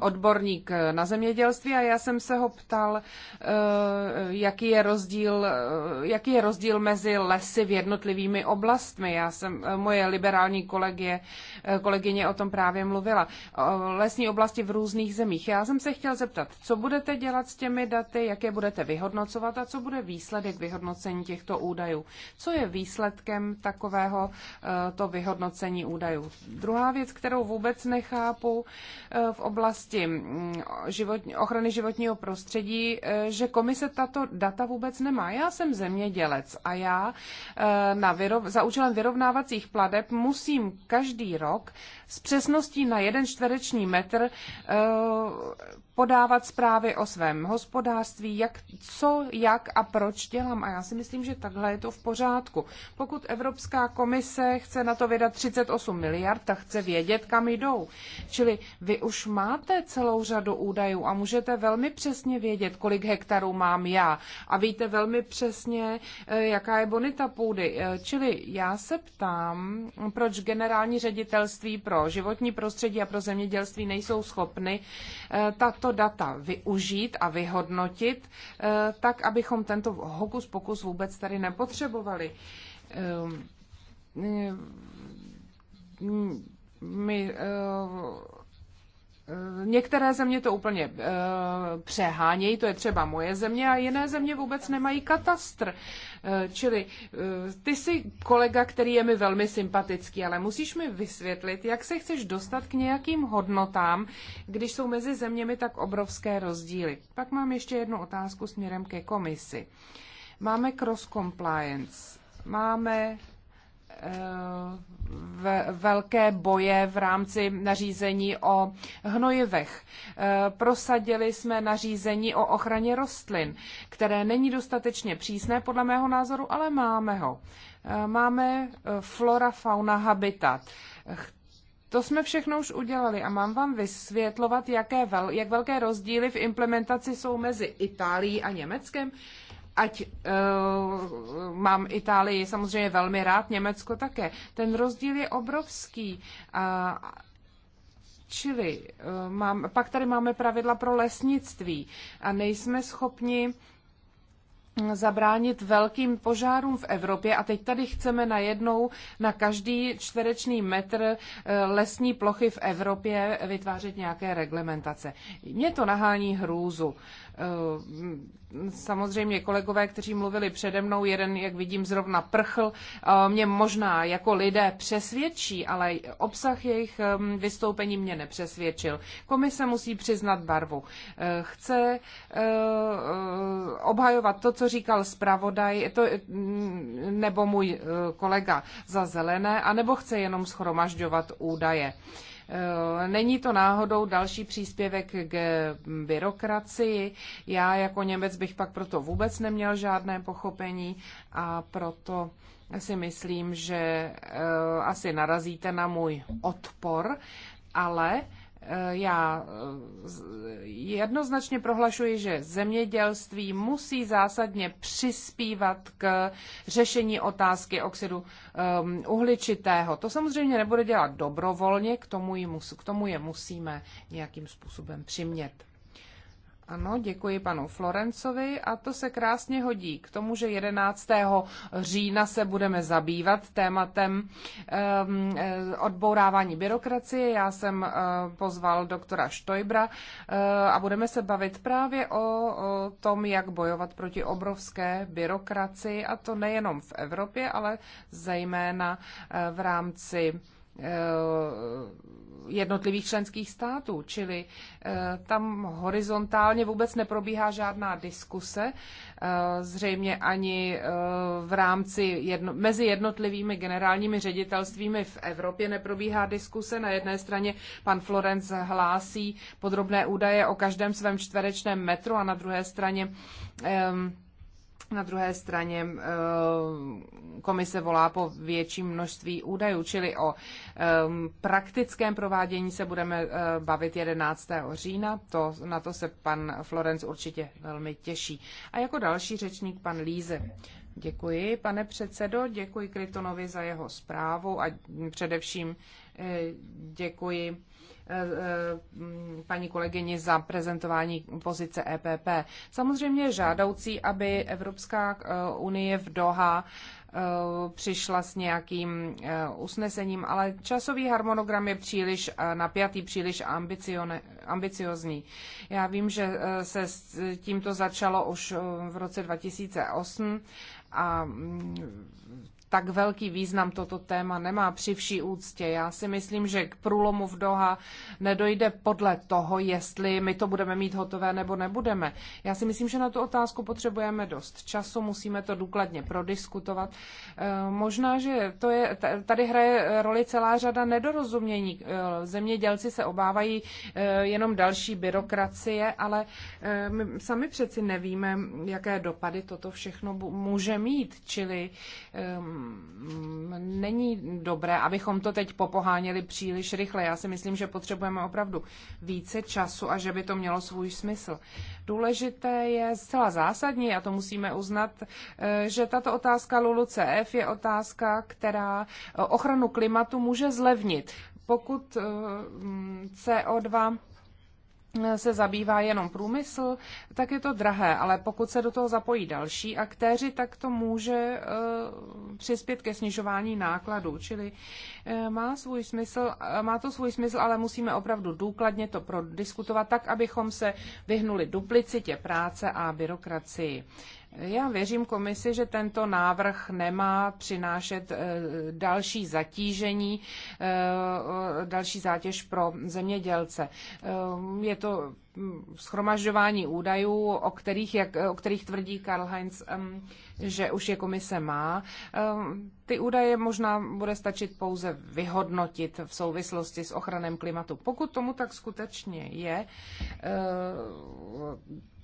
odborník na zemědělství a já jsem se ho ptal, eh, jaký je rozdíl, eh, jaký je rozdíl mezi lesy v jednotlivými oblastmi. Já jsem, eh, moje liberální kolegie, kolegyně o tom právě mluvila. Lesní oblasti v různých zemích. Já jsem se chtěl zeptat, co budete dělat s těmi daty, jaké budete vyhodnocovat a co bude výsledek vyhodnocení těchto údajů. Co je výsledkem takového to vyhodnocení údajů? Druhá věc, kterou vůbec nechápu v oblasti oblasti mm, život, ochrany životního prostředí, eh, že komise tato data vůbec nemá. Já jsem zemědělec a já eh, na vyrov, za účelem vyrovnávacích pladeb musím každý rok s přesností na jeden čtvereční metr eh, podávat zprávy o svém hospodářství, jak, co, jak a proč dělám. A já si myslím, že takhle je to v pořádku. Pokud Evropská komise chce na to vydat 38 miliard, tak chce vědět, kam jdou. Čili vy už máte celou řadu údajů a můžete velmi přesně vědět, kolik hektarů mám já. A víte velmi přesně, eh, jaká je bonita půdy. Eh, čili já se ptám, proč generální ředitelství pro životní prostředí a pro zemědělství nejsou schopny eh, tato tato data využít a vyhodnotit, eh, tak abychom tento hokus pokus vůbec tady nepotřebovali ehm, eh, my eh, Eh, některé země to úplně uh, přehánějí, to je třeba moje země, a jiné země vůbec nemají katastr. Uh, čili uh, ty jsi kolega, který je mi velmi sympatický, ale musíš mi vysvětlit, jak se chceš dostat k nějakým hodnotám, když jsou mezi zeměmi tak obrovské rozdíly. Pak mám ještě jednu otázku směrem ke komisi. Máme cross compliance, máme velké boje v rámci nařízení o hnojivech. E, prosadili jsme nařízení o ochraně rostlin, které není dostatečně přísné podle mého názoru, ale máme ho. E, máme e, flora, fauna, habitat. To jsme všechno už udělali a mám vám vysvětlovat, jaké vel, jak velké rozdíly v implementaci jsou mezi Itálií a Německem ať uh, mám Itálii samozřejmě velmi rád, Německo také. Ten rozdíl je obrovský. Uh, čili uh, mám, pak tady máme pravidla pro lesnictví a nejsme schopni zabránit velkým požárům v Evropě a teď tady chceme najednou na každý čtverečný metr eh, lesní plochy v Evropě vytvářet nějaké reglementace. Mě to nahání hrůzu. Uh, Eh, samozřejmě kolegové, kteří mluvili přede mnou, jeden, jak vidím, zrovna prchl, eh, mě možná jako lidé přesvědčí, ale obsah jejich eh, vystoupení mě nepřesvědčil. Komise musí přiznat barvu. Chce obhajovat to, co říkal zpravodaj, to, mm, nebo můj kolega za zelené, anebo chce jenom schromažďovat údaje. Eh, není to náhodou další příspěvek k byrokracii. Já jako Němec bych pak proto vůbec neměl žádné pochopení a proto si myslím, že eh, asi narazíte na můj odpor, ale Eh, já eh, jednoznačně prohlašuji, že zemědělství musí zásadně přispívat k řešení otázky oxidu eh, uhličitého. To samozřejmě nebude dělat dobrovolně, k tomu, k tomu je musíme nějakým způsobem přimět. Ano, děkuji panu Florencovi a to se krásně hodí k tomu, že 11. října se budeme zabývat tématem um, odbourávání byrokracie. Já jsem uh, pozval doktora Štojbra uh, a budeme se bavit právě o, o tom, jak bojovat proti obrovské byrokracii a to nejenom v Evropě, ale zejména uh, v rámci Eh, jednotlivých členských států, čili eh, tam horizontálně vůbec neprobíhá žádná diskuse, eh, zřejmě ani v rámci jedno, mezi jednotlivými generálními ředitelstvími v Evropě neprobíhá diskuse. Na jedné straně pan Florenc hlásí podrobné údaje o každém svém čtverečném metru a na druhé straně um, na druhé straně eh, komise volá po větším množství údajů, čili o ehm, praktickém provádění se budeme eh, bavit 11. října. To, na to se pan Florenc určitě velmi těší. A jako další řečník pan Líze. Děkuji, pane předsedo, děkuji Krytonovi za jeho zprávu a především eh, děkuji Eh, paní kolegyni za prezentování pozice EPP. Samozřejmě je žádoucí, aby Evropská eh, unie v Doha eh, přišla s nějakým usnesením, ale časový harmonogram je příliš napjatý, příliš ambiciozní. Já vím, že se s tímto začalo už v roce 2008 a mm, tak velký význam toto téma nemá při vší úctě. Já si myslím, že k průlomu v Doha nedojde podle toho, jestli my to budeme mít hotové nebo nebudeme. Já si myslím, že na tu otázku potřebujeme dost času, musíme to důkladně prodiskutovat. E, možná, že to je, tady hraje roli celá řada nedorozumění. E, zemědělci se obávají e, jenom další byrokracie, ale my sami přeci nevíme, jaké dopady toto všechno může mít. Čili není dobré, abychom to teď popoháněli příliš rychle. Já si myslím, že potřebujeme opravdu více času a že by to mělo svůj smysl. Důležité je zcela zásadní, a to musíme uznat, eh, že tato otázka Lulu CF je otázka, která eh, ochranu klimatu může zlevnit. Pokud eh, CO2 se zabývá jenom průmysl, tak je to drahé, ale pokud se do toho zapojí další aktéři, tak to může e, přispět ke snižování nákladů. Čili e, má, svůj smysl, e, má to svůj smysl, ale musíme opravdu důkladně to prodiskutovat tak, abychom se vyhnuli duplicitě práce a byrokracii. Já věřím komisi, že tento návrh nemá přinášet eh, další zatížení, eh, další zátěž pro zemědělce. Eh, je to mm, schromažďování údajů, o kterých, jak, o kterých tvrdí Karl Heinz, že už je komise má. Ty údaje možná bude stačit pouze vyhodnotit v souvislosti s ochranem klimatu. Pokud tomu tak skutečně je,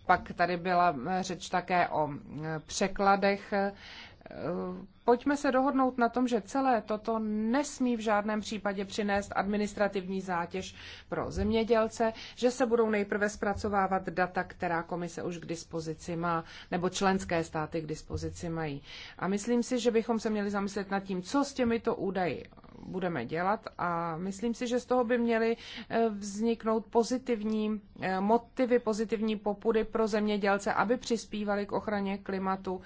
pak tady byla eh, řeč také o eh, překladech pojďme se dohodnout na tom, že celé toto nesmí v žádném případě přinést administrativní zátěž pro zemědělce, že se budou nejprve zpracovávat data, která komise už k dispozici má, nebo členské státy k dispozici mají. A myslím si, že bychom se měli zamyslet nad tím, co s těmito údaji budeme dělat a myslím si, že z toho by měly eh, vzniknout pozitivní eh, motivy, pozitivní popudy pro zemědělce, aby přispívali k ochraně klimatu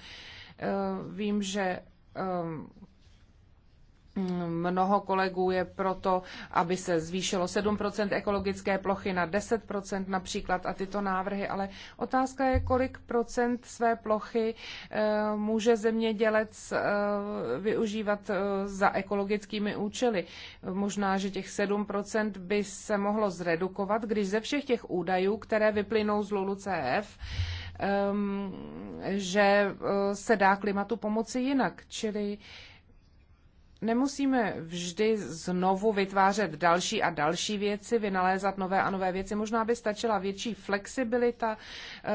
Eh, vím, že eh, Mnoho kolegů je proto, aby se zvýšilo 7% ekologické plochy na 10% například a tyto návrhy, ale otázka je, kolik procent své plochy eh, může zemědělec využívat za ekologickými účely. Možná, že těch 7% by se mohlo zredukovat, když ze všech těch údajů, které vyplynou z LULU CF, Ehm, že eh, se dá klimatu pomoci jinak. Čili nemusíme vždy znovu vytvářet další a další věci, vynalézat nové a nové věci. Možná by stačila větší flexibilita, eh,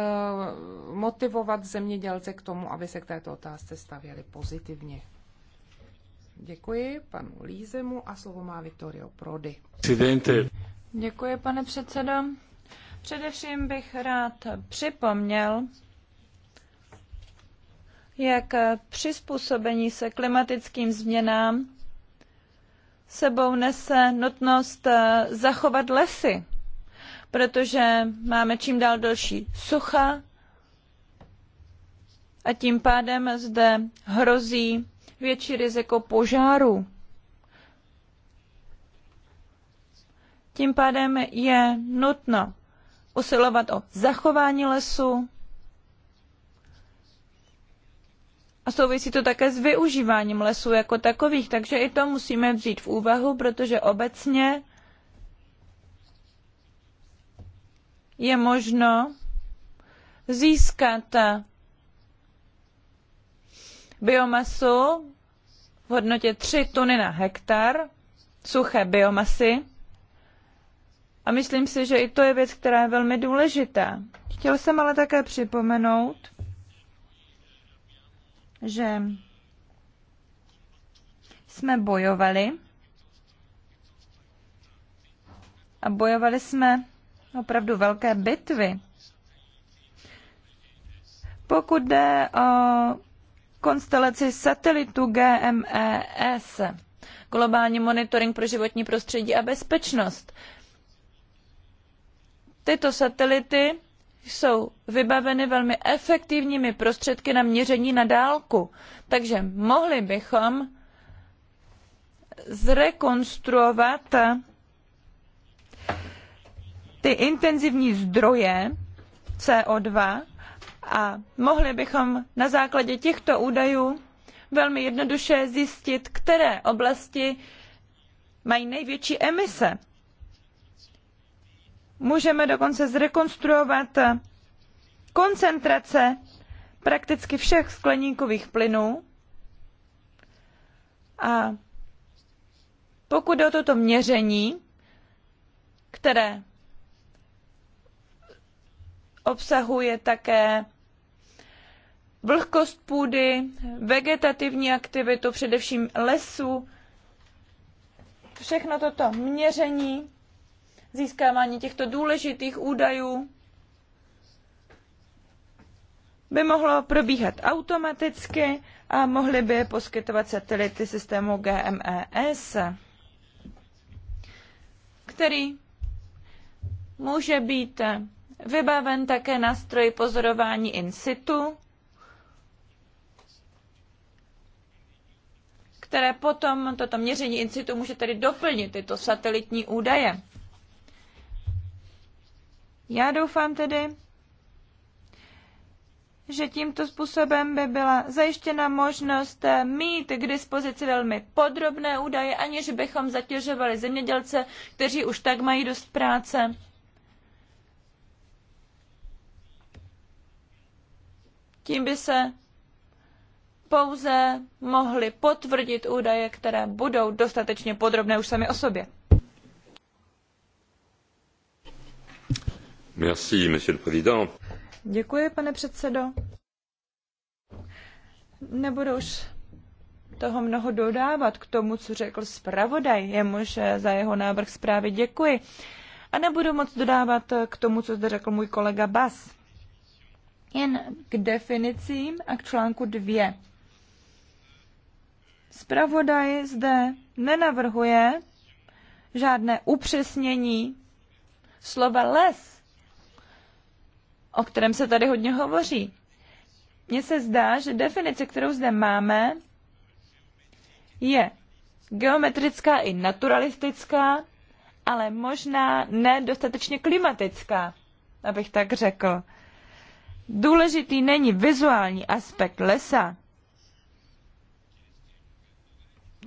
motivovat zemědělce k tomu, aby se k této otázce stavěli pozitivně. Děkuji panu Lízemu a slovo má Vittorio Prodi. Děkuji, pane předsedo. Především bych rád připomněl, jak přizpůsobení se klimatickým změnám sebou nese nutnost eh, zachovat lesy, protože máme čím dál delší sucha a tím pádem zde hrozí větší riziko požáru. Tím pádem je nutno usilovat o zachování lesu a souvisí to také s využíváním lesů jako takových, takže i to musíme vzít v úvahu, protože obecně je možno získat biomasu v hodnotě 3 tuny na hektar suché biomasy a myslím si, že i to je věc, která je velmi důležitá. Chtěl jsem ale také připomenout, že jsme bojovali a bojovali jsme opravdu velké bitvy. Pokud jde o konstelaci satelitu GMES, globální monitoring pro životní prostředí a bezpečnost, Tyto satelity jsou vybaveny velmi efektivními prostředky na měření na dálku, takže mohli bychom zrekonstruovat ty intenzivní zdroje CO2 a mohli bychom na základě těchto údajů velmi jednoduše zjistit, které oblasti mají největší emise Můžeme dokonce zrekonstruovat koncentrace prakticky všech skleníkových plynů. A pokud jde o toto měření, které obsahuje také vlhkost půdy, vegetativní aktivitu, především lesů. Všechno toto měření získávání těchto důležitých údajů by mohlo probíhat automaticky a mohly by je poskytovat satelity systému GMES, který může být vybaven také nástroj pozorování in situ, které potom toto měření in situ může tedy doplnit tyto satelitní údaje. Já doufám tedy, že tímto způsobem by byla zajištěna možnost eh, mít k dispozici velmi podrobné údaje, aniž bychom zatěžovali zemědělce, kteří už tak mají dost práce. Tím by se pouze mohli potvrdit údaje, které budou dostatečně podrobné už sami o sobě. Děkuji, pane předsedo. Nebudu už toho mnoho dodávat k tomu, co řekl zpravodaj, jemuž za jeho návrh zprávy děkuji. A nebudu moc dodávat k tomu, co zde řekl můj kolega Bas. Jen k definicím a k článku 2. Spravodaj zde nenavrhuje žádné upřesnění slova les o kterém se tady hodně hovoří. Mně se zdá, že definice, kterou zde máme, je geometrická i naturalistická, ale možná nedostatečně klimatická, abych tak řekl. Důležitý není vizuální aspekt lesa,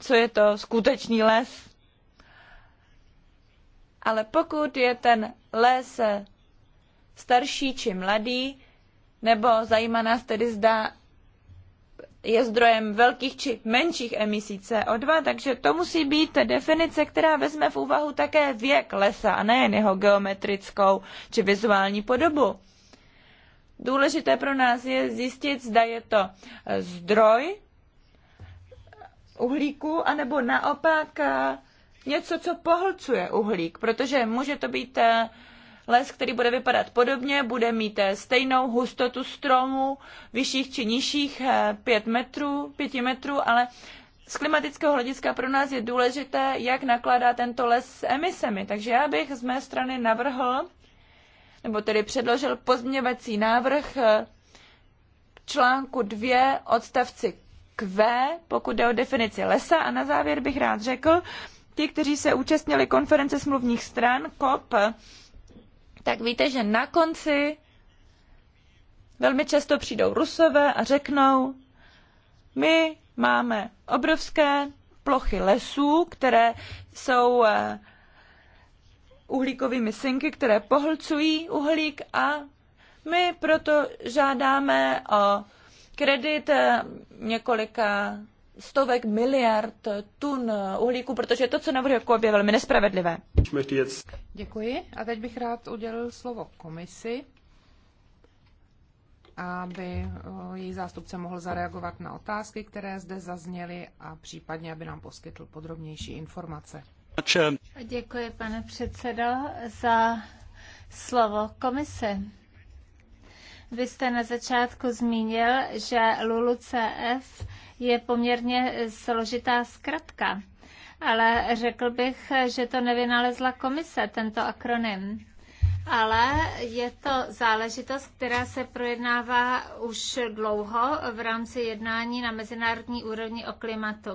co je to skutečný les, ale pokud je ten les starší či mladý, nebo zajímá nás tedy zda je zdrojem velkých či menších emisí CO2, takže to musí být definice, která vezme v úvahu také věk lesa a nejen jeho geometrickou či vizuální podobu. Důležité pro nás je zjistit, zda je to zdroj uhlíku, anebo naopak eh, něco, co pohlcuje uhlík, protože může to být eh, les, který bude vypadat podobně, bude mít eh, stejnou hustotu stromů, vyšších či nižších 5 eh, metrů, 5 metrů, ale z klimatického hlediska pro nás je důležité, jak nakládá tento les s emisemi. Takže já bych z mé strany navrhl, nebo tedy předložil pozměňovací návrh eh, článku 2 odstavci Q, pokud jde o definici lesa. A na závěr bych rád řekl, ti, kteří se účastnili konference smluvních stran COP, tak víte, že na konci velmi často přijdou rusové a řeknou, my máme obrovské plochy lesů, které jsou eh, uhlíkovými synky, které pohlcují uhlík a my proto žádáme o kredit eh, několika stovek miliard tun uhlíku, protože to, co navrhuje KOB, je velmi nespravedlivé. Děkuji. A teď bych rád udělil slovo komisi, aby eh, její zástupce mohl zareagovat na otázky, které zde zazněly a případně, aby nám poskytl podrobnější informace. Děkuji, pane předsedo, za slovo komise. Vy jste na začátku zmínil, že LULUCF je poměrně složitá zkratka. Ale řekl bych, že to nevynalezla komise, tento akronym ale je to záležitost, která se projednává už dlouho v rámci jednání na mezinárodní úrovni o klimatu.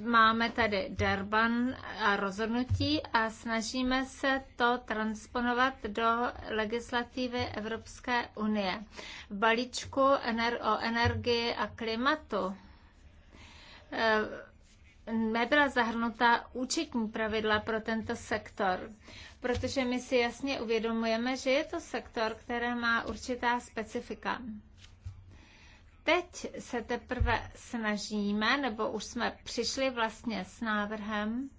Máme tady Durban a rozhodnutí a snažíme se to transponovat do legislativy Evropské unie. V balíčku o energii a klimatu eh, nebyla zahrnuta účetní pravidla pro tento sektor, protože my si jasně uvědomujeme, že je to sektor, který má určitá specifika teď se teprve snažíme, nebo už jsme přišli vlastně s návrhem,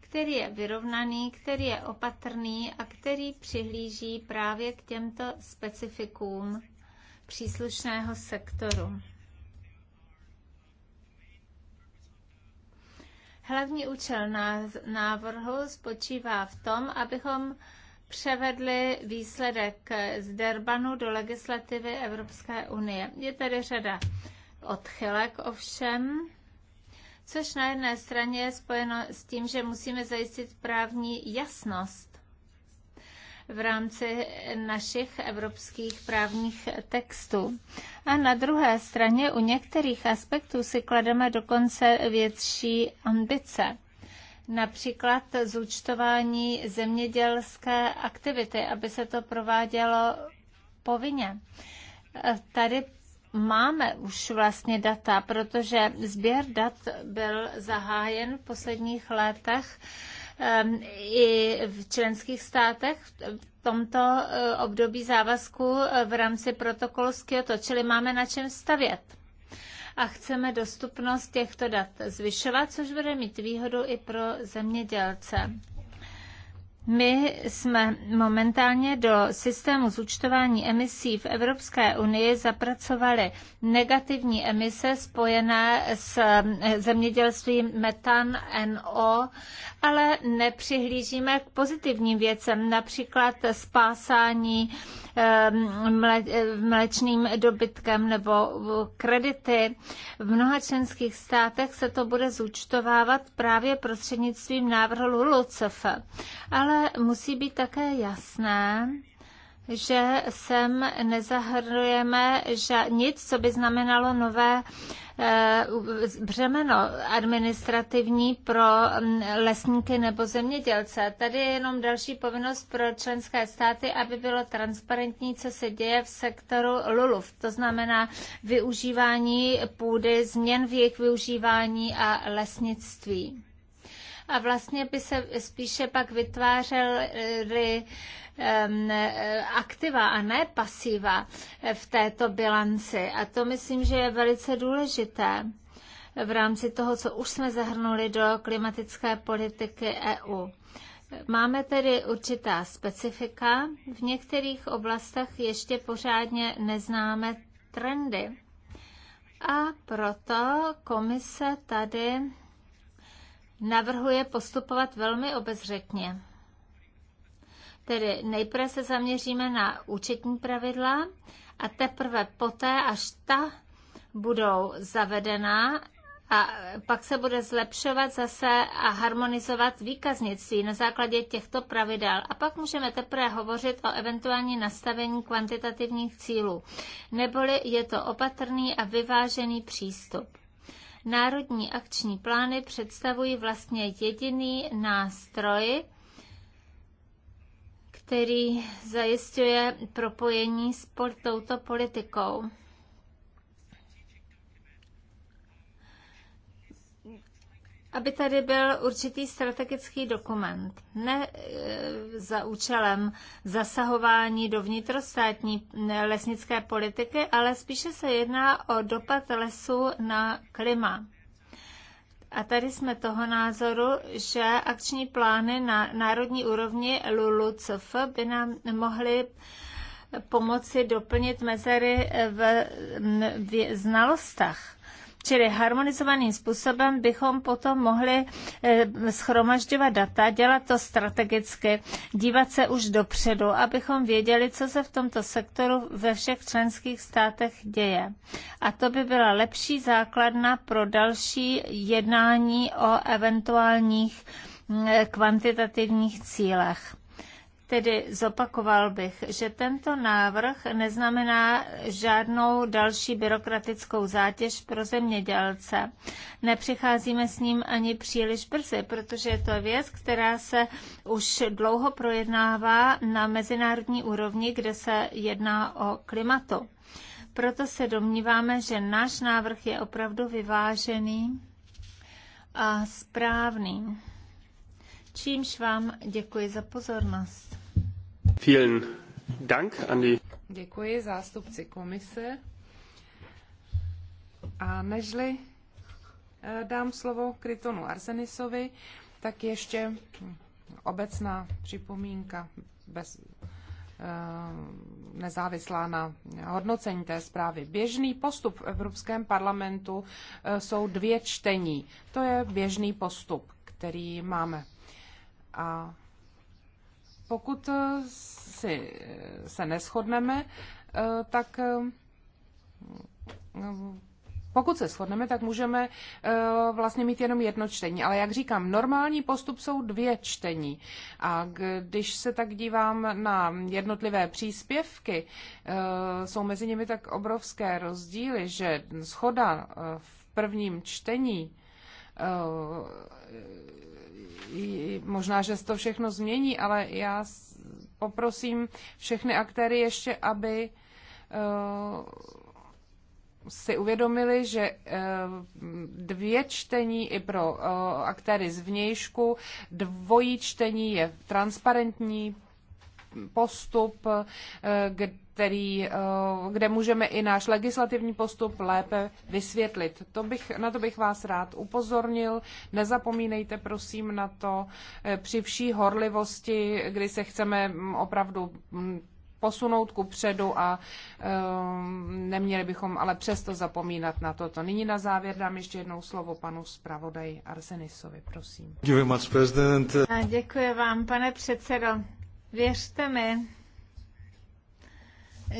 který je vyrovnaný, který je opatrný a který přihlíží právě k těmto specifikům příslušného sektoru. Hlavní účel návrhu spočívá v tom, abychom převedli výsledek z Derbanu do legislativy Evropské unie. Je tady řada odchylek ovšem, což na jedné straně je spojeno s tím, že musíme zajistit právní jasnost v rámci našich evropských právních textů. A na druhé straně u některých aspektů si klademe dokonce větší ambice například zúčtování zemědělské aktivity, aby se to provádělo povinně. Tady máme už vlastně data, protože sběr dat byl zahájen v posledních letech ehm, i v členských státech v tomto eh, období závazku eh, v rámci protokolu z Kyoto, čili máme na čem stavět a chceme dostupnost těchto dat zvyšovat, což bude mít výhodu i pro zemědělce. My jsme momentálně do systému zúčtování emisí v Evropské unii zapracovali negativní emise spojené s eh, zemědělstvím metan, NO, ale nepřihlížíme k pozitivním věcem, například spásání ehm, mlečným eh, dobytkem nebo kredity. V mnoha členských státech se to bude zúčtovávat právě prostřednictvím návrhu LULUCF. Ale ale musí být také jasné, že sem nezahrnujeme že nic, co by znamenalo nové eh, břemeno administrativní pro mm, lesníky nebo zemědělce. Tady je jenom další povinnost pro členské státy, aby bylo transparentní, co se děje v sektoru LULUV, to znamená využívání půdy, změn v jejich využívání a lesnictví a vlastně by se spíše pak vytvářely aktiva a ne pasiva v této bilanci. A to myslím, že je velice důležité v rámci toho, co už jsme zahrnuli do klimatické politiky EU. Máme tedy určitá specifika. V některých oblastech ještě pořádně neznáme trendy. A proto komise tady navrhuje postupovat velmi obezřetně. Tedy nejprve se zaměříme na účetní pravidla a teprve poté, až ta budou zavedena, a pak se bude zlepšovat zase a harmonizovat výkaznictví na základě těchto pravidel. A pak můžeme teprve hovořit o eventuální nastavení kvantitativních cílů, neboli je to opatrný a vyvážený přístup. Národní akční plány představují vlastně jediný nástroj, který zajišťuje propojení s touto politikou. aby tady byl určitý strategický dokument, ne e, za účelem zasahování do vnitrostátní lesnické politiky, ale spíše se jedná o dopad lesů na klima. A tady jsme toho názoru, že akční plány na národní úrovni LULUCF by nám mohly pomoci doplnit mezery v, v znalostech Čili harmonizovaným způsobem bychom potom mohli eh, schromažďovat data, dělat to strategicky, dívat se už dopředu, abychom věděli, co se v tomto sektoru ve všech členských státech děje. A to by byla lepší základna pro další jednání o eventuálních mm, eh, kvantitativních cílech. Tedy zopakoval bych, že tento návrh neznamená žádnou další byrokratickou zátěž pro zemědělce. Nepřicházíme s ním ani příliš brzy, protože je to věc, která se už dlouho projednává na mezinárodní úrovni, kde se jedná o klimatu. Proto se domníváme, že náš návrh je opravdu vyvážený a správný. Čímž vám děkuji za pozornost. Vielen Dank an die... Děkuji zástupci komise. A nežli eh, dám slovo Krytonu Arsenisovi, tak ještě obecná připomínka bez, eh, nezávislá na hodnocení té zprávy. Běžný postup v Evropském parlamentu eh, jsou dvě čtení. To je běžný postup, který máme. A pokud eh, si, eh, se neschodneme, eh, tak pokud se shodneme, tak můžeme vlastně mít jenom jedno čtení. Ale jak říkám, normální postup jsou dvě čtení. A když se tak dívám na jednotlivé příspěvky, jsou mezi nimi tak obrovské rozdíly, že schoda v prvním čtení možná, že se to všechno změní, ale já poprosím všechny aktéry ještě, aby eh, si uvědomili, že eh, dvě čtení i pro eh, aktéry z vnějšku, dvojí čtení je transparentní postup, kde který, eh, kde můžeme i náš legislativní postup lépe vysvětlit. To bych, na to bych vás rád upozornil. Nezapomínejte prosím na to eh, při vší horlivosti, kdy se chceme mm, opravdu mm, posunout ku předu a um, neměli bychom ale přesto zapomínat na toto. Nyní na závěr dám ještě jednou slovo panu zpravodaji Arsenisovi, prosím. Děkuji, Děkuji vám, pane předsedo. Věřte mi,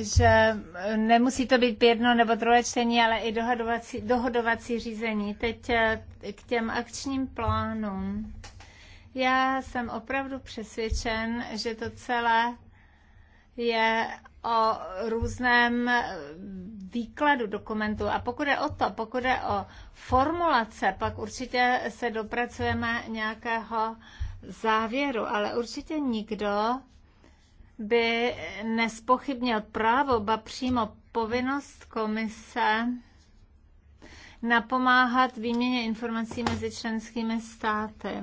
že eh, nemusí to být jedno nebo druhé čtení, ale i dohodovací, dohodovací řízení. Teď eh, k těm akčním plánům. Já jsem opravdu přesvědčen, že to celé je o různém eh, výkladu dokumentu. A pokud je o to, pokud je o formulace, pak určitě se dopracujeme nějakého závěru, ale určitě nikdo by nespochybnil právo, ba přímo povinnost komise napomáhat výměně informací mezi členskými státy.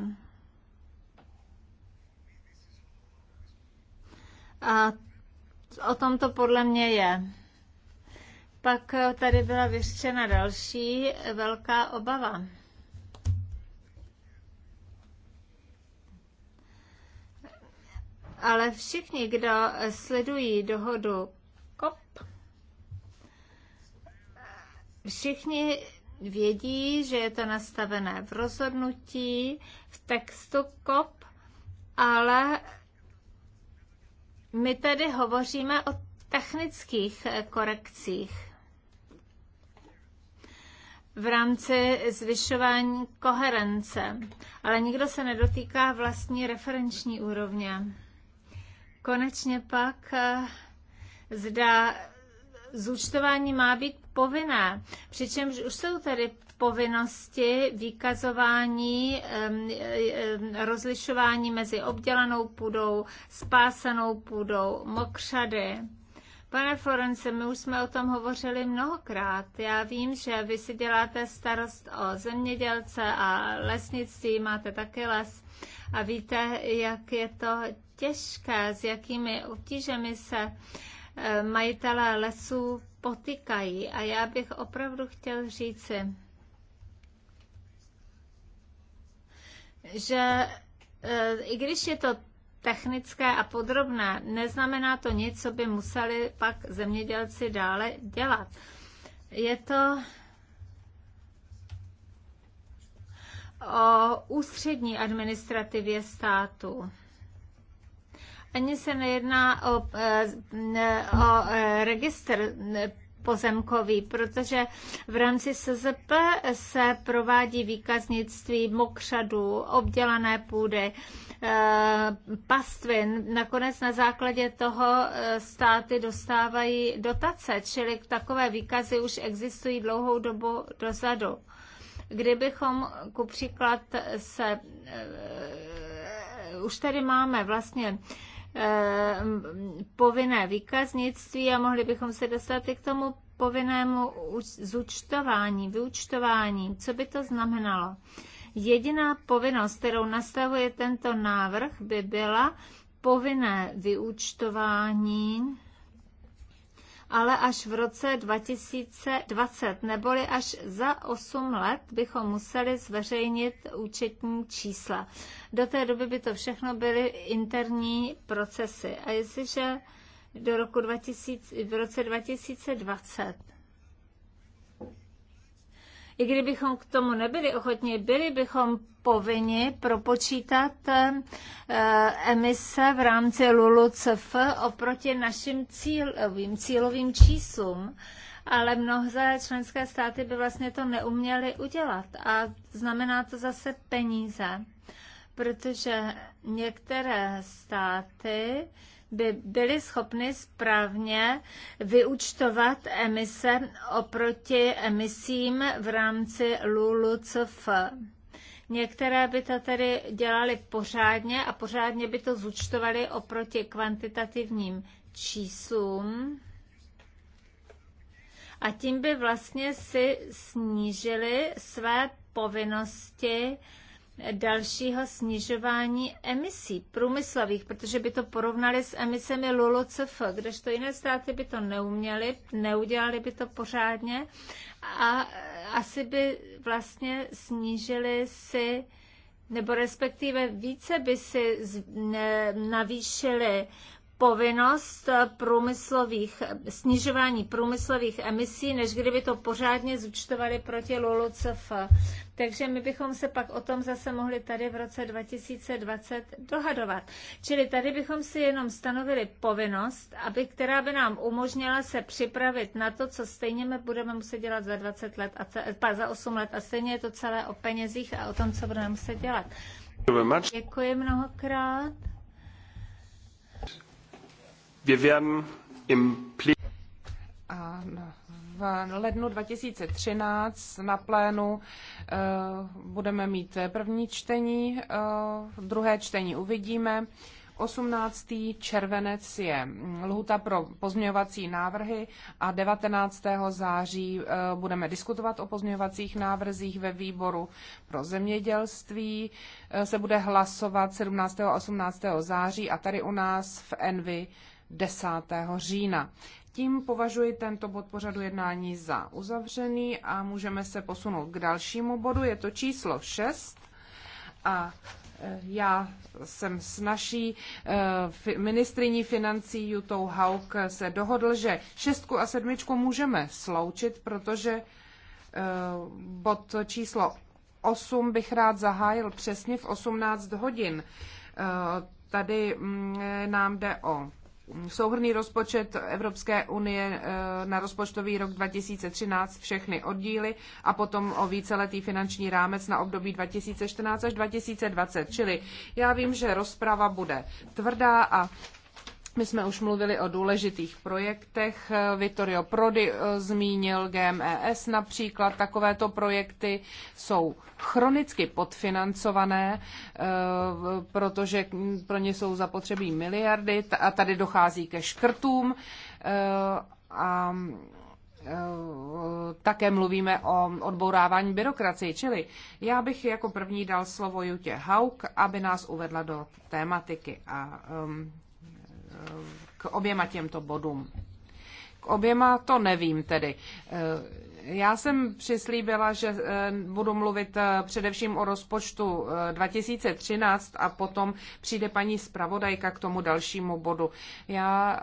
A o tom to podle mě je. Pak tady byla vyřešena další velká obava. ale všichni, kdo sledují dohodu COP, všichni vědí, že je to nastavené v rozhodnutí, v textu COP, ale my tady hovoříme o technických korekcích v rámci zvyšování koherence, ale nikdo se nedotýká vlastní referenční úrovně konečně pak eh, zda zúčtování má být povinné, přičemž už jsou tady povinnosti výkazování, rozlišování mezi obdělanou půdou, spásanou půdou, mokřady. Pane Florence, my už jsme o tom hovořili mnohokrát. Já vím, že vy si děláte starost o zemědělce a lesnictví, máte taky les a víte, jak je to těžká, s jakými obtížemi se eh, majitelé lesů potykají. A já bych opravdu chtěl říci, že eh, i když je to technické a podrobné, neznamená to nic, co by museli pak zemědělci dále dělat. Je to o ústřední administrativě státu. Ani se nejedná o, eh, o eh, registr pozemkový, protože v rámci SZP se provádí výkaznictví mokřadů, obdělané půdy, eh, pastvin. Nakonec na základě toho státy dostávají dotace, čili takové výkazy už existují dlouhou dobu dozadu. Kdybychom ku příklad se už tady máme vlastně Eh, povinné výkaznictví a mohli bychom se dostat i k tomu povinnému zúčtování, vyúčtování. Co by to znamenalo? Jediná povinnost, kterou nastavuje tento návrh, by byla povinné vyúčtování ale až v roce 2020, neboli až za 8 let bychom museli zveřejnit účetní čísla. Do té doby by to všechno byly interní procesy. A jestliže do roku 2000, v roce 2020 i kdybychom k tomu nebyli ochotni, byli bychom povinni propočítat eh, emise v rámci LULUCF oproti našim cílovým, cílovým číslům ale mnohé členské státy by vlastně to neuměly udělat a znamená to zase peníze, protože některé státy by byly schopny správně vyúčtovat emise oproti emisím v rámci LULUCF. Některé by to tedy dělali pořádně a pořádně by to zúčtovali oproti kvantitativním číslům. A tím by vlastně si snížili své povinnosti dalšího snižování emisí průmyslových, protože by to porovnali s emisemi LULUCF, kdežto jiné státy by to neuměly, neudělali by to pořádně a asi by vlastně snížili si nebo respektive více by si navýšili povinnost průmyslových, snižování průmyslových emisí, než kdyby to pořádně zúčtovali proti LULUCF. Takže my bychom se pak o tom zase mohli tady v roce 2020 dohadovat. Čili tady bychom si jenom stanovili povinnost, aby, která by nám umožnila se připravit na to, co stejně budeme muset dělat za 20 let a ce, za 8 let a stejně je to celé o penězích a o tom, co budeme muset dělat. Děkuji mnohokrát v lednu 2013 na plénu eh, budeme mít první čtení, eh, druhé čtení uvidíme. 18. červenec je lhuta pro pozměňovací návrhy a 19. září eh, budeme diskutovat o pozměňovacích návrzích ve výboru pro zemědělství. Se bude hlasovat 17. a 18. září a tady u nás v Envy 10. října. Tím považuji tento bod pořadu jednání za uzavřený a můžeme se posunout k dalšímu bodu. Je to číslo 6 a eh, já jsem s naší eh, ministriní financí Jutou Hauk se dohodl, že šestku a sedmičku můžeme sloučit, protože eh, bod číslo 8 bych rád zahájil přesně v 18 hodin. Tady mm, nám jde o Souhrný rozpočet Evropské unie eh, na rozpočtový rok 2013 všechny oddíly a potom o víceletý finanční rámec na období 2014 až 2020. Čili já vím, že rozprava bude tvrdá a my jsme už mluvili o důležitých projektech. Vittorio Prodi eh, zmínil GMES například. Takovéto projekty jsou chronicky podfinancované, eh, protože pro ně jsou zapotřebí miliardy a tady dochází ke škrtům. Eh, a také mluvíme o odbourávání byrokracie, čili já bych jako první dal slovo Jutě Hauk, aby nás uvedla do tématiky a um, k oběma těmto bodům. K oběma to nevím tedy. Já jsem přislíbila, že eh, budu mluvit eh, především o rozpočtu 2013 eh, a potom přijde paní zpravodajka k tomu dalšímu bodu. Já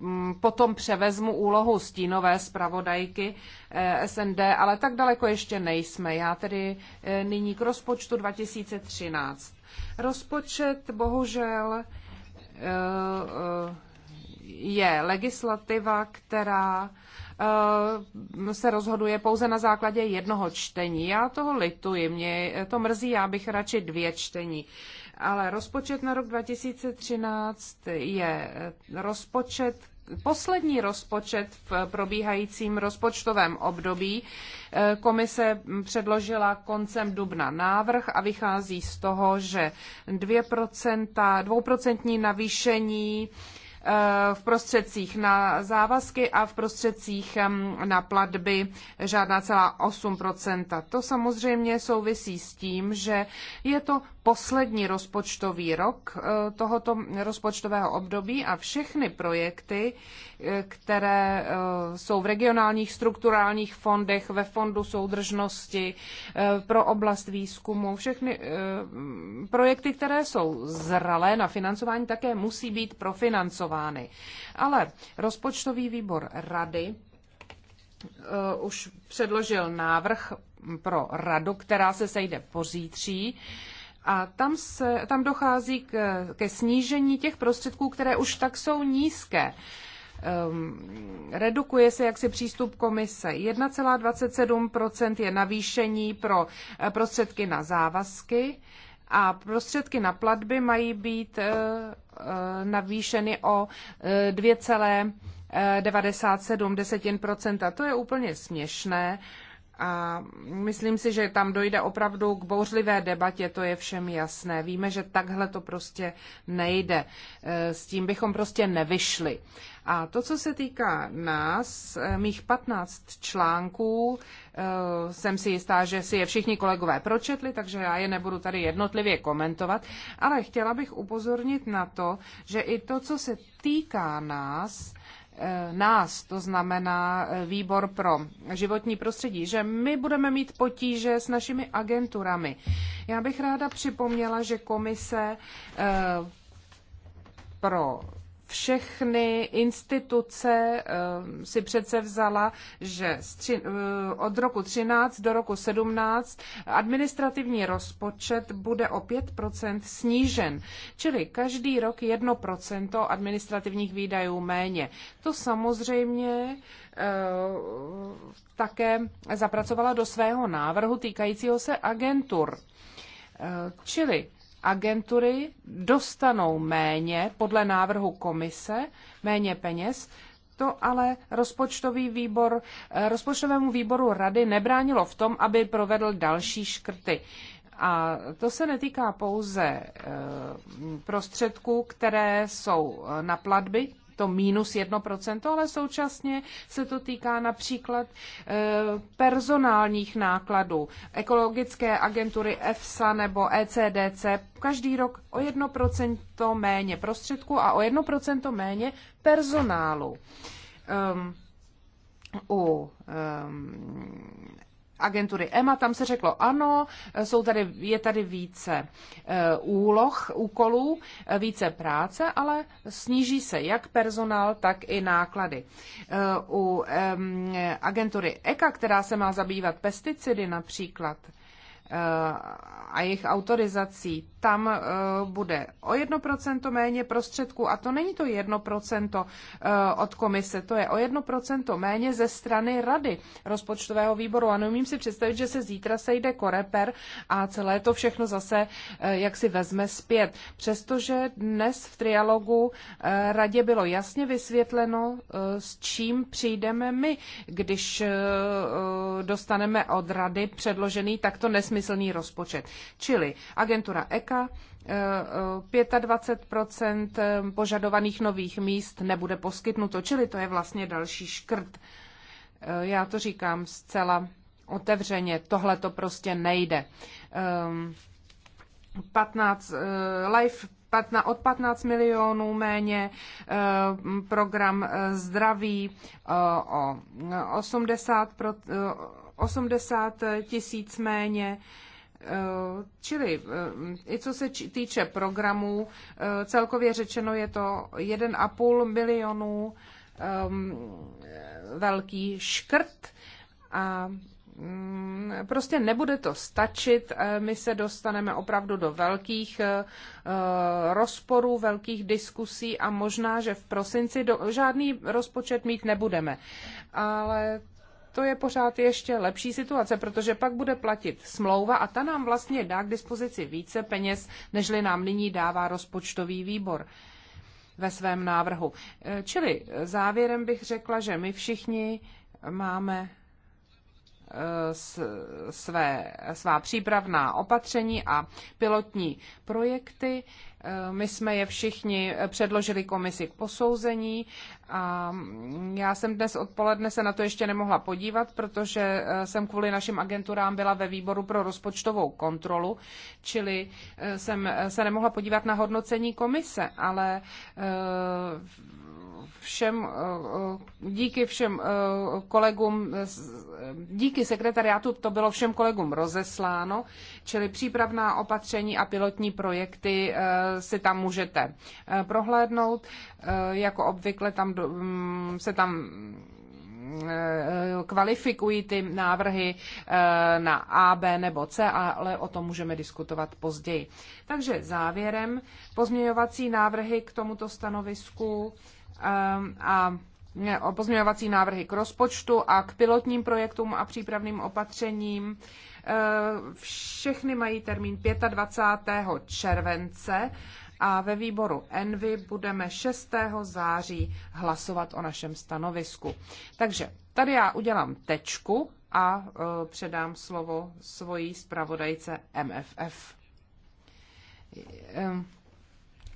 mm, potom převezmu úlohu stínové zpravodajky SND, ale tak daleko ještě nejsme. Já tedy nyní k rozpočtu 2013. Rozpočet bohužel je legislativa, která eh, se rozhoduje pouze na základě jednoho čtení. Já toho lituji, mě to mrzí, já bych radši dvě čtení. Ale rozpočet na rok 2013 je eh, rozpočet, poslední rozpočet v probíhajícím rozpočtovém období. E, komise předložila koncem dubna návrh a vychází z toho, že 2%, 2% navýšení Eh, v prostředcích na závazky a v prostředcích na platby žádná celá 8 To samozřejmě souvisí s tím, že je to poslední rozpočtový rok eh, tohoto rozpočtového období a všechny projekty, eh, které jsou v regionálních strukturálních fondech, ve fondu soudržnosti pro oblast výzkumu, všechny projekty, které jsou zralé na financování, také musí být profinancovány financovány. Ale rozpočtový výbor rady uh, už předložil návrh pro radu, která se sejde pozítří. A tam, se, tam dochází k, ke snížení těch prostředků, které už tak jsou nízké. Um, redukuje se jaksi přístup komise. 1,27 je navýšení pro eh, prostředky na závazky a prostředky na platby mají být eh, eh, navýšeny o 2,97 eh, desetin procenta. To je úplně směšné a myslím si, že tam dojde opravdu k bouřlivé debatě, to je všem jasné. Víme, že takhle to prostě nejde. E, s tím bychom prostě nevyšli. A to, co se týká nás, e, mých 15 článků, e, jsem si jistá, že si je všichni kolegové pročetli, takže já je nebudu tady jednotlivě komentovat, ale chtěla bych upozornit na to, že i to, co se týká nás, Eh, nás, to znamená eh, výbor pro životní prostředí, že my budeme mít potíže s našimi agenturami. Já bych ráda připomněla, že komise eh, pro všechny instituce ehm, si přece vzala, že eh, od roku 13 do roku 17 administrativní rozpočet bude o 5% snížen, čili každý rok 1% administrativních výdajů méně. To samozřejmě eh, také zapracovala do svého návrhu týkajícího se agentur. Eh, čili agentury dostanou méně podle návrhu komise, méně peněz, to ale rozpočtový výbor, eh, rozpočtovému výboru rady nebránilo v tom, aby provedl další škrty. A to se netýká pouze eh, prostředků, které jsou na platby, to minus 1%, ale současně se to týká například eh, personálních nákladů. Ekologické agentury EFSA nebo ECDC každý rok o 1% méně prostředků a o 1% méně personálu. Um, u um, agentury EMA, tam se řeklo ano, jsou tady, je tady více eh, úloh, úkolů, eh, více práce, ale sníží se jak personál, tak i náklady. Eh, u agentury ECA, která se má zabývat pesticidy například, a jejich autorizací, tam eh, bude o 1% méně prostředků. A to není to 1% eh, od komise, to je o 1% méně ze strany rady rozpočtového výboru. A neumím si představit, že se zítra sejde koreper a celé to všechno zase eh, jak si vezme zpět. Přestože dnes v trialogu radě bylo jasně vysvětleno, s čím přijdeme my, když dostaneme od rady předložený takto nesmyslný rozpočet. Čili agentura EK. Slovenska 25 eh, eh, eh, požadovaných nových míst nebude poskytnuto, čili to je vlastně další škrt. Já to říkám zcela otevřeně, tohle to prostě nejde. 15, life patna, od 15 milionů méně, program zdraví o 80, 80 tisíc méně, Eh, čili eh, i co se týče programů, eh, celkově řečeno je to 1,5 milionů ehm, velký škrt a mm, prostě nebude to stačit. My se dostaneme opravdu do velkých rozporů, velkých diskusí a možná, že v prosinci do, žádný rozpočet mít nebudeme. Ale to je pořád ještě lepší situace, protože pak bude platit smlouva a ta nám vlastně dá k dispozici více peněz, nežli nám nyní dává rozpočtový výbor ve svém návrhu. E, čili závěrem bych řekla, že my všichni máme své, svá přípravná opatření a pilotní projekty. Eh, my jsme je všichni předložili komisi k posouzení a mm, já jsem dnes odpoledne se na to ještě nemohla podívat, protože eh, jsem kvůli našim agenturám byla ve výboru pro rozpočtovou kontrolu, čili eh, jsem se nemohla podívat na hodnocení komise, ale všem, eh, eh, díky všem eh, kolegům, díky sekretariátu to bylo všem kolegům rozesláno, čili přípravná opatření a pilotní projekty si tam můžete prohlédnout. Jako obvykle tam mm, se tam kvalifikují ty návrhy na A, B nebo C, ale o tom můžeme diskutovat později. Takže závěrem pozměňovací návrhy k tomuto stanovisku a o pozměňovací návrhy k rozpočtu a k pilotním projektům a přípravným opatřením. Všechny mají termín 25. července a ve výboru Envy budeme 6. září hlasovat o našem stanovisku. Takže tady já udělám tečku a e, předám slovo svojí zpravodajce MFF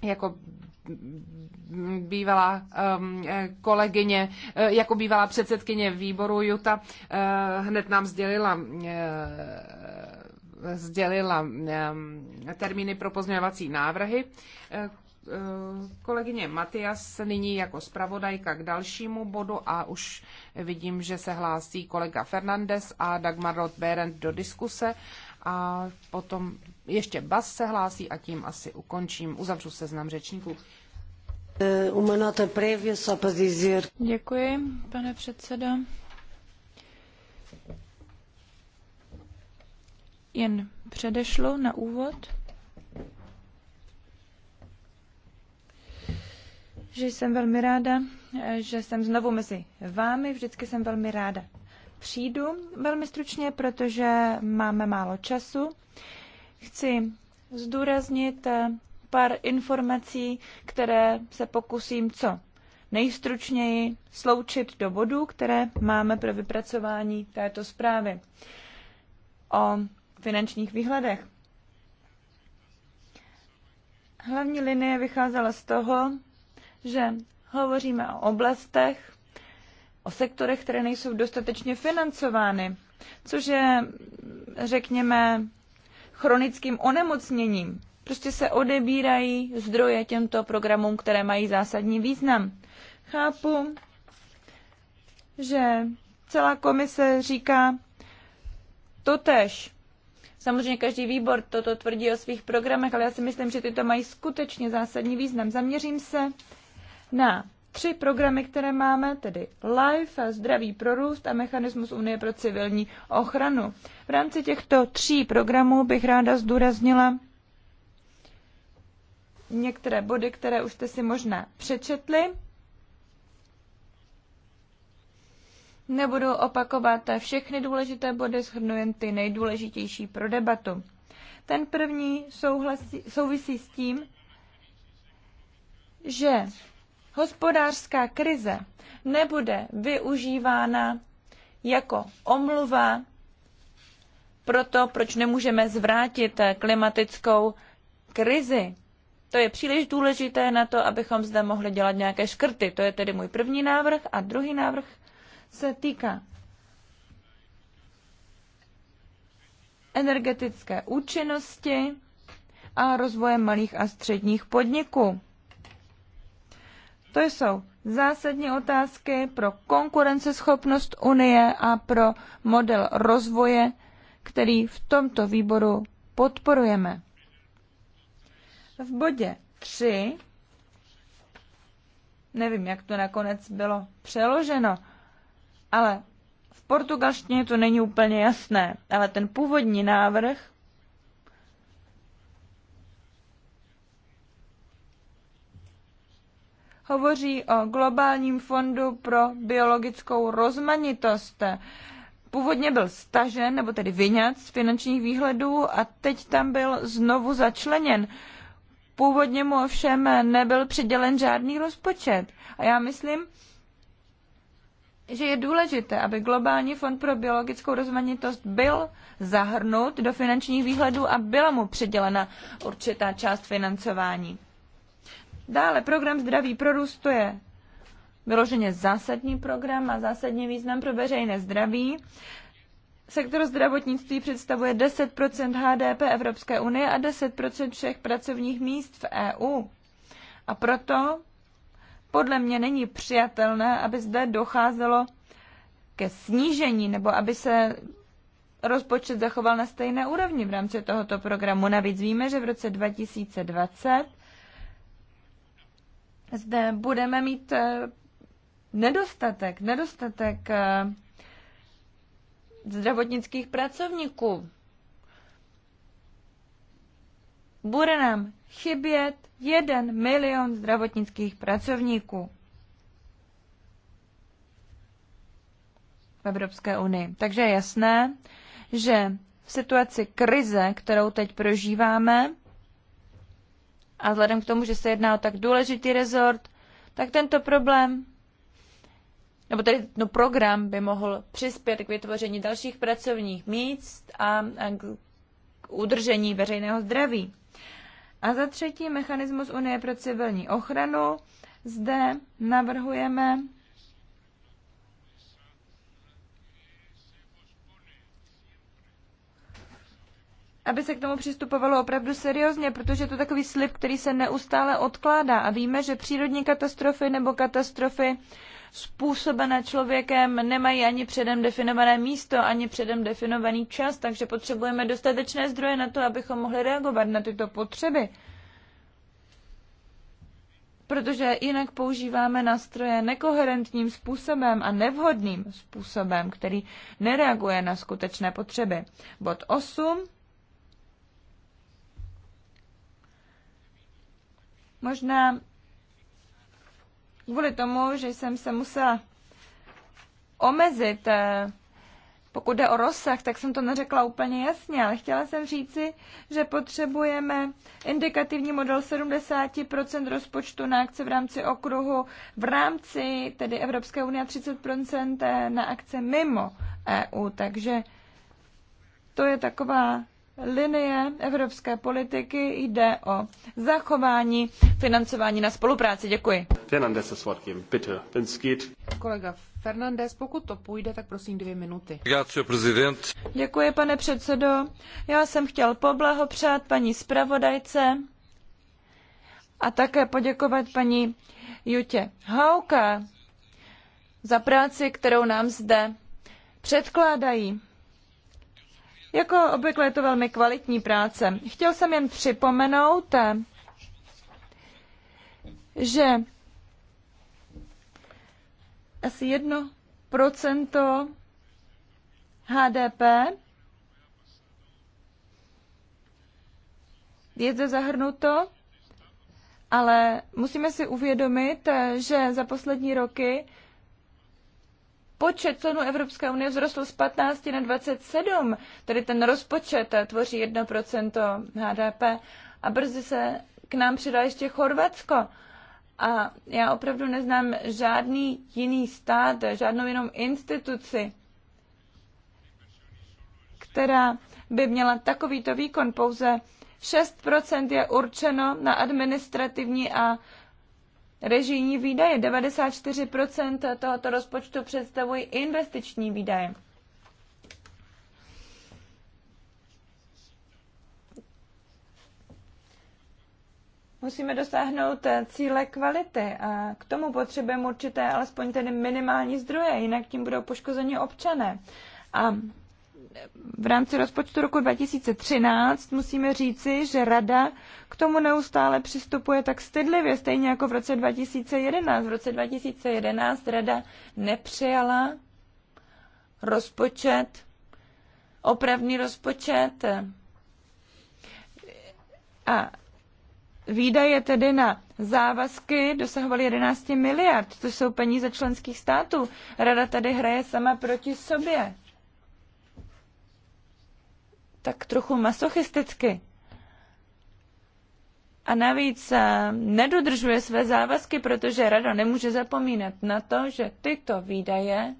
jako bývalá um, kolegyně, eh, jako bývalá předsedkyně výboru Juta, uh, hned nám sdělila uh, sdělila um, termíny pro pozměňovací návrhy. Uh, kolegyně Matias nyní jako zpravodajka k dalšímu bodu a už vidím, že se hlásí kolega Fernandez a Dagmar Roth-Berend do diskuse a potom ještě Bas se hlásí a tím asi ukončím, uzavřu seznam řečníků. Eh, Děkuji, pane předsedo. Jen předešlo na úvod, že jsem velmi ráda, eh, že jsem znovu mezi vámi. Vždycky jsem velmi ráda přijdu. Velmi stručně, protože máme málo času chci zdůraznit eh, pár informací, které se pokusím co nejstručněji sloučit do bodů, které máme pro vypracování této zprávy o finančních výhledech. Hlavní linie vycházela z toho, že hovoříme o oblastech, o sektorech, které nejsou dostatečně financovány, což je, řekněme, chronickým onemocněním. Prostě se odebírají zdroje těmto programům, které mají zásadní význam. Chápu, že celá komise říká totež. Samozřejmě každý výbor toto tvrdí o svých programech, ale já si myslím, že tyto mají skutečně zásadní význam. Zaměřím se na tři programy, které máme, tedy LIFE, Zdravý prorůst a Mechanismus Unie pro civilní ochranu. V rámci těchto tří programů bych ráda zdůraznila některé body, které už jste si možná přečetli. Nebudu opakovat všechny důležité body, shrnu jen ty nejdůležitější pro debatu. Ten první souhlasí, souvisí s tím, že hospodářská krize nebude využívána jako omluva pro to, proč nemůžeme zvrátit klimatickou krizi. To je příliš důležité na to, abychom zde mohli dělat nějaké škrty. To je tedy můj první návrh. A druhý návrh se týká energetické účinnosti a rozvoje malých a středních podniků. To jsou zásadní otázky pro konkurenceschopnost Unie a pro model rozvoje, který v tomto výboru podporujeme. V bodě 3, nevím, jak to nakonec bylo přeloženo, ale v portugalštině to není úplně jasné, ale ten původní návrh hovoří o globálním fondu pro biologickou rozmanitost. Původně byl stažen, nebo tedy vyňat z finančních výhledů a teď tam byl znovu začleněn. Původně mu ovšem nebyl přidělen žádný rozpočet. A já myslím, že je důležité, aby Globální fond pro biologickou rozmanitost byl zahrnut do finančních výhledů a byla mu přidělena určitá část financování. Dále program Zdraví pro růst, to je vyloženě zásadní program a zásadní význam pro veřejné zdraví. Sektor zdravotnictví představuje 10 HDP Evropské unie a 10 všech pracovních míst v EU. A proto podle mě není přijatelné, aby zde docházelo ke snížení nebo aby se rozpočet zachoval na stejné úrovni v rámci tohoto programu. Navíc víme, že v roce 2020 zde budeme mít eh, nedostatek, nedostatek eh, zdravotnických pracovníků. Bude nám chybět jeden milion zdravotnických pracovníků v Evropské unii. Takže je jasné, že v situaci krize, kterou teď prožíváme, a vzhledem k tomu, že se jedná o tak důležitý rezort, tak tento problém, nebo tedy no, program by mohl přispět k vytvoření dalších pracovních míst a, a k, k udržení veřejného zdraví. A za třetí, mechanismus Unie pro civilní ochranu. Zde navrhujeme aby se k tomu přistupovalo opravdu seriózně, protože je to takový slib, který se neustále odkládá a víme, že přírodní katastrofy nebo katastrofy způsobené člověkem nemají ani předem definované místo, ani předem definovaný čas, takže potřebujeme dostatečné zdroje na to, abychom mohli reagovat na tyto potřeby. Protože jinak používáme nástroje nekoherentním způsobem a nevhodným způsobem, který nereaguje na skutečné potřeby. Bod 8 Možná kvůli tomu, že jsem se musela omezit, eh, pokud jde o rozsah, tak jsem to neřekla úplně jasně, ale chtěla jsem říci, že potřebujeme indikativní model 70% rozpočtu na akce v rámci okruhu, v rámci tedy Evropské unie 30% eh, na akce mimo EU, takže to je taková linie evropské politiky jde o zachování financování na spolupráci. Děkuji. Fernandez das Wort geben, bitte, wenn's geht. Kolega Fernandez, pokud to půjde, tak prosím dvě minuty. Děkuji, pane předsedo. Já jsem chtěl poblahopřát paní zpravodajce a také poděkovat paní Jutě Hauka za práci, kterou nám zde předkládají. Jako obvykle je to velmi kvalitní práce. Chtěl jsem jen připomenout, že asi jedno procento HDP je zde zahrnuto, ale musíme si uvědomit, že za poslední roky počet členů Evropské unie vzrostl z 15 na 27, tedy ten rozpočet eh, tvoří 1% HDP a brzy se k nám přidá ještě Chorvatsko. A já opravdu neznám žádný jiný stát, žádnou jinou instituci, která by měla takovýto výkon. Pouze 6% je určeno na administrativní a režijní výdaje. 94% tohoto rozpočtu představují investiční výdaje. Musíme dosáhnout cíle kvality a k tomu potřebujeme určité alespoň tedy minimální zdroje, jinak tím budou poškozeni občané. A v rámci rozpočtu roku 2013 musíme říci, že rada k tomu neustále přistupuje tak stydlivě, stejně jako v roce 2011. V roce 2011 rada nepřijala rozpočet, opravný rozpočet a výdaje tedy na závazky dosahovaly 11 miliard, což jsou peníze členských států. Rada tady hraje sama proti sobě tak trochu masochisticky. A navíc eh, nedodržuje své závazky, protože rada nemůže zapomínat na to, že tyto výdaje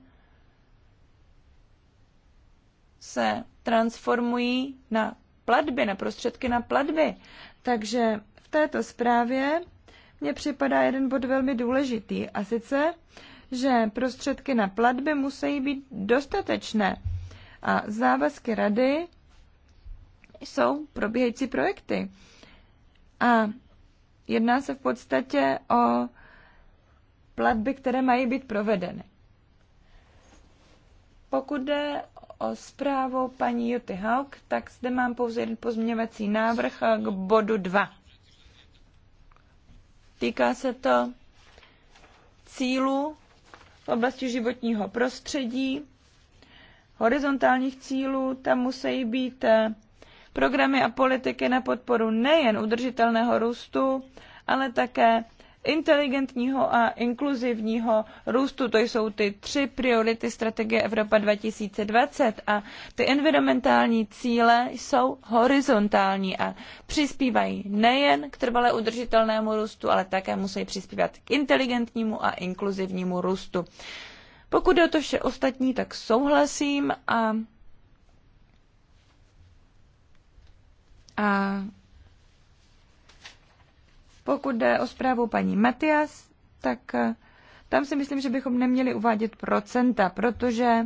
se transformují na platby, na prostředky na platby. Takže v této zprávě mně připadá jeden bod velmi důležitý, a sice, že prostředky na platby musí být dostatečné a závazky rady jsou probíhající projekty. A jedná se v podstatě o platby, které mají být provedeny. Pokud jde o zprávu paní Juty Hauk, tak zde mám pouze jeden pozměňovací návrh k bodu 2. Týká se to cílu v oblasti životního prostředí, horizontálních cílů, tam musí být eh, programy a politiky na podporu nejen udržitelného růstu, ale také inteligentního a inkluzivního růstu. To jsou ty tři priority strategie Evropa 2020 a ty environmentální cíle jsou horizontální a přispívají nejen k trvale udržitelnému růstu, ale také musí přispívat k inteligentnímu a inkluzivnímu růstu. Pokud je o to vše ostatní, tak souhlasím a A pokud jde o zprávu paní Matias, tak eh, tam si myslím, že bychom neměli uvádět procenta, protože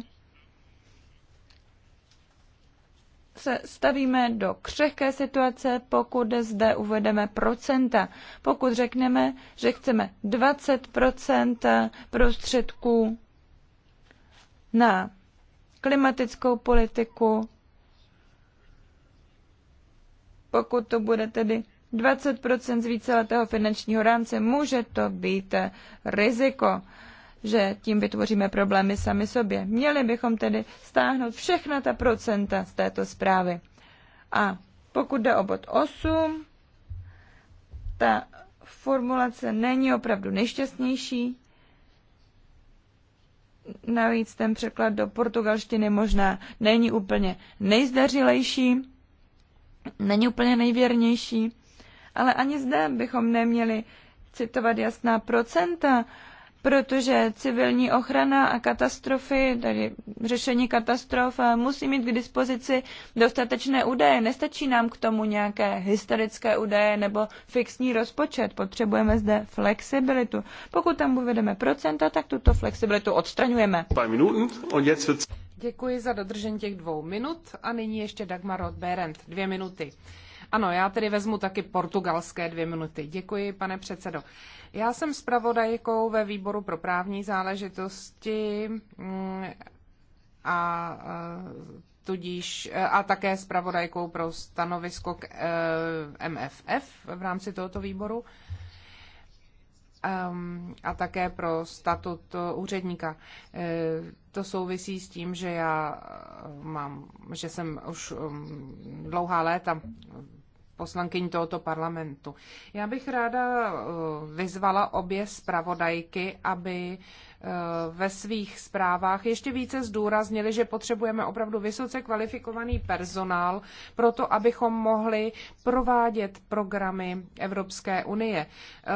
se stavíme do křehké situace, pokud zde uvedeme procenta. Pokud řekneme, že chceme 20 prostředků na klimatickou politiku, pokud to bude tedy 20% z víceletého finančního rámce, může to být riziko, že tím vytvoříme problémy sami sobě. Měli bychom tedy stáhnout všechna ta procenta z této zprávy. A pokud jde o bod 8, ta formulace není opravdu nejšťastnější. Navíc ten překlad do portugalštiny možná není úplně nejzdařilejší není úplně nejvěrnější. Ale ani zde bychom neměli citovat jasná procenta, protože civilní ochrana a katastrofy, tedy řešení katastrof, eh, musí mít k dispozici dostatečné údaje. Nestačí nám k tomu nějaké historické údaje nebo fixní rozpočet. Potřebujeme zde flexibilitu. Pokud tam uvedeme procenta, tak tuto flexibilitu odstraňujeme. Děkuji za dodržení těch dvou minut a nyní ještě Dagmar od Berend. Dvě minuty. Ano, já tedy vezmu taky portugalské dvě minuty. Děkuji, pane předsedo. Já jsem zpravodajkou ve výboru pro právní záležitosti mm, a e, tudíž a také zpravodajkou pro stanovisko k e, MFF v rámci tohoto výboru a také pro statut úředníka. E, to souvisí s tím, že já mám, že jsem už dlouhá léta poslankyní tohoto parlamentu. Já bych ráda eh, vyzvala obě zpravodajky, aby Eh, ve svých zprávách ještě více zdůraznili, že potřebujeme opravdu vysoce kvalifikovaný personál pro to, abychom mohli provádět programy Evropské unie.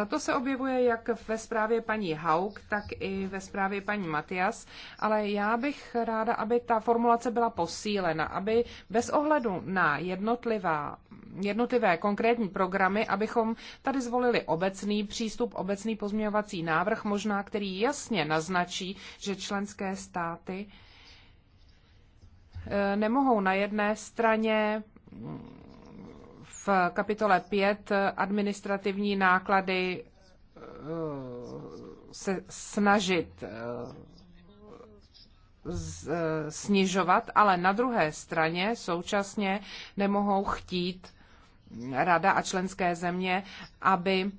Eh, to se objevuje jak ve zprávě paní Haug, tak i ve zprávě paní Matias, ale já bych ráda, aby ta formulace byla posílena, aby bez ohledu na jednotlivá, jednotlivé konkrétní programy, abychom tady zvolili obecný přístup, obecný pozměňovací návrh, možná který jasně na naznačí, že členské státy eh, nemohou na jedné straně mm, v kapitole 5 administrativní náklady eh, se snažit eh, snižovat, ale na druhé straně současně nemohou chtít Rada a členské země, aby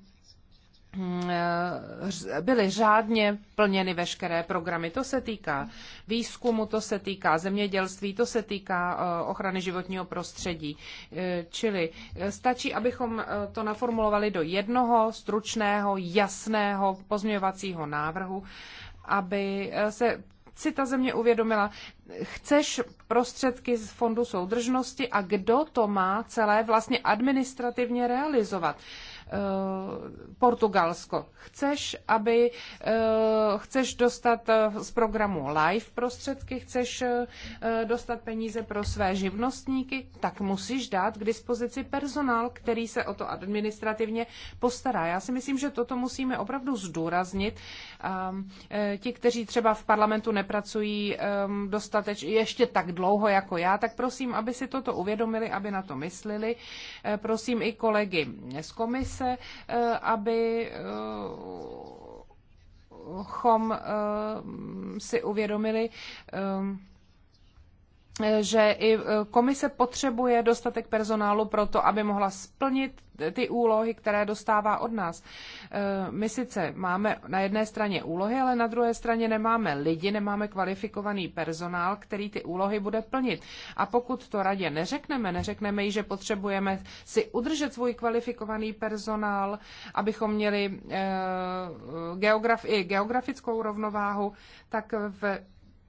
Eh, byly řádně plněny veškeré programy. To se týká výzkumu, to se týká zemědělství, to se týká eh, ochrany životního prostředí. Eh, čili stačí, abychom to naformulovali do jednoho stručného, jasného pozměňovacího návrhu, aby se si ta země uvědomila, chceš prostředky z fondu soudržnosti a kdo to má celé vlastně administrativně realizovat. Eh, Portugalsko. Chceš, aby, eh, chceš dostat eh, z programu live prostředky, chceš dostat peníze pro své živnostníky, tak musíš dát k dispozici personál, který se o to administrativně postará. Já si myslím, že toto musíme opravdu zdůraznit. Ehm, ti, kteří třeba v parlamentu nepracují ehm, dostateč ještě tak dlouho jako já, tak prosím, aby si toto uvědomili, aby na to mysleli. Prosím i kolegy z komise, se, eh, aby eh, chom eh, si uvědomili, že i e, komise potřebuje dostatek personálu pro to, aby mohla splnit ty úlohy, které dostává od nás. E, my sice máme na jedné straně úlohy, ale na druhé straně nemáme lidi, nemáme kvalifikovaný personál, který ty úlohy bude plnit. A pokud to radě neřekneme, neřekneme jí, že potřebujeme si udržet svůj kvalifikovaný personál, abychom měli e, geograf, i geografickou rovnováhu, tak v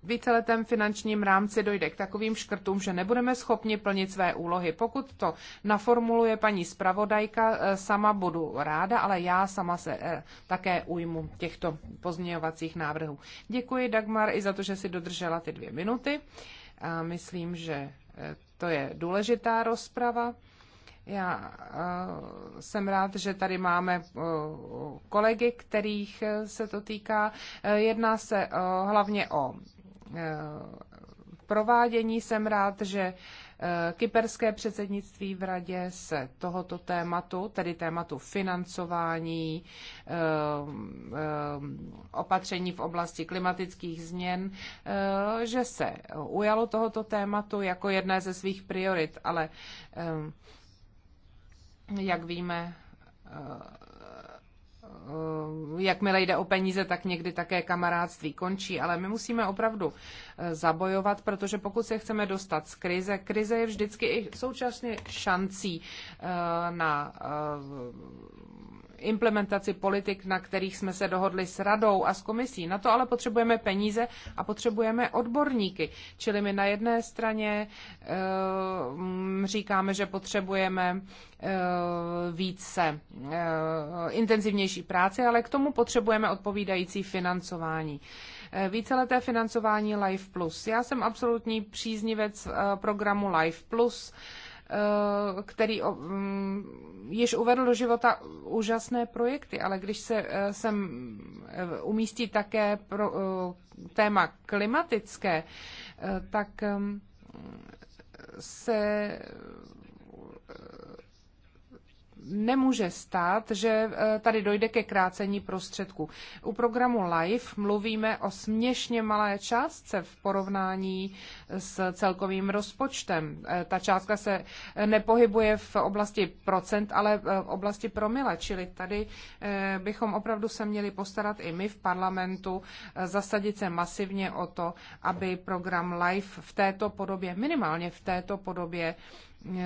víceletém finančním rámci dojde k takovým škrtům, že nebudeme schopni plnit své úlohy. Pokud to naformuluje paní zpravodajka, eh, sama budu ráda, ale já sama se eh, také ujmu těchto pozměňovacích návrhů. Děkuji Dagmar i za to, že si dodržela ty dvě minuty. myslím, že eh, to je důležitá rozprava. Já uh, jsem rád, že tady máme uh, kolegy, kterých se to týká. Uh, jedná se uh, hlavně o Eh, provádění. Jsem rád, že eh, kyperské předsednictví v radě se tohoto tématu, tedy tématu financování, eh, opatření v oblasti klimatických změn, že se ujalo tohoto tématu jako jedné ze svých priorit, ale jak víme, Eh, jakmile jde o peníze, tak někdy také kamarádství končí, ale my musíme opravdu eh, zabojovat, protože pokud se chceme dostat z krize, krize je vždycky i současně šancí eh, na implementaci politik, na kterých jsme se dohodli s radou a s komisí. Na to ale potřebujeme peníze a potřebujeme odborníky. Čili my na jedné straně eh, říkáme, že potřebujeme eh, více eh, intenzivnější práce, ale k tomu potřebujeme odpovídající financování víceleté financování Life Plus. Já jsem absolutní příznivec programu Life Plus. Eh, který mm, již uvedl do života úžasné projekty, ale když se eh, sem eh, umístí také pro, téma klimatické, tak mm, se nemůže stát, že e, tady dojde ke krácení prostředků. U programu LIFE mluvíme o směšně malé částce v porovnání s celkovým rozpočtem. E, ta částka se e, nepohybuje v oblasti procent, ale v oblasti promile, čili tady bychom opravdu se měli postarat i my v parlamentu, zasadit se masivně o to, aby program LIFE v této podobě, minimálně v této podobě, Eh,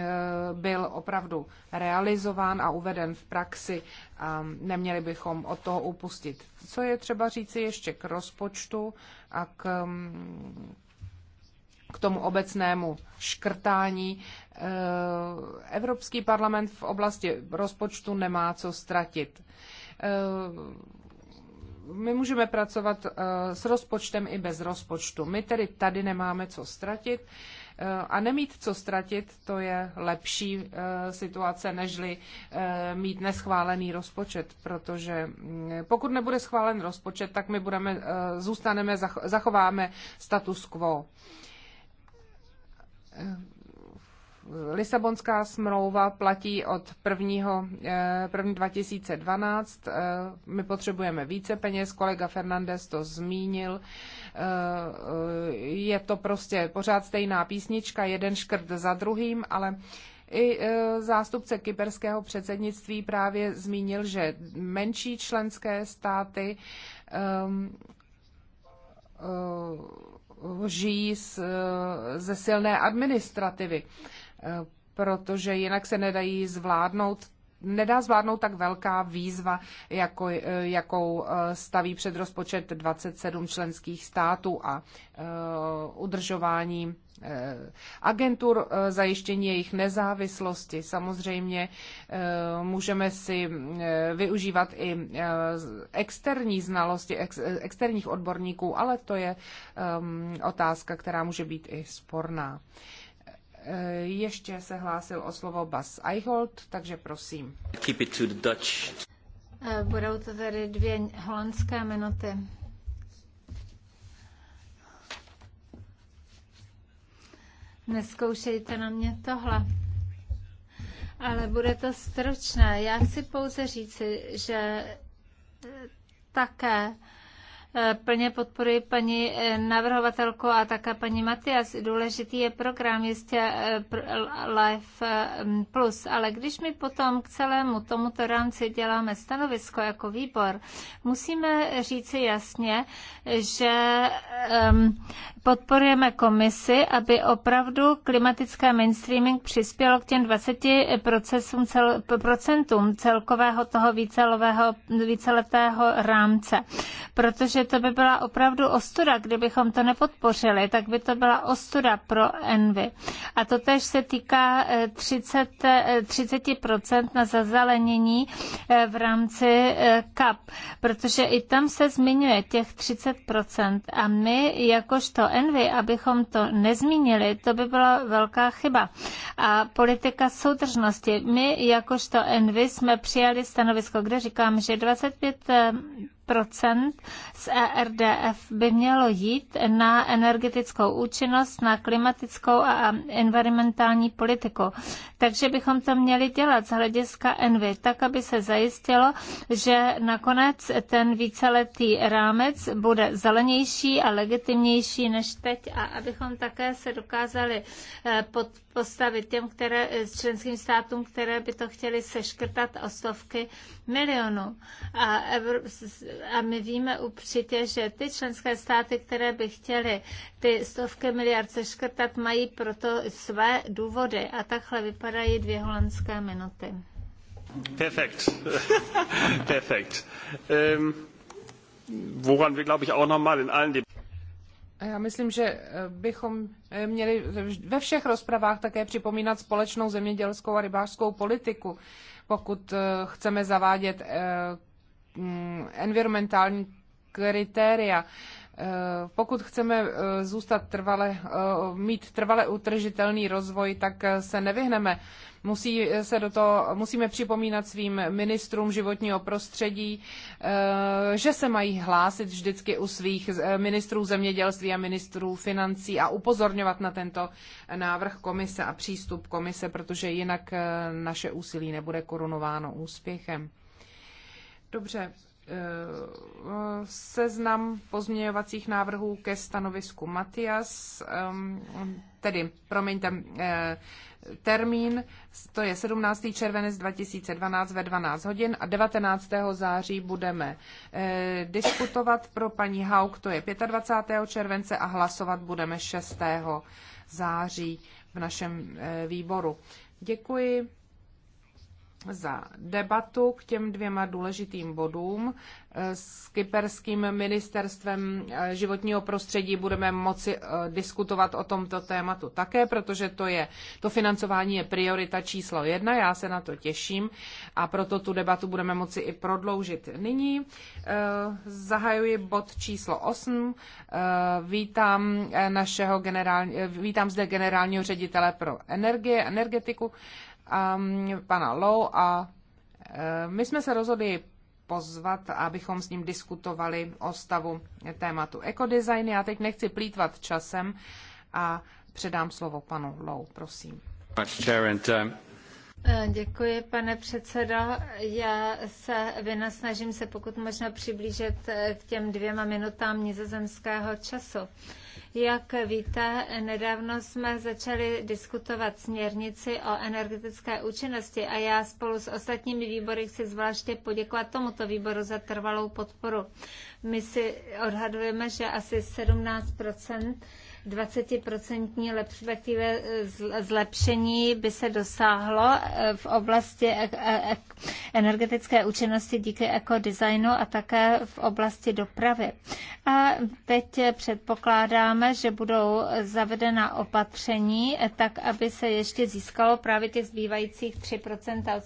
byl opravdu realizován a uveden v praxi. A neměli bychom od toho upustit. Co je třeba říci ještě k rozpočtu a k, mm, k tomu obecnému škrtání? Eh, Evropský parlament v oblasti rozpočtu nemá co ztratit eh, my můžeme pracovat s rozpočtem i bez rozpočtu. My tedy tady nemáme co ztratit. Eh, a nemít co ztratit, to je lepší eh, situace, nežli eh, mít neschválený rozpočet, protože mm, pokud nebude schválen rozpočet, tak my budeme, zůstaneme, zachováme status quo. Lisabonská smlouva platí od 1. 1. 2012. My potřebujeme více peněz, kolega Fernandez to zmínil. Eh, je to prostě pořád stejná písnička, jeden škrt za druhým, ale i eh, zástupce kyperského předsednictví právě zmínil, že menší členské státy ehm, eh, žijí ze silné administrativy, protože jinak se nedají zvládnout nedá zvládnout tak velká výzva, jako, eh, jakou eh, staví před rozpočet 27 členských států a eh, udržování agentur, zajištění jejich nezávislosti. Samozřejmě můžeme si využívat i externí znalosti, ex, externích odborníků, ale to je otázka, která může být i sporná. Eh, ještě se hlásil o slovo Bas Eichold, takže prosím. Keep it to the Dutch. Eh, budou to tady dvě holandské minuty. Neskoušejte na mě tohle. Ale bude to stručné. Já chci pouze říci, že eh, také Eh, plně podporuji paní eh, navrhovatelku a také paní Matias. Důležitý je program jistě eh, Life Plus, ale když my potom k celému tomuto rámci děláme stanovisko jako výbor, musíme říci jasně, že ehm, podporujeme komisi, aby opravdu klimatické mainstreaming přispělo k těm 20 cel, procentům celkového toho vícelového, víceletého rámce. Protože to by byla opravdu ostuda, kdybychom to nepodpořili, tak by to byla ostuda pro Envy. A to tež se týká 30, eh, 30% eh, na zazelenění eh, v rámci CAP, protože i tam se zmiňuje těch 30%. A my, jakožto Envy, abychom to nezmínili, to by byla velká chyba. A politika soudržnosti. My, jakožto Envy, jsme přijali stanovisko, kde říkám, že 25 z ERDF by mělo jít na energetickou účinnost, na klimatickou a environmentální politiku. Takže bychom to měli dělat z hlediska Envy, tak, aby se zajistilo, že nakonec ten víceletý rámec bude zelenější a legitimnější než teď a abychom také se dokázali eh, pod, postavit těm které, eh, členským státům, které by to chtěli seškrtat o stovky milionů. A a my víme upřitě, že ty členské státy, které by chtěly ty stovky miliard seškrtat, mají proto své důvody. A takhle vypadají dvě holandské minuty. Perfekt. Perfekt. Ähm, woran wir, glaube ich, auch nochmal in allen Debatten já myslím, že eh, bychom eh, měli ve všech rozpravách také připomínat společnou zemědělskou a rybářskou politiku, pokud eh, chceme zavádět Mm, environmentální kritéria. Eh, pokud chceme eh, zůstat trvale, eh, mít trvale utržitelný rozvoj, tak se nevyhneme. Musí se do toho, musíme připomínat svým ministrům životního prostředí, že se mají hlásit vždycky u svých ministrů zemědělství a ministrů financí a upozorňovat na tento návrh komise a přístup komise, protože jinak naše úsilí nebude korunováno úspěchem. Dobře, e, seznam pozměňovacích návrhů ke stanovisku Matias, tedy, promiňte, e, termín, to je 17. červenec 2012 ve 12 hodin a 19. září budeme e, diskutovat pro paní Hauk, to je 25. července a hlasovat budeme 6. září v našem výboru. Děkuji za debatu k těm dvěma důležitým bodům. S kyperským ministerstvem eh, životního prostředí budeme moci eh, diskutovat o tomto tématu také, protože to, je, to financování je priorita číslo jedna. Já se na to těším a proto tu debatu budeme moci i prodloužit. Nyní eh, zahajuji bod číslo 8. Vítám, našeho generál, vítám zde generálního ředitele pro energie, energetiku um, pana Lou a eh, my jsme se rozhodli pozvat, abychom s ním diskutovali o stavu tématu ekodesign. Já teď nechci plítvat časem a předám slovo panu Lou, prosím. Um, eh, děkuji, pane předsedo. Já se vynasnažím se pokud možno přiblížit eh, k těm dvěma minutám nizozemského času. Jak víte, nedávno jsme začali diskutovat směrnici o energetické účinnosti a já spolu s ostatními výbory chci zvláště poděkovat tomuto výboru za trvalou podporu. My si odhadujeme, že asi 17 20% respektive zlepšení by se dosáhlo eh, v oblasti e, e, e, energetické účinnosti díky ekodesignu a také v oblasti dopravy. A teď předpokládáme, že budou zavedena opatření eh, tak, aby se ještě získalo právě těch zbývajících 3%.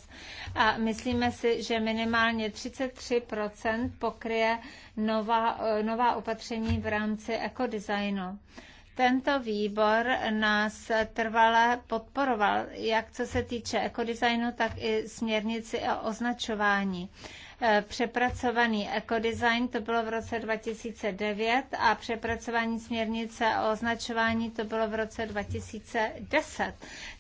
A myslíme si, že minimálně 33% pokryje nová, eh, nová opatření v rámci ekodesignu. Tento výbor nás trvale podporoval, jak co se týče ekodesignu, tak i směrnici o označování eh, přepracovaný ekodesign, to bylo v roce 2009 a přepracování směrnice o označování to bylo v roce 2010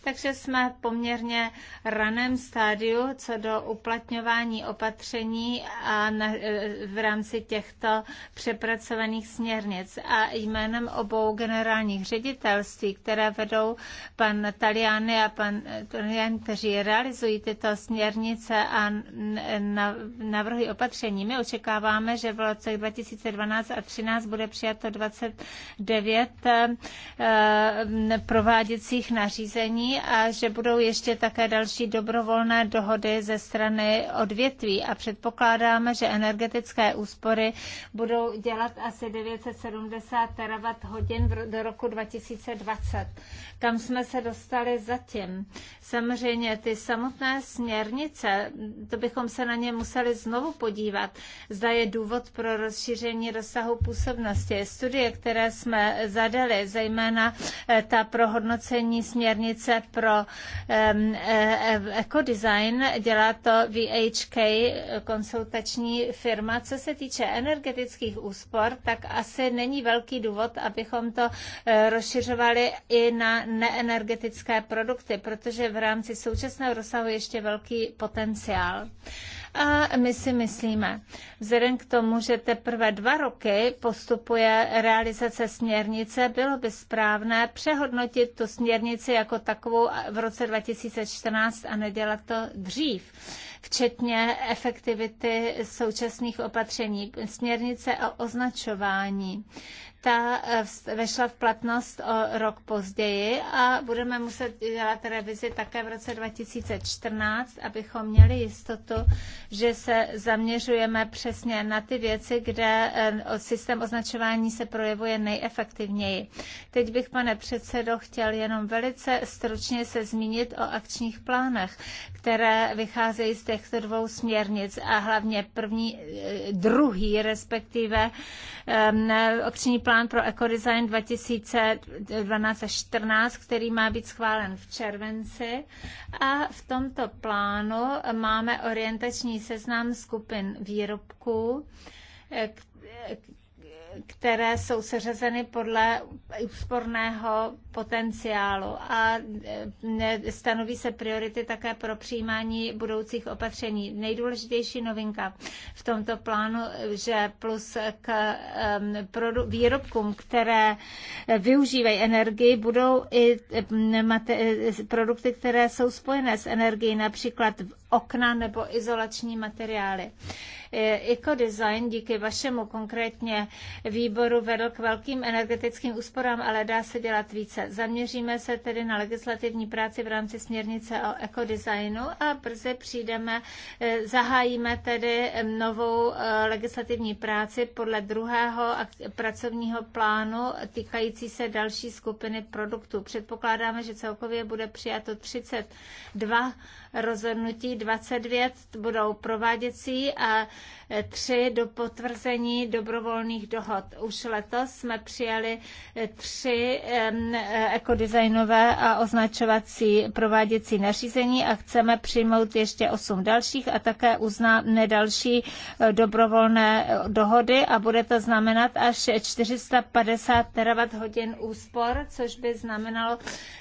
takže jsme v poměrně raném stádiu co do uplatňování opatření a na, e, v rámci těchto přepracovaných směrnic. A jménem obou generálních ředitelství, které vedou pan Taliany a pan Tonian, kteří realizují tyto směrnice a navrhují opatření, my očekáváme, že v roce 2012 a 2013 bude přijato 29 e, prováděcích nařízení a že budou ještě také další dobrovolné dohody ze strany odvětví a předpokládáme, že energetické úspory budou dělat asi 970 terawatt hodin do roku 2020. Kam jsme se dostali zatím? Samozřejmě ty samotné směrnice, to bychom se na ně museli znovu podívat. Zda je důvod pro rozšíření rozsahu působnosti. Studie, které jsme zadali, zejména eh, ta pro hodnocení směrnice pro um, ekodesign dělá to VHK, konsultační firma. Co se týče energetických úspor, tak asi není velký důvod, abychom to e, rozšiřovali i na neenergetické produkty, protože v rámci současného rozsahu ještě velký potenciál. A my si myslíme, vzhledem k tomu, že teprve dva roky postupuje realizace směrnice, bylo by správné přehodnotit tu směrnici jako takovou v roce 2014 a nedělat to dřív včetně efektivity současných opatření, směrnice o označování ta eh, vešla v platnost o rok později a budeme muset dělat revizi také v roce 2014, abychom měli jistotu, že se zaměřujeme přesně na ty věci, kde eh, systém označování se projevuje nejefektivněji. Teď bych, pane předsedo, chtěl jenom velice stručně se zmínit o akčních plánech, které vycházejí z těchto dvou směrnic a hlavně první, eh, druhý, respektive akční plán plán pro ekodesign 2012 až 14, který má být schválen v červenci. A v tomto plánu máme orientační seznam skupin výrobků, které jsou seřazeny podle úsporného potenciálu a e, stanoví se priority také pro přijímání budoucích opatření. Nejdůležitější novinka v tomto plánu, že plus k výrobkům, které využívají energii, budou i produkty, které jsou spojené s energií, například okna nebo izolační materiály. E, design díky vašemu konkrétně výboru vedl k velkým energetickým úsporám, ale dá se dělat více. Zaměříme se tedy na legislativní práci v rámci směrnice o ekodesignu a brzy přijdeme, e, zahájíme tedy novou e, legislativní práci podle druhého pracovního plánu týkající se další skupiny produktů. Předpokládáme, že celkově bude přijato 32 rozhodnutí, 29 budou prováděcí a 3 do potvrzení dobrovolných dohod. Už letos jsme přijali 3 ekodesignové a označovací prováděcí nařízení a chceme přijmout ještě 8 dalších a také uznáme další dobrovolné dohody a bude to znamenat až 450 terawatt hodin úspor, což by znamenalo,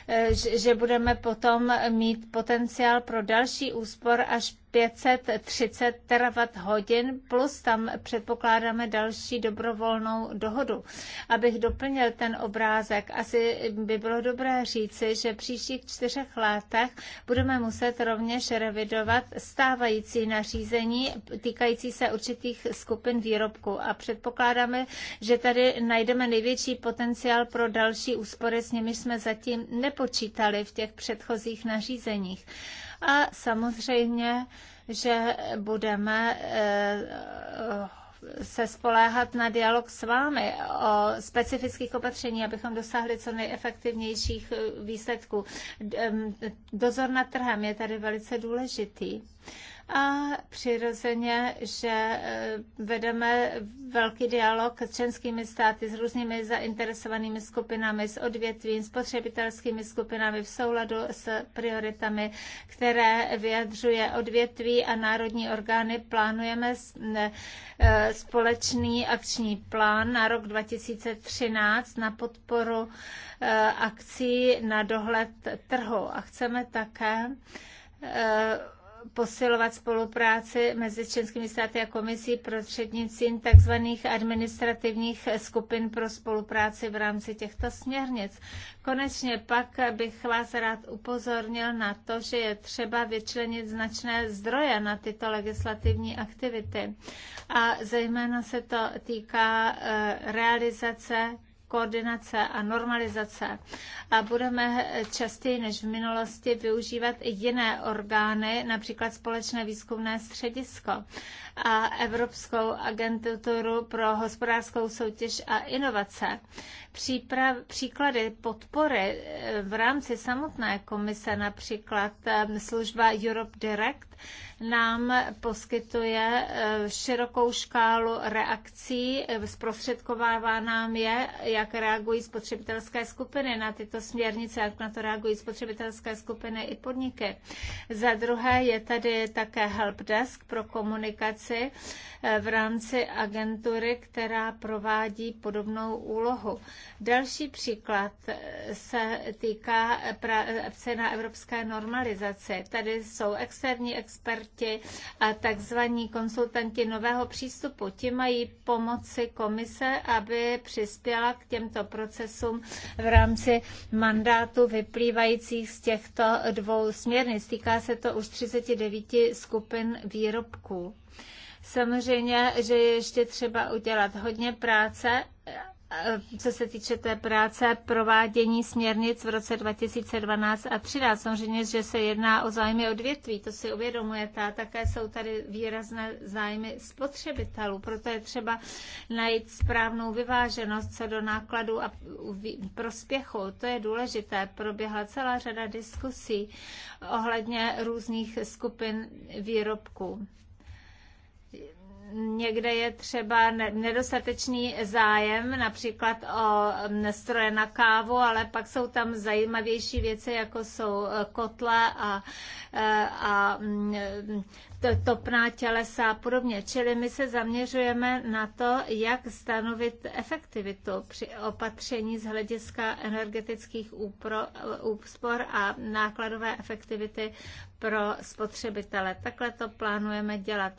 e, že budeme potom mít potenciál pro pro další úspor až 530 terawatt hodin, plus tam předpokládáme další dobrovolnou dohodu. Abych doplnil ten obrázek, asi by bylo dobré říci, že v příštích čtyřech letech budeme muset rovněž revidovat stávající nařízení týkající se určitých skupin výrobků a předpokládáme, že tady najdeme největší potenciál pro další úspory, s nimi jsme zatím nepočítali v těch předchozích nařízeních. A samozřejmě, že budeme eh, se spoléhat na dialog s vámi o specifických opatření, abychom dosáhli co nejefektivnějších eh, výsledků. Mm, dozor nad trhem je tady velice důležitý a přirozeně, že eh, vedeme velký dialog s členskými státy, s různými zainteresovanými skupinami, s odvětvím, s potřebitelskými skupinami v souladu s prioritami, které vyjadřuje odvětví a národní orgány. Plánujeme eh, společný akční plán na rok 2013 na podporu eh, akcí na dohled trhu a chceme také posilovat spolupráci mezi členskými státy a komisí prostřednictvím tzv. administrativních skupin pro spolupráci v rámci těchto směrnic. Konečně pak bych vás rád upozornil na to, že je třeba vyčlenit značné zdroje na tyto legislativní aktivity. A zejména se to týká eh, realizace koordinace a normalizace a budeme častěji než v minulosti využívat i jiné orgány, například společné výzkumné středisko a Evropskou agenturu pro hospodářskou soutěž a inovace příprav, příklady podpory eh, v rámci samotné komise, například eh, služba Europe Direct, nám poskytuje eh, širokou škálu reakcí, zprostředkovává nám je, jak reagují spotřebitelské skupiny na tyto směrnice, jak na to reagují spotřebitelské skupiny i podniky. Za druhé je tady také helpdesk pro komunikaci v rámci agentury, která provádí podobnou úlohu. Další příklad se týká práce na evropské normalizaci. Tady jsou externí experti a takzvaní konsultanti nového přístupu. Ti mají pomoci komise, aby přispěla k těmto procesům v rámci mandátu vyplývajících z těchto dvou směrnic. Týká se to už 39 skupin výrobků. Samozřejmě, že je ještě třeba udělat hodně práce, Eh, co se týče té práce provádění směrnic v roce 2012 a 2013. Samozřejmě, že se jedná o zájmy odvětví, to si uvědomujete, a také jsou tady výrazné zájmy spotřebitelů, proto je třeba najít správnou vyváženost co do nákladů a prospěchu. To je důležité. Proběhla celá řada diskusí ohledně různých skupin výrobků někde je třeba nedostatečný zájem, například o stroje na kávu, ale pak jsou tam zajímavější věci, jako jsou e, kotle a, e, a topná tělesa a podobně. Čili my se zaměřujeme na to, jak stanovit efektivitu při opatření z hlediska energetických úpro, úspor a nákladové efektivity pro spotřebitele. Takhle to plánujeme dělat.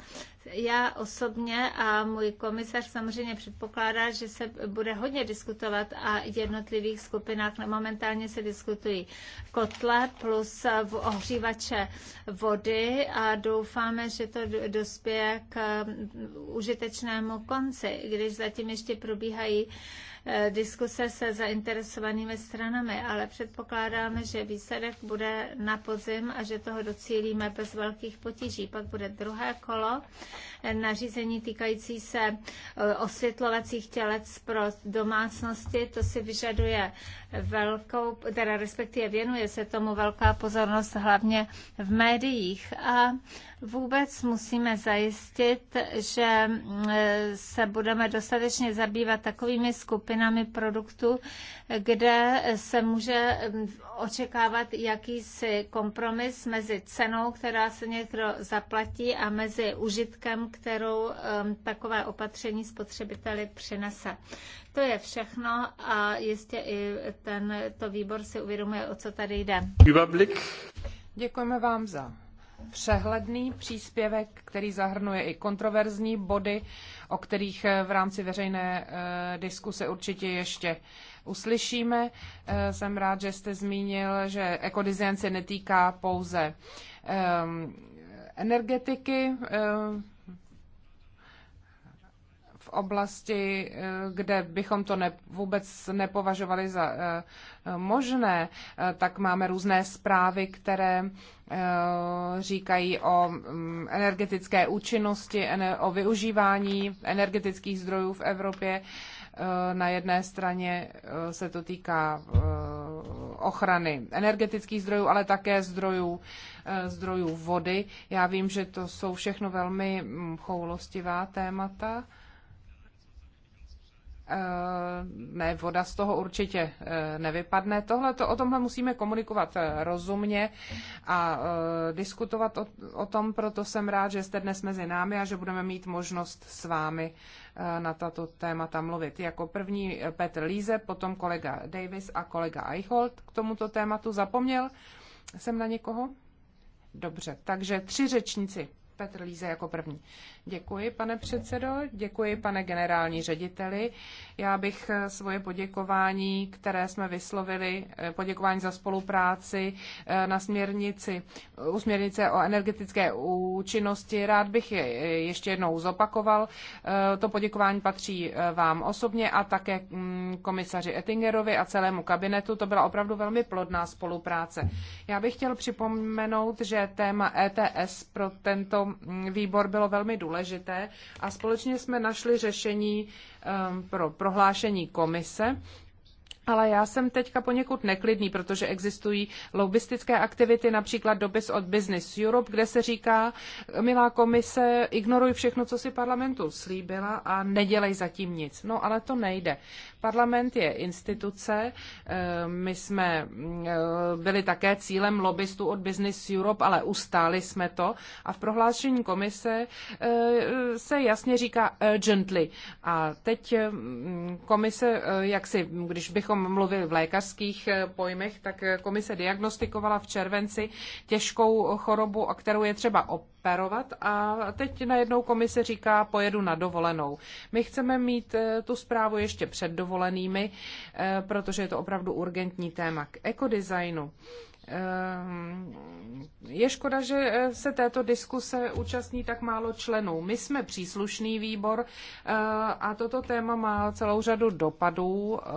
Já osobně a můj komisař samozřejmě předpokládá, že se bude hodně diskutovat a jednotlivých skupinách momentálně se diskutují kotle plus ohřívače vody a doufám, doufáme, že to dospěje k um, užitečnému konci, když zatím ještě probíhají eh, diskuse se zainteresovanými stranami, ale předpokládáme, že výsledek bude na podzim a že toho docílíme bez velkých potíží. Pak bude druhé kolo eh, nařízení týkající se eh, osvětlovacích tělec pro domácnosti. To si vyžaduje velkou, teda respektive věnuje se tomu velká pozornost hlavně v médiích a Vůbec musíme zajistit, že mm, se budeme dostatečně zabývat takovými skupinami produktů, kde se může mm, očekávat jakýsi kompromis mezi cenou, která se někdo zaplatí, a mezi užitkem, kterou mm, takové opatření spotřebiteli přinese. To je všechno a jistě i tento výbor si uvědomuje, o co tady jde. Überblick. Děkujeme vám za přehledný příspěvek, který zahrnuje i kontroverzní body, o kterých eh, v rámci veřejné eh, diskuse určitě ještě uslyšíme. Eh, jsem rád, že jste zmínil, že ekodizajn se netýká pouze ehm, energetiky, v oblasti, kde bychom to ne, vůbec nepovažovali za možné, tak máme různé zprávy, které Eh, říkají o mm, energetické účinnosti, o využívání energetických zdrojů v Evropě. Eh, na jedné straně eh, se to týká ochrany energetických zdrojů, ale také zdrojů, zdrojů vody. Já vím, že to jsou všechno velmi mm, choulostivá témata. Eh, ne, voda z toho určitě eh, nevypadne. Tohle to, o tomhle musíme komunikovat eh, rozumně a diskutovat o, o tom, proto jsem rád, že jste dnes mezi námi a že budeme mít možnost s vámi na tato témata mluvit. Jako první Petr Líze, potom kolega Davis a kolega Eichholt k tomuto tématu. Zapomněl jsem na někoho? Dobře, takže tři řečníci. Petr Líze jako první. Děkuji, pane předsedo, děkuji, pane generální řediteli. Já bych svoje poděkování, které jsme vyslovili, eh, poděkování za spolupráci eh, na směrnici, u směrnice o energetické účinnosti, rád bych je eh, ještě jednou zopakoval. To poděkování patří vám osobně a také mm, komisaři Ettingerovi a celému kabinetu. To byla opravdu velmi plodná spolupráce. Já bych chtěl připomenout, že téma ETS pro tento mm, výbor bylo velmi důležité důležité a společně jsme našli řešení um, pro prohlášení komise, ale já jsem teďka poněkud neklidný, protože existují lobbystické aktivity, například dopis od Business Europe, kde se říká, milá komise, ignoruj všechno, co si parlamentu slíbila a nedělej zatím nic. No ale to nejde. Parlament je instituce, eh, my jsme eh, byli také cílem lobbystů od Business Europe, ale ustáli jsme to a v prohlášení komise eh, se jasně říká urgently. A teď komise, jak si, když bychom mluvili v lékařských pojmech, tak komise diagnostikovala v červenci těžkou chorobu, o kterou je třeba op operovat a teď najednou komise říká, pojedu na dovolenou. My chceme mít eh, tu zprávu ještě před dovolenými, eh, protože je to opravdu urgentní téma k ekodesignu. Ehm, je škoda, že eh, se této diskuse účastní tak málo členů. My jsme příslušný výbor eh, a toto téma má celou řadu dopadů, eh,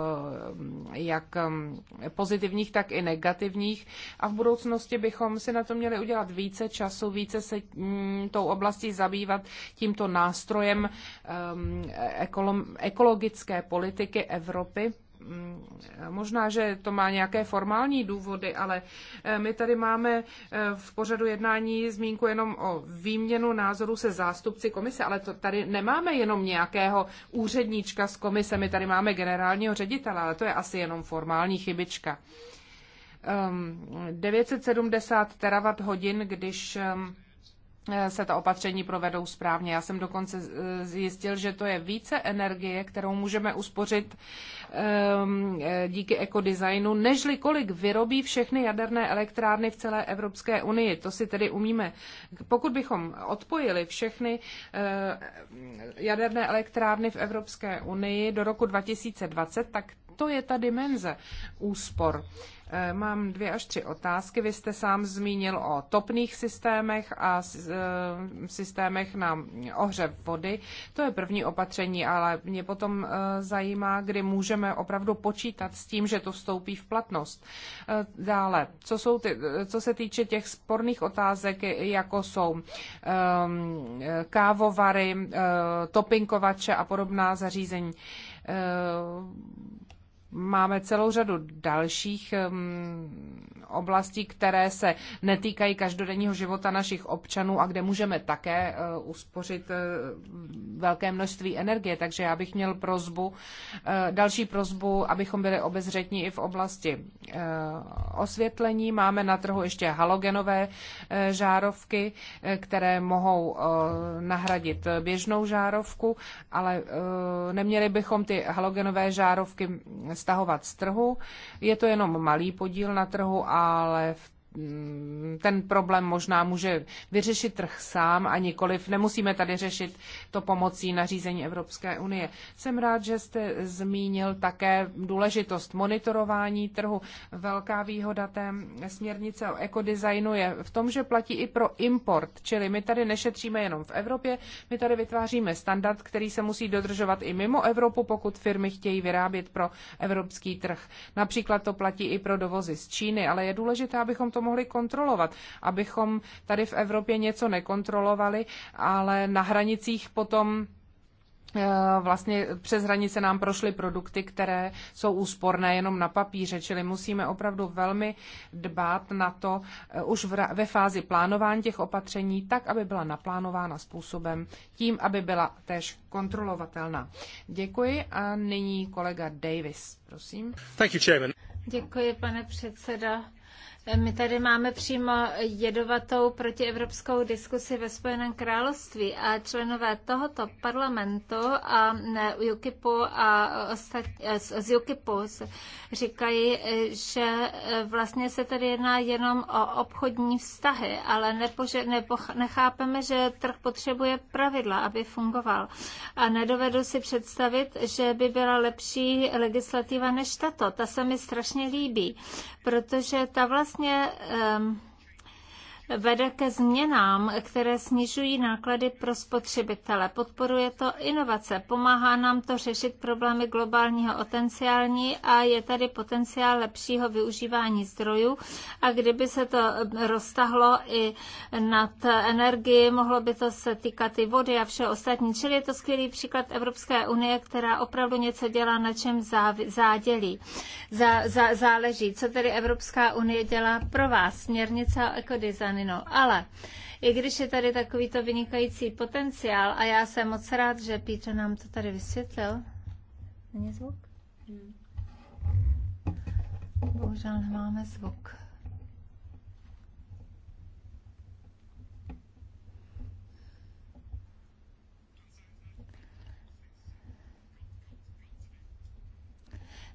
jak ehm, pozitivních, tak i negativních. A v budoucnosti bychom si na to měli udělat více času, více se mm, tou oblastí zabývat tímto nástrojem ehm, ekologické politiky Evropy Mm, možná, že to má nějaké formální důvody, ale eh, my tady máme eh, v pořadu jednání zmínku jenom o výměnu názoru se zástupci komise, ale to tady nemáme jenom nějakého úředníčka z komise, my tady máme generálního ředitele, ale to je asi jenom formální chybička. 970 terawatt hodin, když ehm, Eh, se ta opatření provedou správně. Já jsem dokonce eh, zjistil, že to je více energie, kterou můžeme uspořit ehm, eh, díky ekodesignu, nežli kolik vyrobí všechny jaderné elektrárny v celé Evropské unii. To si tedy umíme. Pokud bychom odpojili všechny jaderné elektrárny v Evropské unii do roku 2020, tak to je ta dimenze úspor. Eh, mám dvě až tři otázky. Vy jste sám zmínil o topných systémech a eh, systémech na ohřev vody. To je první opatření, ale mě potom eh, zajímá, kdy můžeme opravdu počítat s tím, že to vstoupí v platnost. Dále, co, jsou ty, co se týče těch sporných otázek, jako jsou ehm, kávovary, topinkovače a podobná zařízení, Máme celou řadu dalších mm, oblastí, které se netýkají každodenního života našich občanů a kde můžeme také eh, uspořit eh, velké množství energie. Takže já bych měl prozbu, eh, další prozbu, abychom byli obezřetní i v oblasti osvětlení. Máme na trhu ještě halogenové žárovky, které mohou nahradit běžnou žárovku, ale neměli bychom ty halogenové žárovky mm, stahovat z trhu. Je to jenom malý podíl na trhu a ale v Mm, ten problém možná může vyřešit trh sám a nikoliv nemusíme tady řešit to pomocí nařízení Evropské unie. Jsem rád, že jste zmínil také důležitost monitorování trhu. Velká výhoda té směrnice o ekodesignu je v tom, že platí i pro import, čili my tady nešetříme jenom v Evropě, my tady vytváříme standard, který se musí dodržovat i mimo Evropu, pokud firmy chtějí vyrábět pro evropský trh. Například to platí i pro dovozy z Číny, ale je důležité, abychom to mohli kontrolovat, abychom tady v Evropě něco nekontrolovali, ale na hranicích potom eh, vlastně přes hranice nám prošly produkty, které jsou úsporné jenom na papíře, čili musíme opravdu velmi dbát na to eh, už ve fázi plánování těch opatření, tak, aby byla naplánována způsobem tím, aby byla též kontrolovatelná. Děkuji a nyní kolega Davis, prosím. Thank you, chairman. Děkuji, pane předseda. My tady máme přímo jedovatou protievropskou diskusi ve Spojeném království a členové tohoto parlamentu a UKIPu a ostat, z UKIPu říkají, že e, vlastně se tady jedná jenom o obchodní vztahy, ale nepože, nepoch, nechápeme, že trh potřebuje pravidla, aby fungoval. A nedovedu si představit, že by byla lepší legislativa než tato. Ta se mi strašně líbí, protože ta vlastně vlastně um, vede ke změnám, které snižují náklady pro spotřebitele. Podporuje to inovace, pomáhá nám to řešit problémy globálního potenciální a je tady potenciál lepšího využívání zdrojů. A kdyby se to roztahlo i nad energii, mohlo by to se týkat i vody a všeho ostatní. Čili je to skvělý příklad Evropské unie, která opravdu něco dělá, na čem zádělí. Zá, zá, záleží, co tedy Evropská unie dělá pro vás. Směrnice o ekodesignu plynu. No. Ale i když je tady takovýto vynikající potenciál, a já jsem moc rád, že Peter nám to tady vysvětlil. Není zvuk? Hmm. Bohužel nemáme zvuk.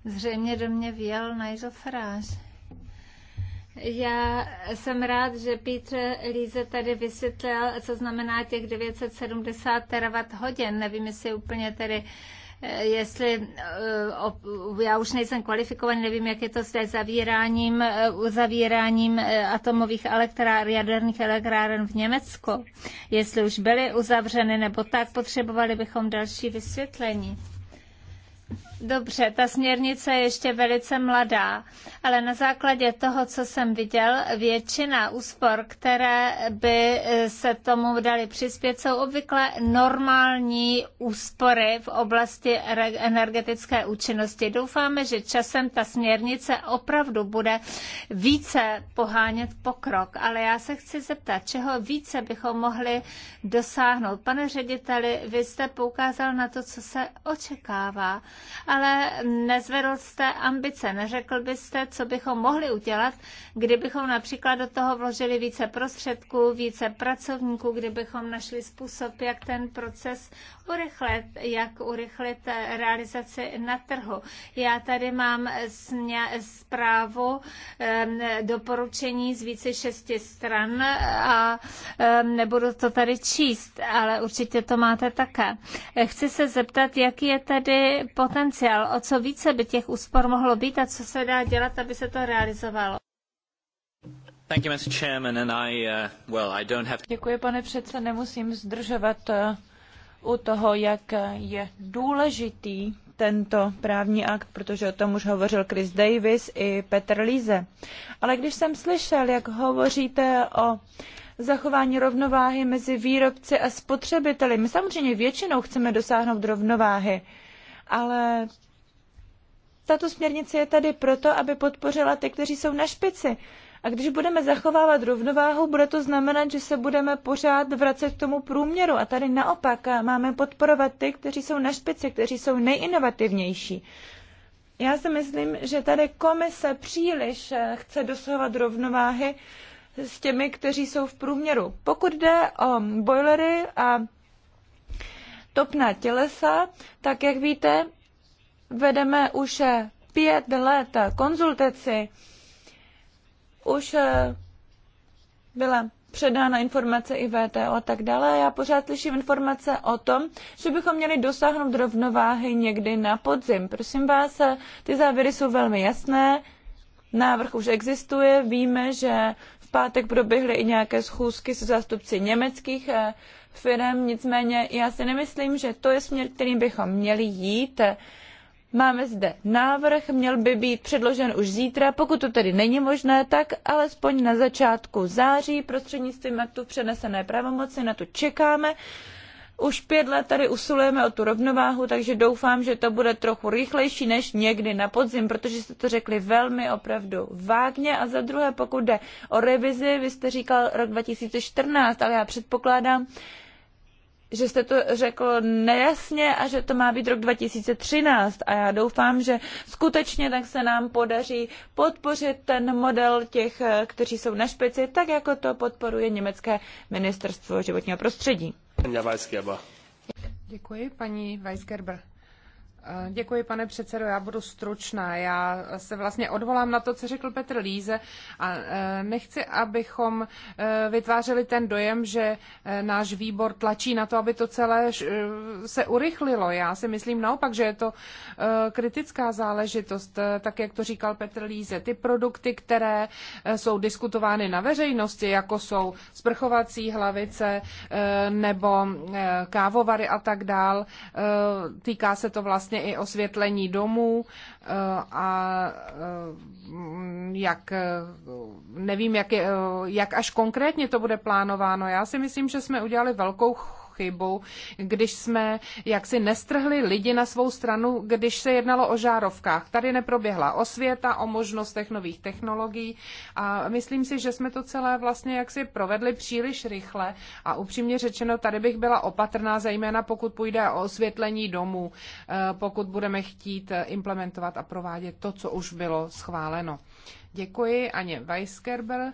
Zřejmě do mě vyjel Farage. Já jsem rád, že Petr Líze tady vysvětlil, co znamená těch 970 terawatt hodin. Nevím, jestli úplně tedy eh, jestli eh, já už nejsem kvalifikovaný, nevím, jak je to s zavíráním, eh, uzavíráním atomových elektráren, jaderných elektráren v Německu. Jestli už byly uzavřeny nebo tak, potřebovali bychom další vysvětlení. Dobře, ta směrnice je ještě velice mladá, ale na základě toho, co jsem viděl, většina úspor, které by eh, se tomu dali přispět, jsou obvykle normální úspory v oblasti energetické účinnosti. Doufáme, že časem ta směrnice opravdu bude více pohánět pokrok, ale já se chci zeptat, čeho více bychom mohli dosáhnout. Pane řediteli, vy jste poukázal na to, co se očekává ale nezvedl jste ambice. Neřekl byste, co bychom mohli udělat, kdybychom například do toho vložili více prostředků, více pracovníků, kdybychom našli způsob, jak ten proces urychlit, jak urychlit realizaci na trhu. Já tady mám zprávu doporučení z více šesti stran a nebudu to tady číst, ale určitě to máte také. Chci se zeptat, jaký je tady potenciál, o co více by těch úspor mohlo být a co se dá dělat, aby se to realizovalo. Uh, Děkuji, pane předsedo, Nemusím zdržovat eh, u toho, jak je důležitý tento právní akt, protože o tom už hovořil Chris Davis i Petr Líze. Ale když jsem slyšel, jak hovoříte o zachování rovnováhy mezi výrobci a spotřebiteli, my samozřejmě většinou chceme dosáhnout rovnováhy, ale tato směrnice je tady proto, aby podpořila ty, kteří jsou na špici. A když budeme zachovávat rovnováhu, bude to znamenat, že se budeme pořád vracet k tomu průměru. A tady naopak eh, máme podporovat ty, kteří jsou na špici, kteří jsou nejinovativnější. Já si myslím, že tady komise příliš eh, chce dosahovat rovnováhy s těmi, kteří jsou v průměru. Pokud jde o boilery a topná tělesa, tak jak víte, vedeme už eh, pět let konzultaci už eh, byla předána informace i VTO a tak dále. já pořád slyším informace o tom, že bychom měli dosáhnout rovnováhy někdy na podzim. Prosím vás, eh, ty závěry jsou velmi jasné. Návrh už existuje, víme, že v pátek proběhly i nějaké schůzky se zástupci německých eh, firm, nicméně já si nemyslím, že to je směr, kterým bychom měli jít. Máme zde návrh, měl by být předložen už zítra, pokud to tedy není možné, tak alespoň na začátku září prostřednictvím aktu přenesené pravomoci, na to čekáme. Už pět let tady usilujeme o tu rovnováhu, takže doufám, že to bude trochu rychlejší než někdy na podzim, protože jste to řekli velmi opravdu vágně. A za druhé, pokud jde o revizi, vy jste říkal rok 2014, ale já předpokládám, že jste to řekl nejasně a že to má být rok 2013 a já doufám, že skutečně tak se nám podaří podpořit ten model těch, kteří jsou na špici, tak jako to podporuje německé ministerstvo životního prostředí. Děkuji, paní Weisgerber. Eh, děkuji, pane předsedo. Já budu stručná. Já se vlastně odvolám na to, co řekl Petr Líze a eh, nechci, abychom eh, vytvářeli ten dojem, že náš výbor tlačí na to, aby to celé se urychlilo. Já si myslím naopak, že je to kritická záležitost, tak jak to říkal Petr Líze. Ty produkty, které jsou diskutovány na veřejnosti, jako jsou sprchovací hlavice nebo kávovary a tak dál, týká se to vlastně vlastně i osvětlení domů eh, a eh, jak, eh, nevím, jak, je, jak až konkrétně to bude plánováno. Já si myslím, že jsme udělali velkou chybu, když jsme jaksi nestrhli lidi na svou stranu, když se jednalo o žárovkách. Tady neproběhla osvěta o možnostech nových technologií a myslím si, že jsme to celé vlastně jaksi provedli příliš rychle a upřímně řečeno, tady bych byla opatrná, zejména pokud půjde o osvětlení domů, eh, pokud budeme chtít eh, implementovat a provádět to, co už bylo schváleno. Děkuji Aně Weiskerber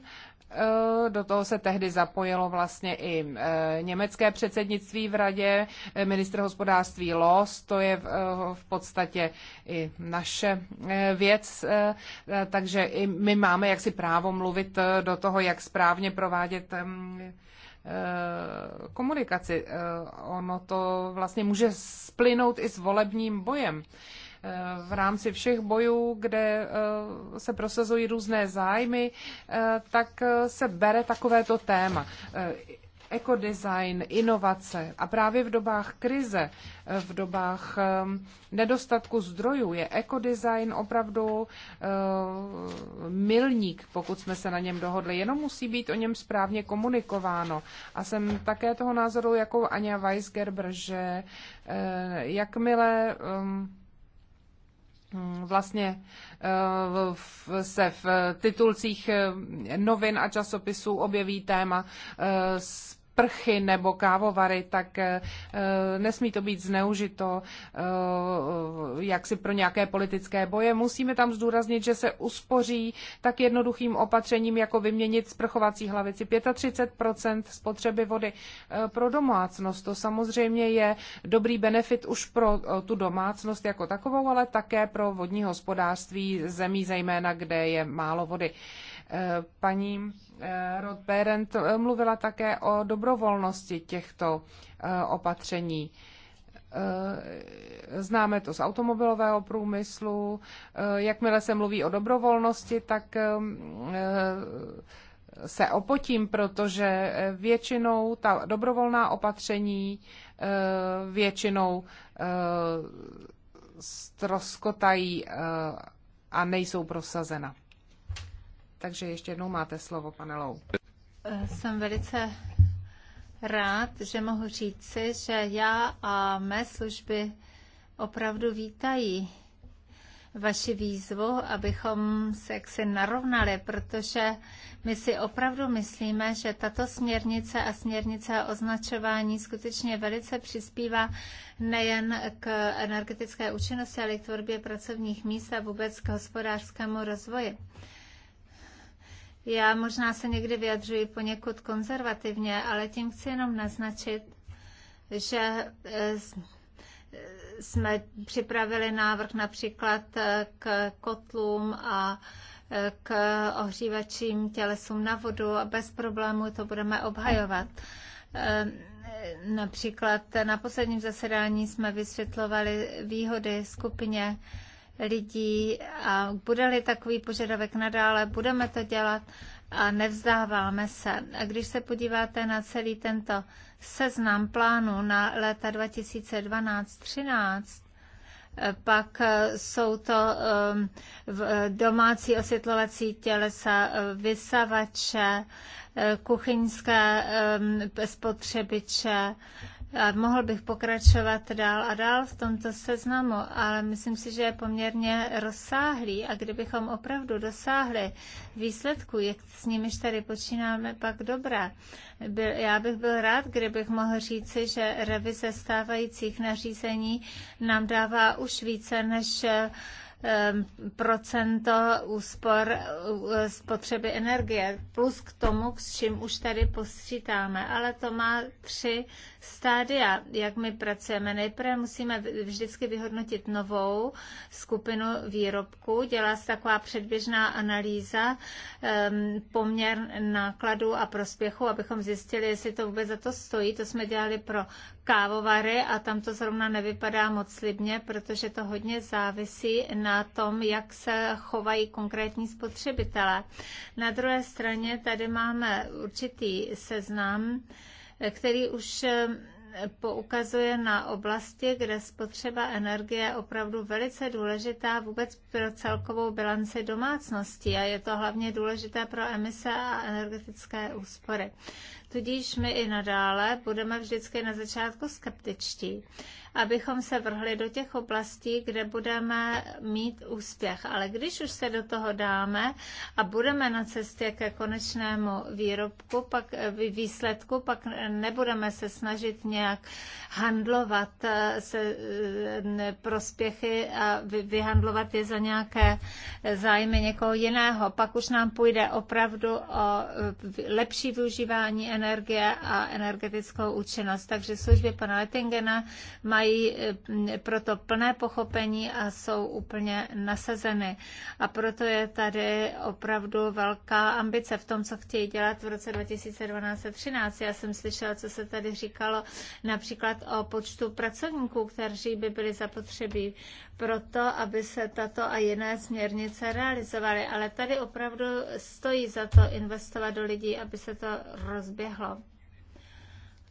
Eh, do toho se tehdy zapojilo vlastně i eh, německé předsednictví v radě, eh, ministr hospodářství Los, to je v podstatě i naše věc, takže i my máme jaksi právo mluvit do toho, jak správně provádět komunikaci. Ono to vlastně může splynout i s volebním bojem v rámci všech bojů, kde eh, se prosazují různé zájmy, eh, tak eh, se bere takovéto téma ekodesign, inovace. A právě v dobách krize, v dobách nedostatku zdrojů je ekodesign opravdu milník, pokud jsme se na něm dohodli. Jenom musí být o něm správně komunikováno. A jsem také toho názoru, jako Anja Weisgerber, že jakmile Mm, vlastně eh, se v titulcích eh, novin a časopisů objeví téma eh, prchy nebo kávovary, tak eh, nesmí to být zneužito eh, jaksi pro nějaké politické boje. Musíme tam zdůraznit, že se uspoří tak jednoduchým opatřením, jako vyměnit sprchovací hlavici 35 spotřeby vody eh, pro domácnost. To samozřejmě je dobrý benefit už pro tu domácnost jako takovou, ale také pro vodní hospodářství zemí, zejména kde je málo vody. Eh, paní eh, Rod berend eh, mluvila také o dobrovolnosti těchto opatření. Známe to z automobilového průmyslu. Jakmile se mluví o dobrovolnosti, tak se opotím, protože většinou ta dobrovolná opatření většinou stroskotají a nejsou prosazena. Takže ještě jednou máte slovo, pane Lou. Jsem velice rád, že mohu říci, že já a mé služby opravdu vítají vaši výzvu, abychom se jaksi narovnali, protože my si opravdu myslíme, že tato směrnice a směrnice o označování skutečně velice přispívá nejen k energetické účinnosti, ale i k tvorbě pracovních míst a vůbec k hospodářskému rozvoji. Já možná se někdy vyjadřuji poněkud konzervativně, ale tím chci jenom naznačit, že eh, eh, jsme připravili návrh například eh, k kotlům a k ohřívačím tělesům na vodu a bez problémů to budeme obhajovat. Ehm, například na posledním zasedání jsme vysvětlovali výhody skupině lidí a bude-li takový požadavek nadále, budeme to dělat a nevzdáváme se. A když se podíváte na celý tento seznam plánu na léta 2012-13, pak jsou to um, domácí osvětlovací tělesa, vysavače, kuchyňské um, spotřebiče a mohl bych pokračovat dál a dál v tomto seznamu, ale myslím si, že je poměrně rozsáhlý a kdybychom opravdu dosáhli výsledku, jak s nimiž tady počínáme, pak dobré. Byl, já bych byl rád, kdybych mohl říci, že revize stávajících nařízení nám dává už více než procento úspor e, spotřeby energie, plus k tomu, s čím už tady posčítáme. Ale to má tři stádia, jak my pracujeme. Nejprve musíme vždycky vyhodnotit novou skupinu výrobku, dělá se taková předběžná analýza, ehm, poměr nákladů a prospěchu, abychom zjistili, jestli to vůbec za to stojí. To jsme dělali pro kávovary a tam to zrovna nevypadá moc slibně, protože to hodně závisí na tom, jak se chovají konkrétní spotřebitelé. Na druhé straně tady máme určitý seznam, který už eh, poukazuje na oblasti, kde spotřeba energie je opravdu velice důležitá vůbec pro celkovou bilanci domácnosti a je to hlavně důležité pro emise a energetické úspory. Tudíž my i nadále budeme vždycky na začátku skeptičtí abychom se vrhli do těch oblastí, kde budeme mít úspěch. Ale když už se do toho dáme a budeme na cestě ke konečnému výrobku, pak výsledku, pak nebudeme se snažit nějak handlovat eh, se eh, prospěchy a vyhandlovat je za nějaké eh, zájmy někoho jiného. Pak už nám půjde opravdu o lepší využívání energie a energetickou účinnost. Takže služby pana Lettingena mají mají eh, proto plné pochopení a jsou úplně nasazeny. A proto je tady opravdu velká ambice v tom, co chtějí dělat v roce 2012-2013. Já jsem slyšela, co se tady říkalo například o počtu pracovníků, kteří by byli zapotřebí pro to, aby se tato a jiné směrnice realizovaly. Ale tady opravdu stojí za to investovat do lidí, aby se to rozběhlo.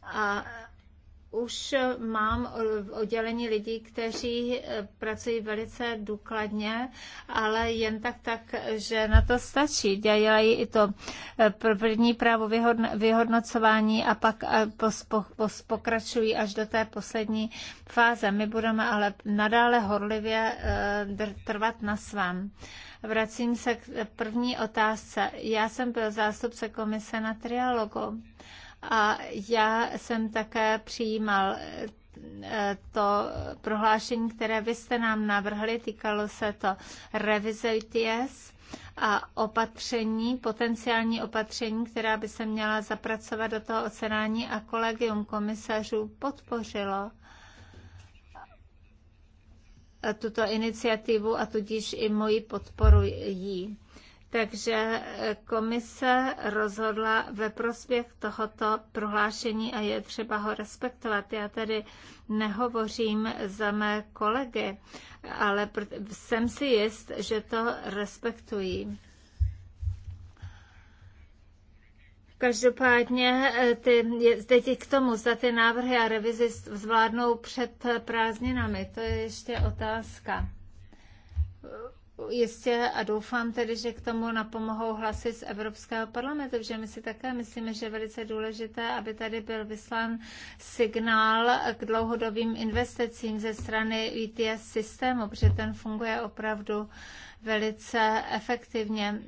A už eh, mám eh, oddělení lidí, kteří eh, pracují velice důkladně, ale jen tak, tak že na to stačí. Dělají i to první právo vyhodnocování a pak pokračují až do té poslední fáze. My budeme ale nadále horlivě trvat na svém. Vracím se k první otázce. Já jsem byl zástupce komise na trialogu. A já jsem také přijímal eh, to prohlášení, které vy jste nám navrhli, týkalo se to revize ITS a opatření, potenciální opatření, která by se měla zapracovat do toho ocenání a kolegium komisařů podpořilo tuto iniciativu a tudíž i moji podporu jí. Takže eh, komise rozhodla ve prospěch tohoto prohlášení a je třeba ho respektovat. Já tady nehovořím za mé kolegy, ale jsem si jist, že to respektují. Každopádně eh, ty, teď k tomu, za ty návrhy a revizi zvládnou před prázdninami, to je ještě otázka jistě a doufám tedy, že k tomu napomohou hlasy z Evropského parlamentu, protože my si také myslíme, že je velice důležité, aby tady byl vyslán signál k dlouhodobým investicím ze strany ETS systému, protože ten funguje opravdu velice efektivně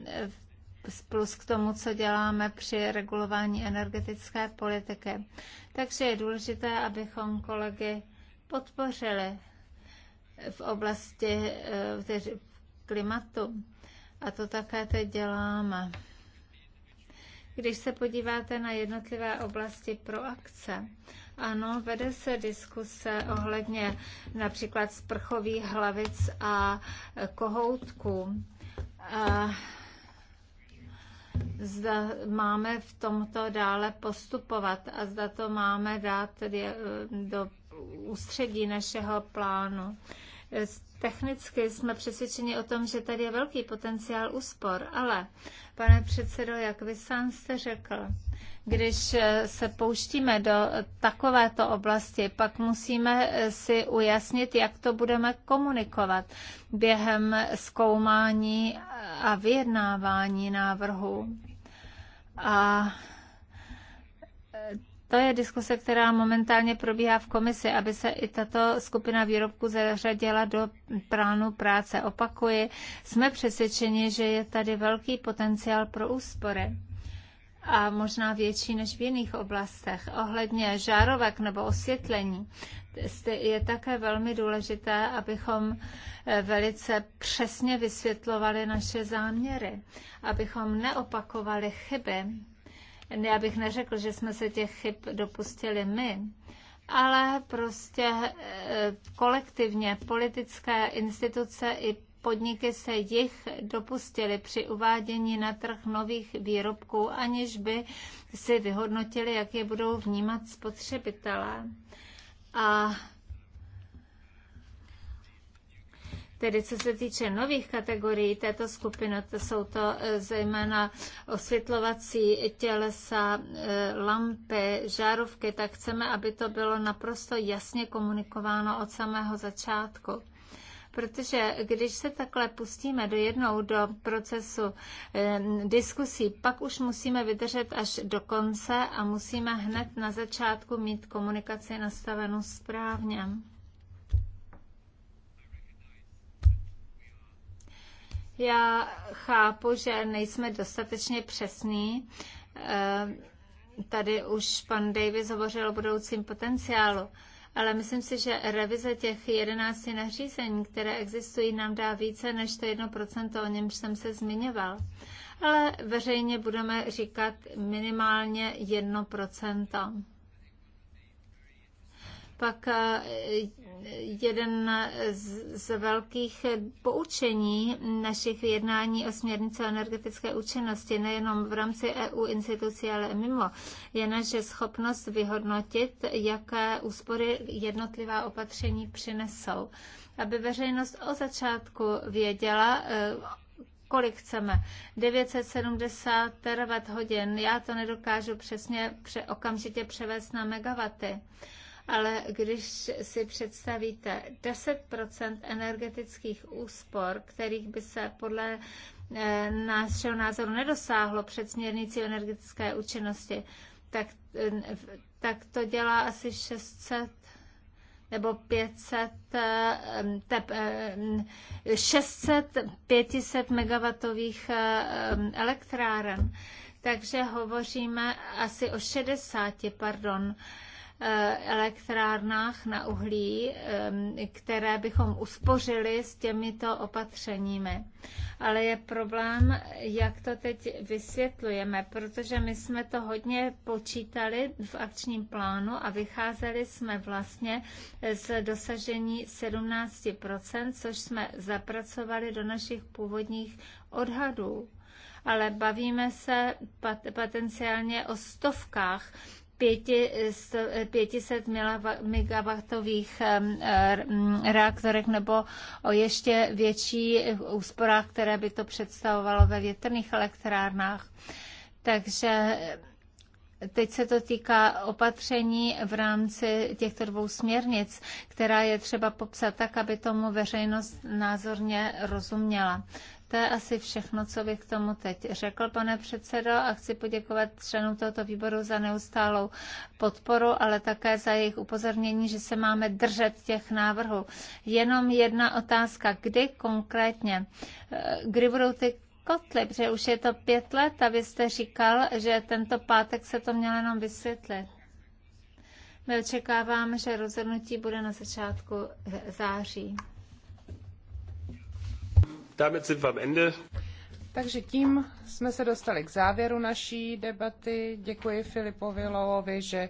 plus k tomu, co děláme při regulování energetické politiky. Takže je důležité, abychom kolegy podpořili v oblasti eh, klimatu. A to také teď děláme. Když se podíváte na jednotlivé oblasti pro akce, ano, vede se diskuse ohledně například sprchových hlavic a kohoutků. A zda máme v tomto dále postupovat a zda to máme dát eh, do ústředí našeho plánu Technicky jsme přesvědčeni o tom, že tady je velký potenciál úspor, ale, pane předsedo, jak vy sám jste řekl, když eh, se pouštíme do takovéto oblasti, pak musíme eh, si ujasnit, jak to budeme komunikovat během zkoumání a vyjednávání návrhu. A to je diskuse, která momentálně probíhá v komisi, aby se i tato skupina výrobků zařadila do plánu práce. Opakuji, jsme přesvědčeni, že je tady velký potenciál pro úspory a možná větší než v jiných oblastech. Ohledně žárovek nebo osvětlení je také velmi důležité, abychom eh, velice přesně vysvětlovali naše záměry, abychom neopakovali chyby, já bych neřekl, že jsme se těch chyb dopustili my, ale prostě eh, kolektivně politické instituce i podniky se jich dopustili při uvádění na trh nových výrobků, aniž by si vyhodnotili, jak je budou vnímat spotřebitelé. A Tedy co se týče nových kategorií této skupiny, to jsou to eh, zejména osvětlovací tělesa, eh, lampy, žárovky, tak chceme, aby to bylo naprosto jasně komunikováno od samého začátku protože když se takhle pustíme do jednou do procesu eh, diskusí, pak už musíme vydržet až do konce a musíme hned na začátku mít komunikaci nastavenou správně. Já chápu, že nejsme dostatečně přesní. Eh, tady už pan Davis hovořil o budoucím potenciálu, ale myslím si, že revize těch 11 nařízení, které existují, nám dá více než to 1%, o němž jsem se zmiňoval. Ale veřejně budeme říkat minimálně 1% pak eh, jeden z velkých poučení našich jednání o směrnici o energetické účinnosti, nejenom v rámci EU institucí, ale mimo, je naše schopnost vyhodnotit, jaké úspory jednotlivá opatření přinesou. Aby veřejnost o začátku věděla, eh, kolik chceme. 970 terawatt hodin. Já to nedokážu přesně pře- okamžitě převést na megawaty ale když si představíte 10% energetických úspor, kterých by se podle eh, našeho názoru nedosáhlo před směrnicí energetické účinnosti, tak, eh, tak to dělá asi 600 nebo 500, eh, tep, 600, 500 megawattových elektráren. Takže hovoříme asi o 60, pardon, Eh, elektrárnách na uhlí, eh, které bychom uspořili s těmito opatřeními. Ale je problém, jak to teď vysvětlujeme, protože my jsme to hodně počítali v akčním plánu a vycházeli jsme vlastně z dosažení 17%, což jsme zapracovali do našich původních odhadů ale bavíme se pat, potenciálně o stovkách 500 megawattových reaktorech nebo o ještě větší úsporách, které by to představovalo ve větrných elektrárnách. Takže Teď se to týká opatření v rámci těchto dvou směrnic, která je třeba popsat tak, aby tomu veřejnost názorně rozuměla to je asi všechno, co bych k tomu teď řekl, pane předsedo, a chci poděkovat členům tohoto výboru za neustálou podporu, ale také za jejich upozornění, že se máme držet těch návrhů. Jenom jedna otázka, kdy konkrétně, eh, kdy budou ty kotly, protože už je to pět let a vy jste říkal, že tento pátek se to mělo jenom vysvětlit. My očekáváme, že rozhodnutí bude na začátku září. Damit sind wir am Ende. Takže tím jsme se dostali k závěru naší debaty. Děkuji Filipovi Lovovi, že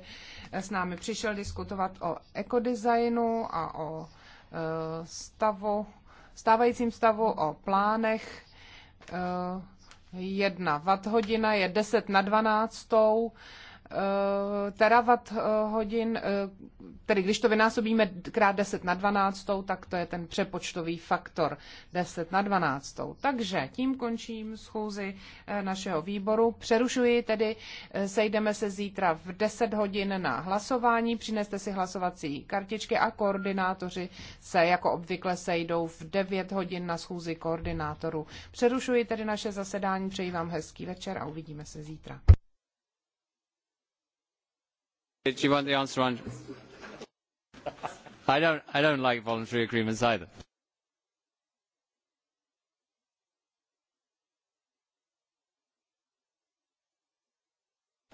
eh, s námi přišel diskutovat o ekodesignu a o eh, stavu, stávajícím stavu, o plánech. Eh, jedna watt hodina je 10 na 12. Eh, teravat eh, hodin, eh, tedy když to vynásobíme krát 10 na 12, tak to je ten přepočtový faktor 10 na 12. Takže tím končím schůzi našeho výboru. Přerušuji tedy, sejdeme se zítra v 10 hodin na hlasování. Přineste si hlasovací kartičky a koordinátoři se jako obvykle sejdou v 9 hodin na schůzi koordinátorů. Přerušuji tedy naše zasedání, přeji vám hezký večer a uvidíme se zítra. Did you want the answer on? I don't. I don't like voluntary agreements either.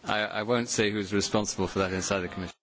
I, I won't say who's responsible for that inside the Commission.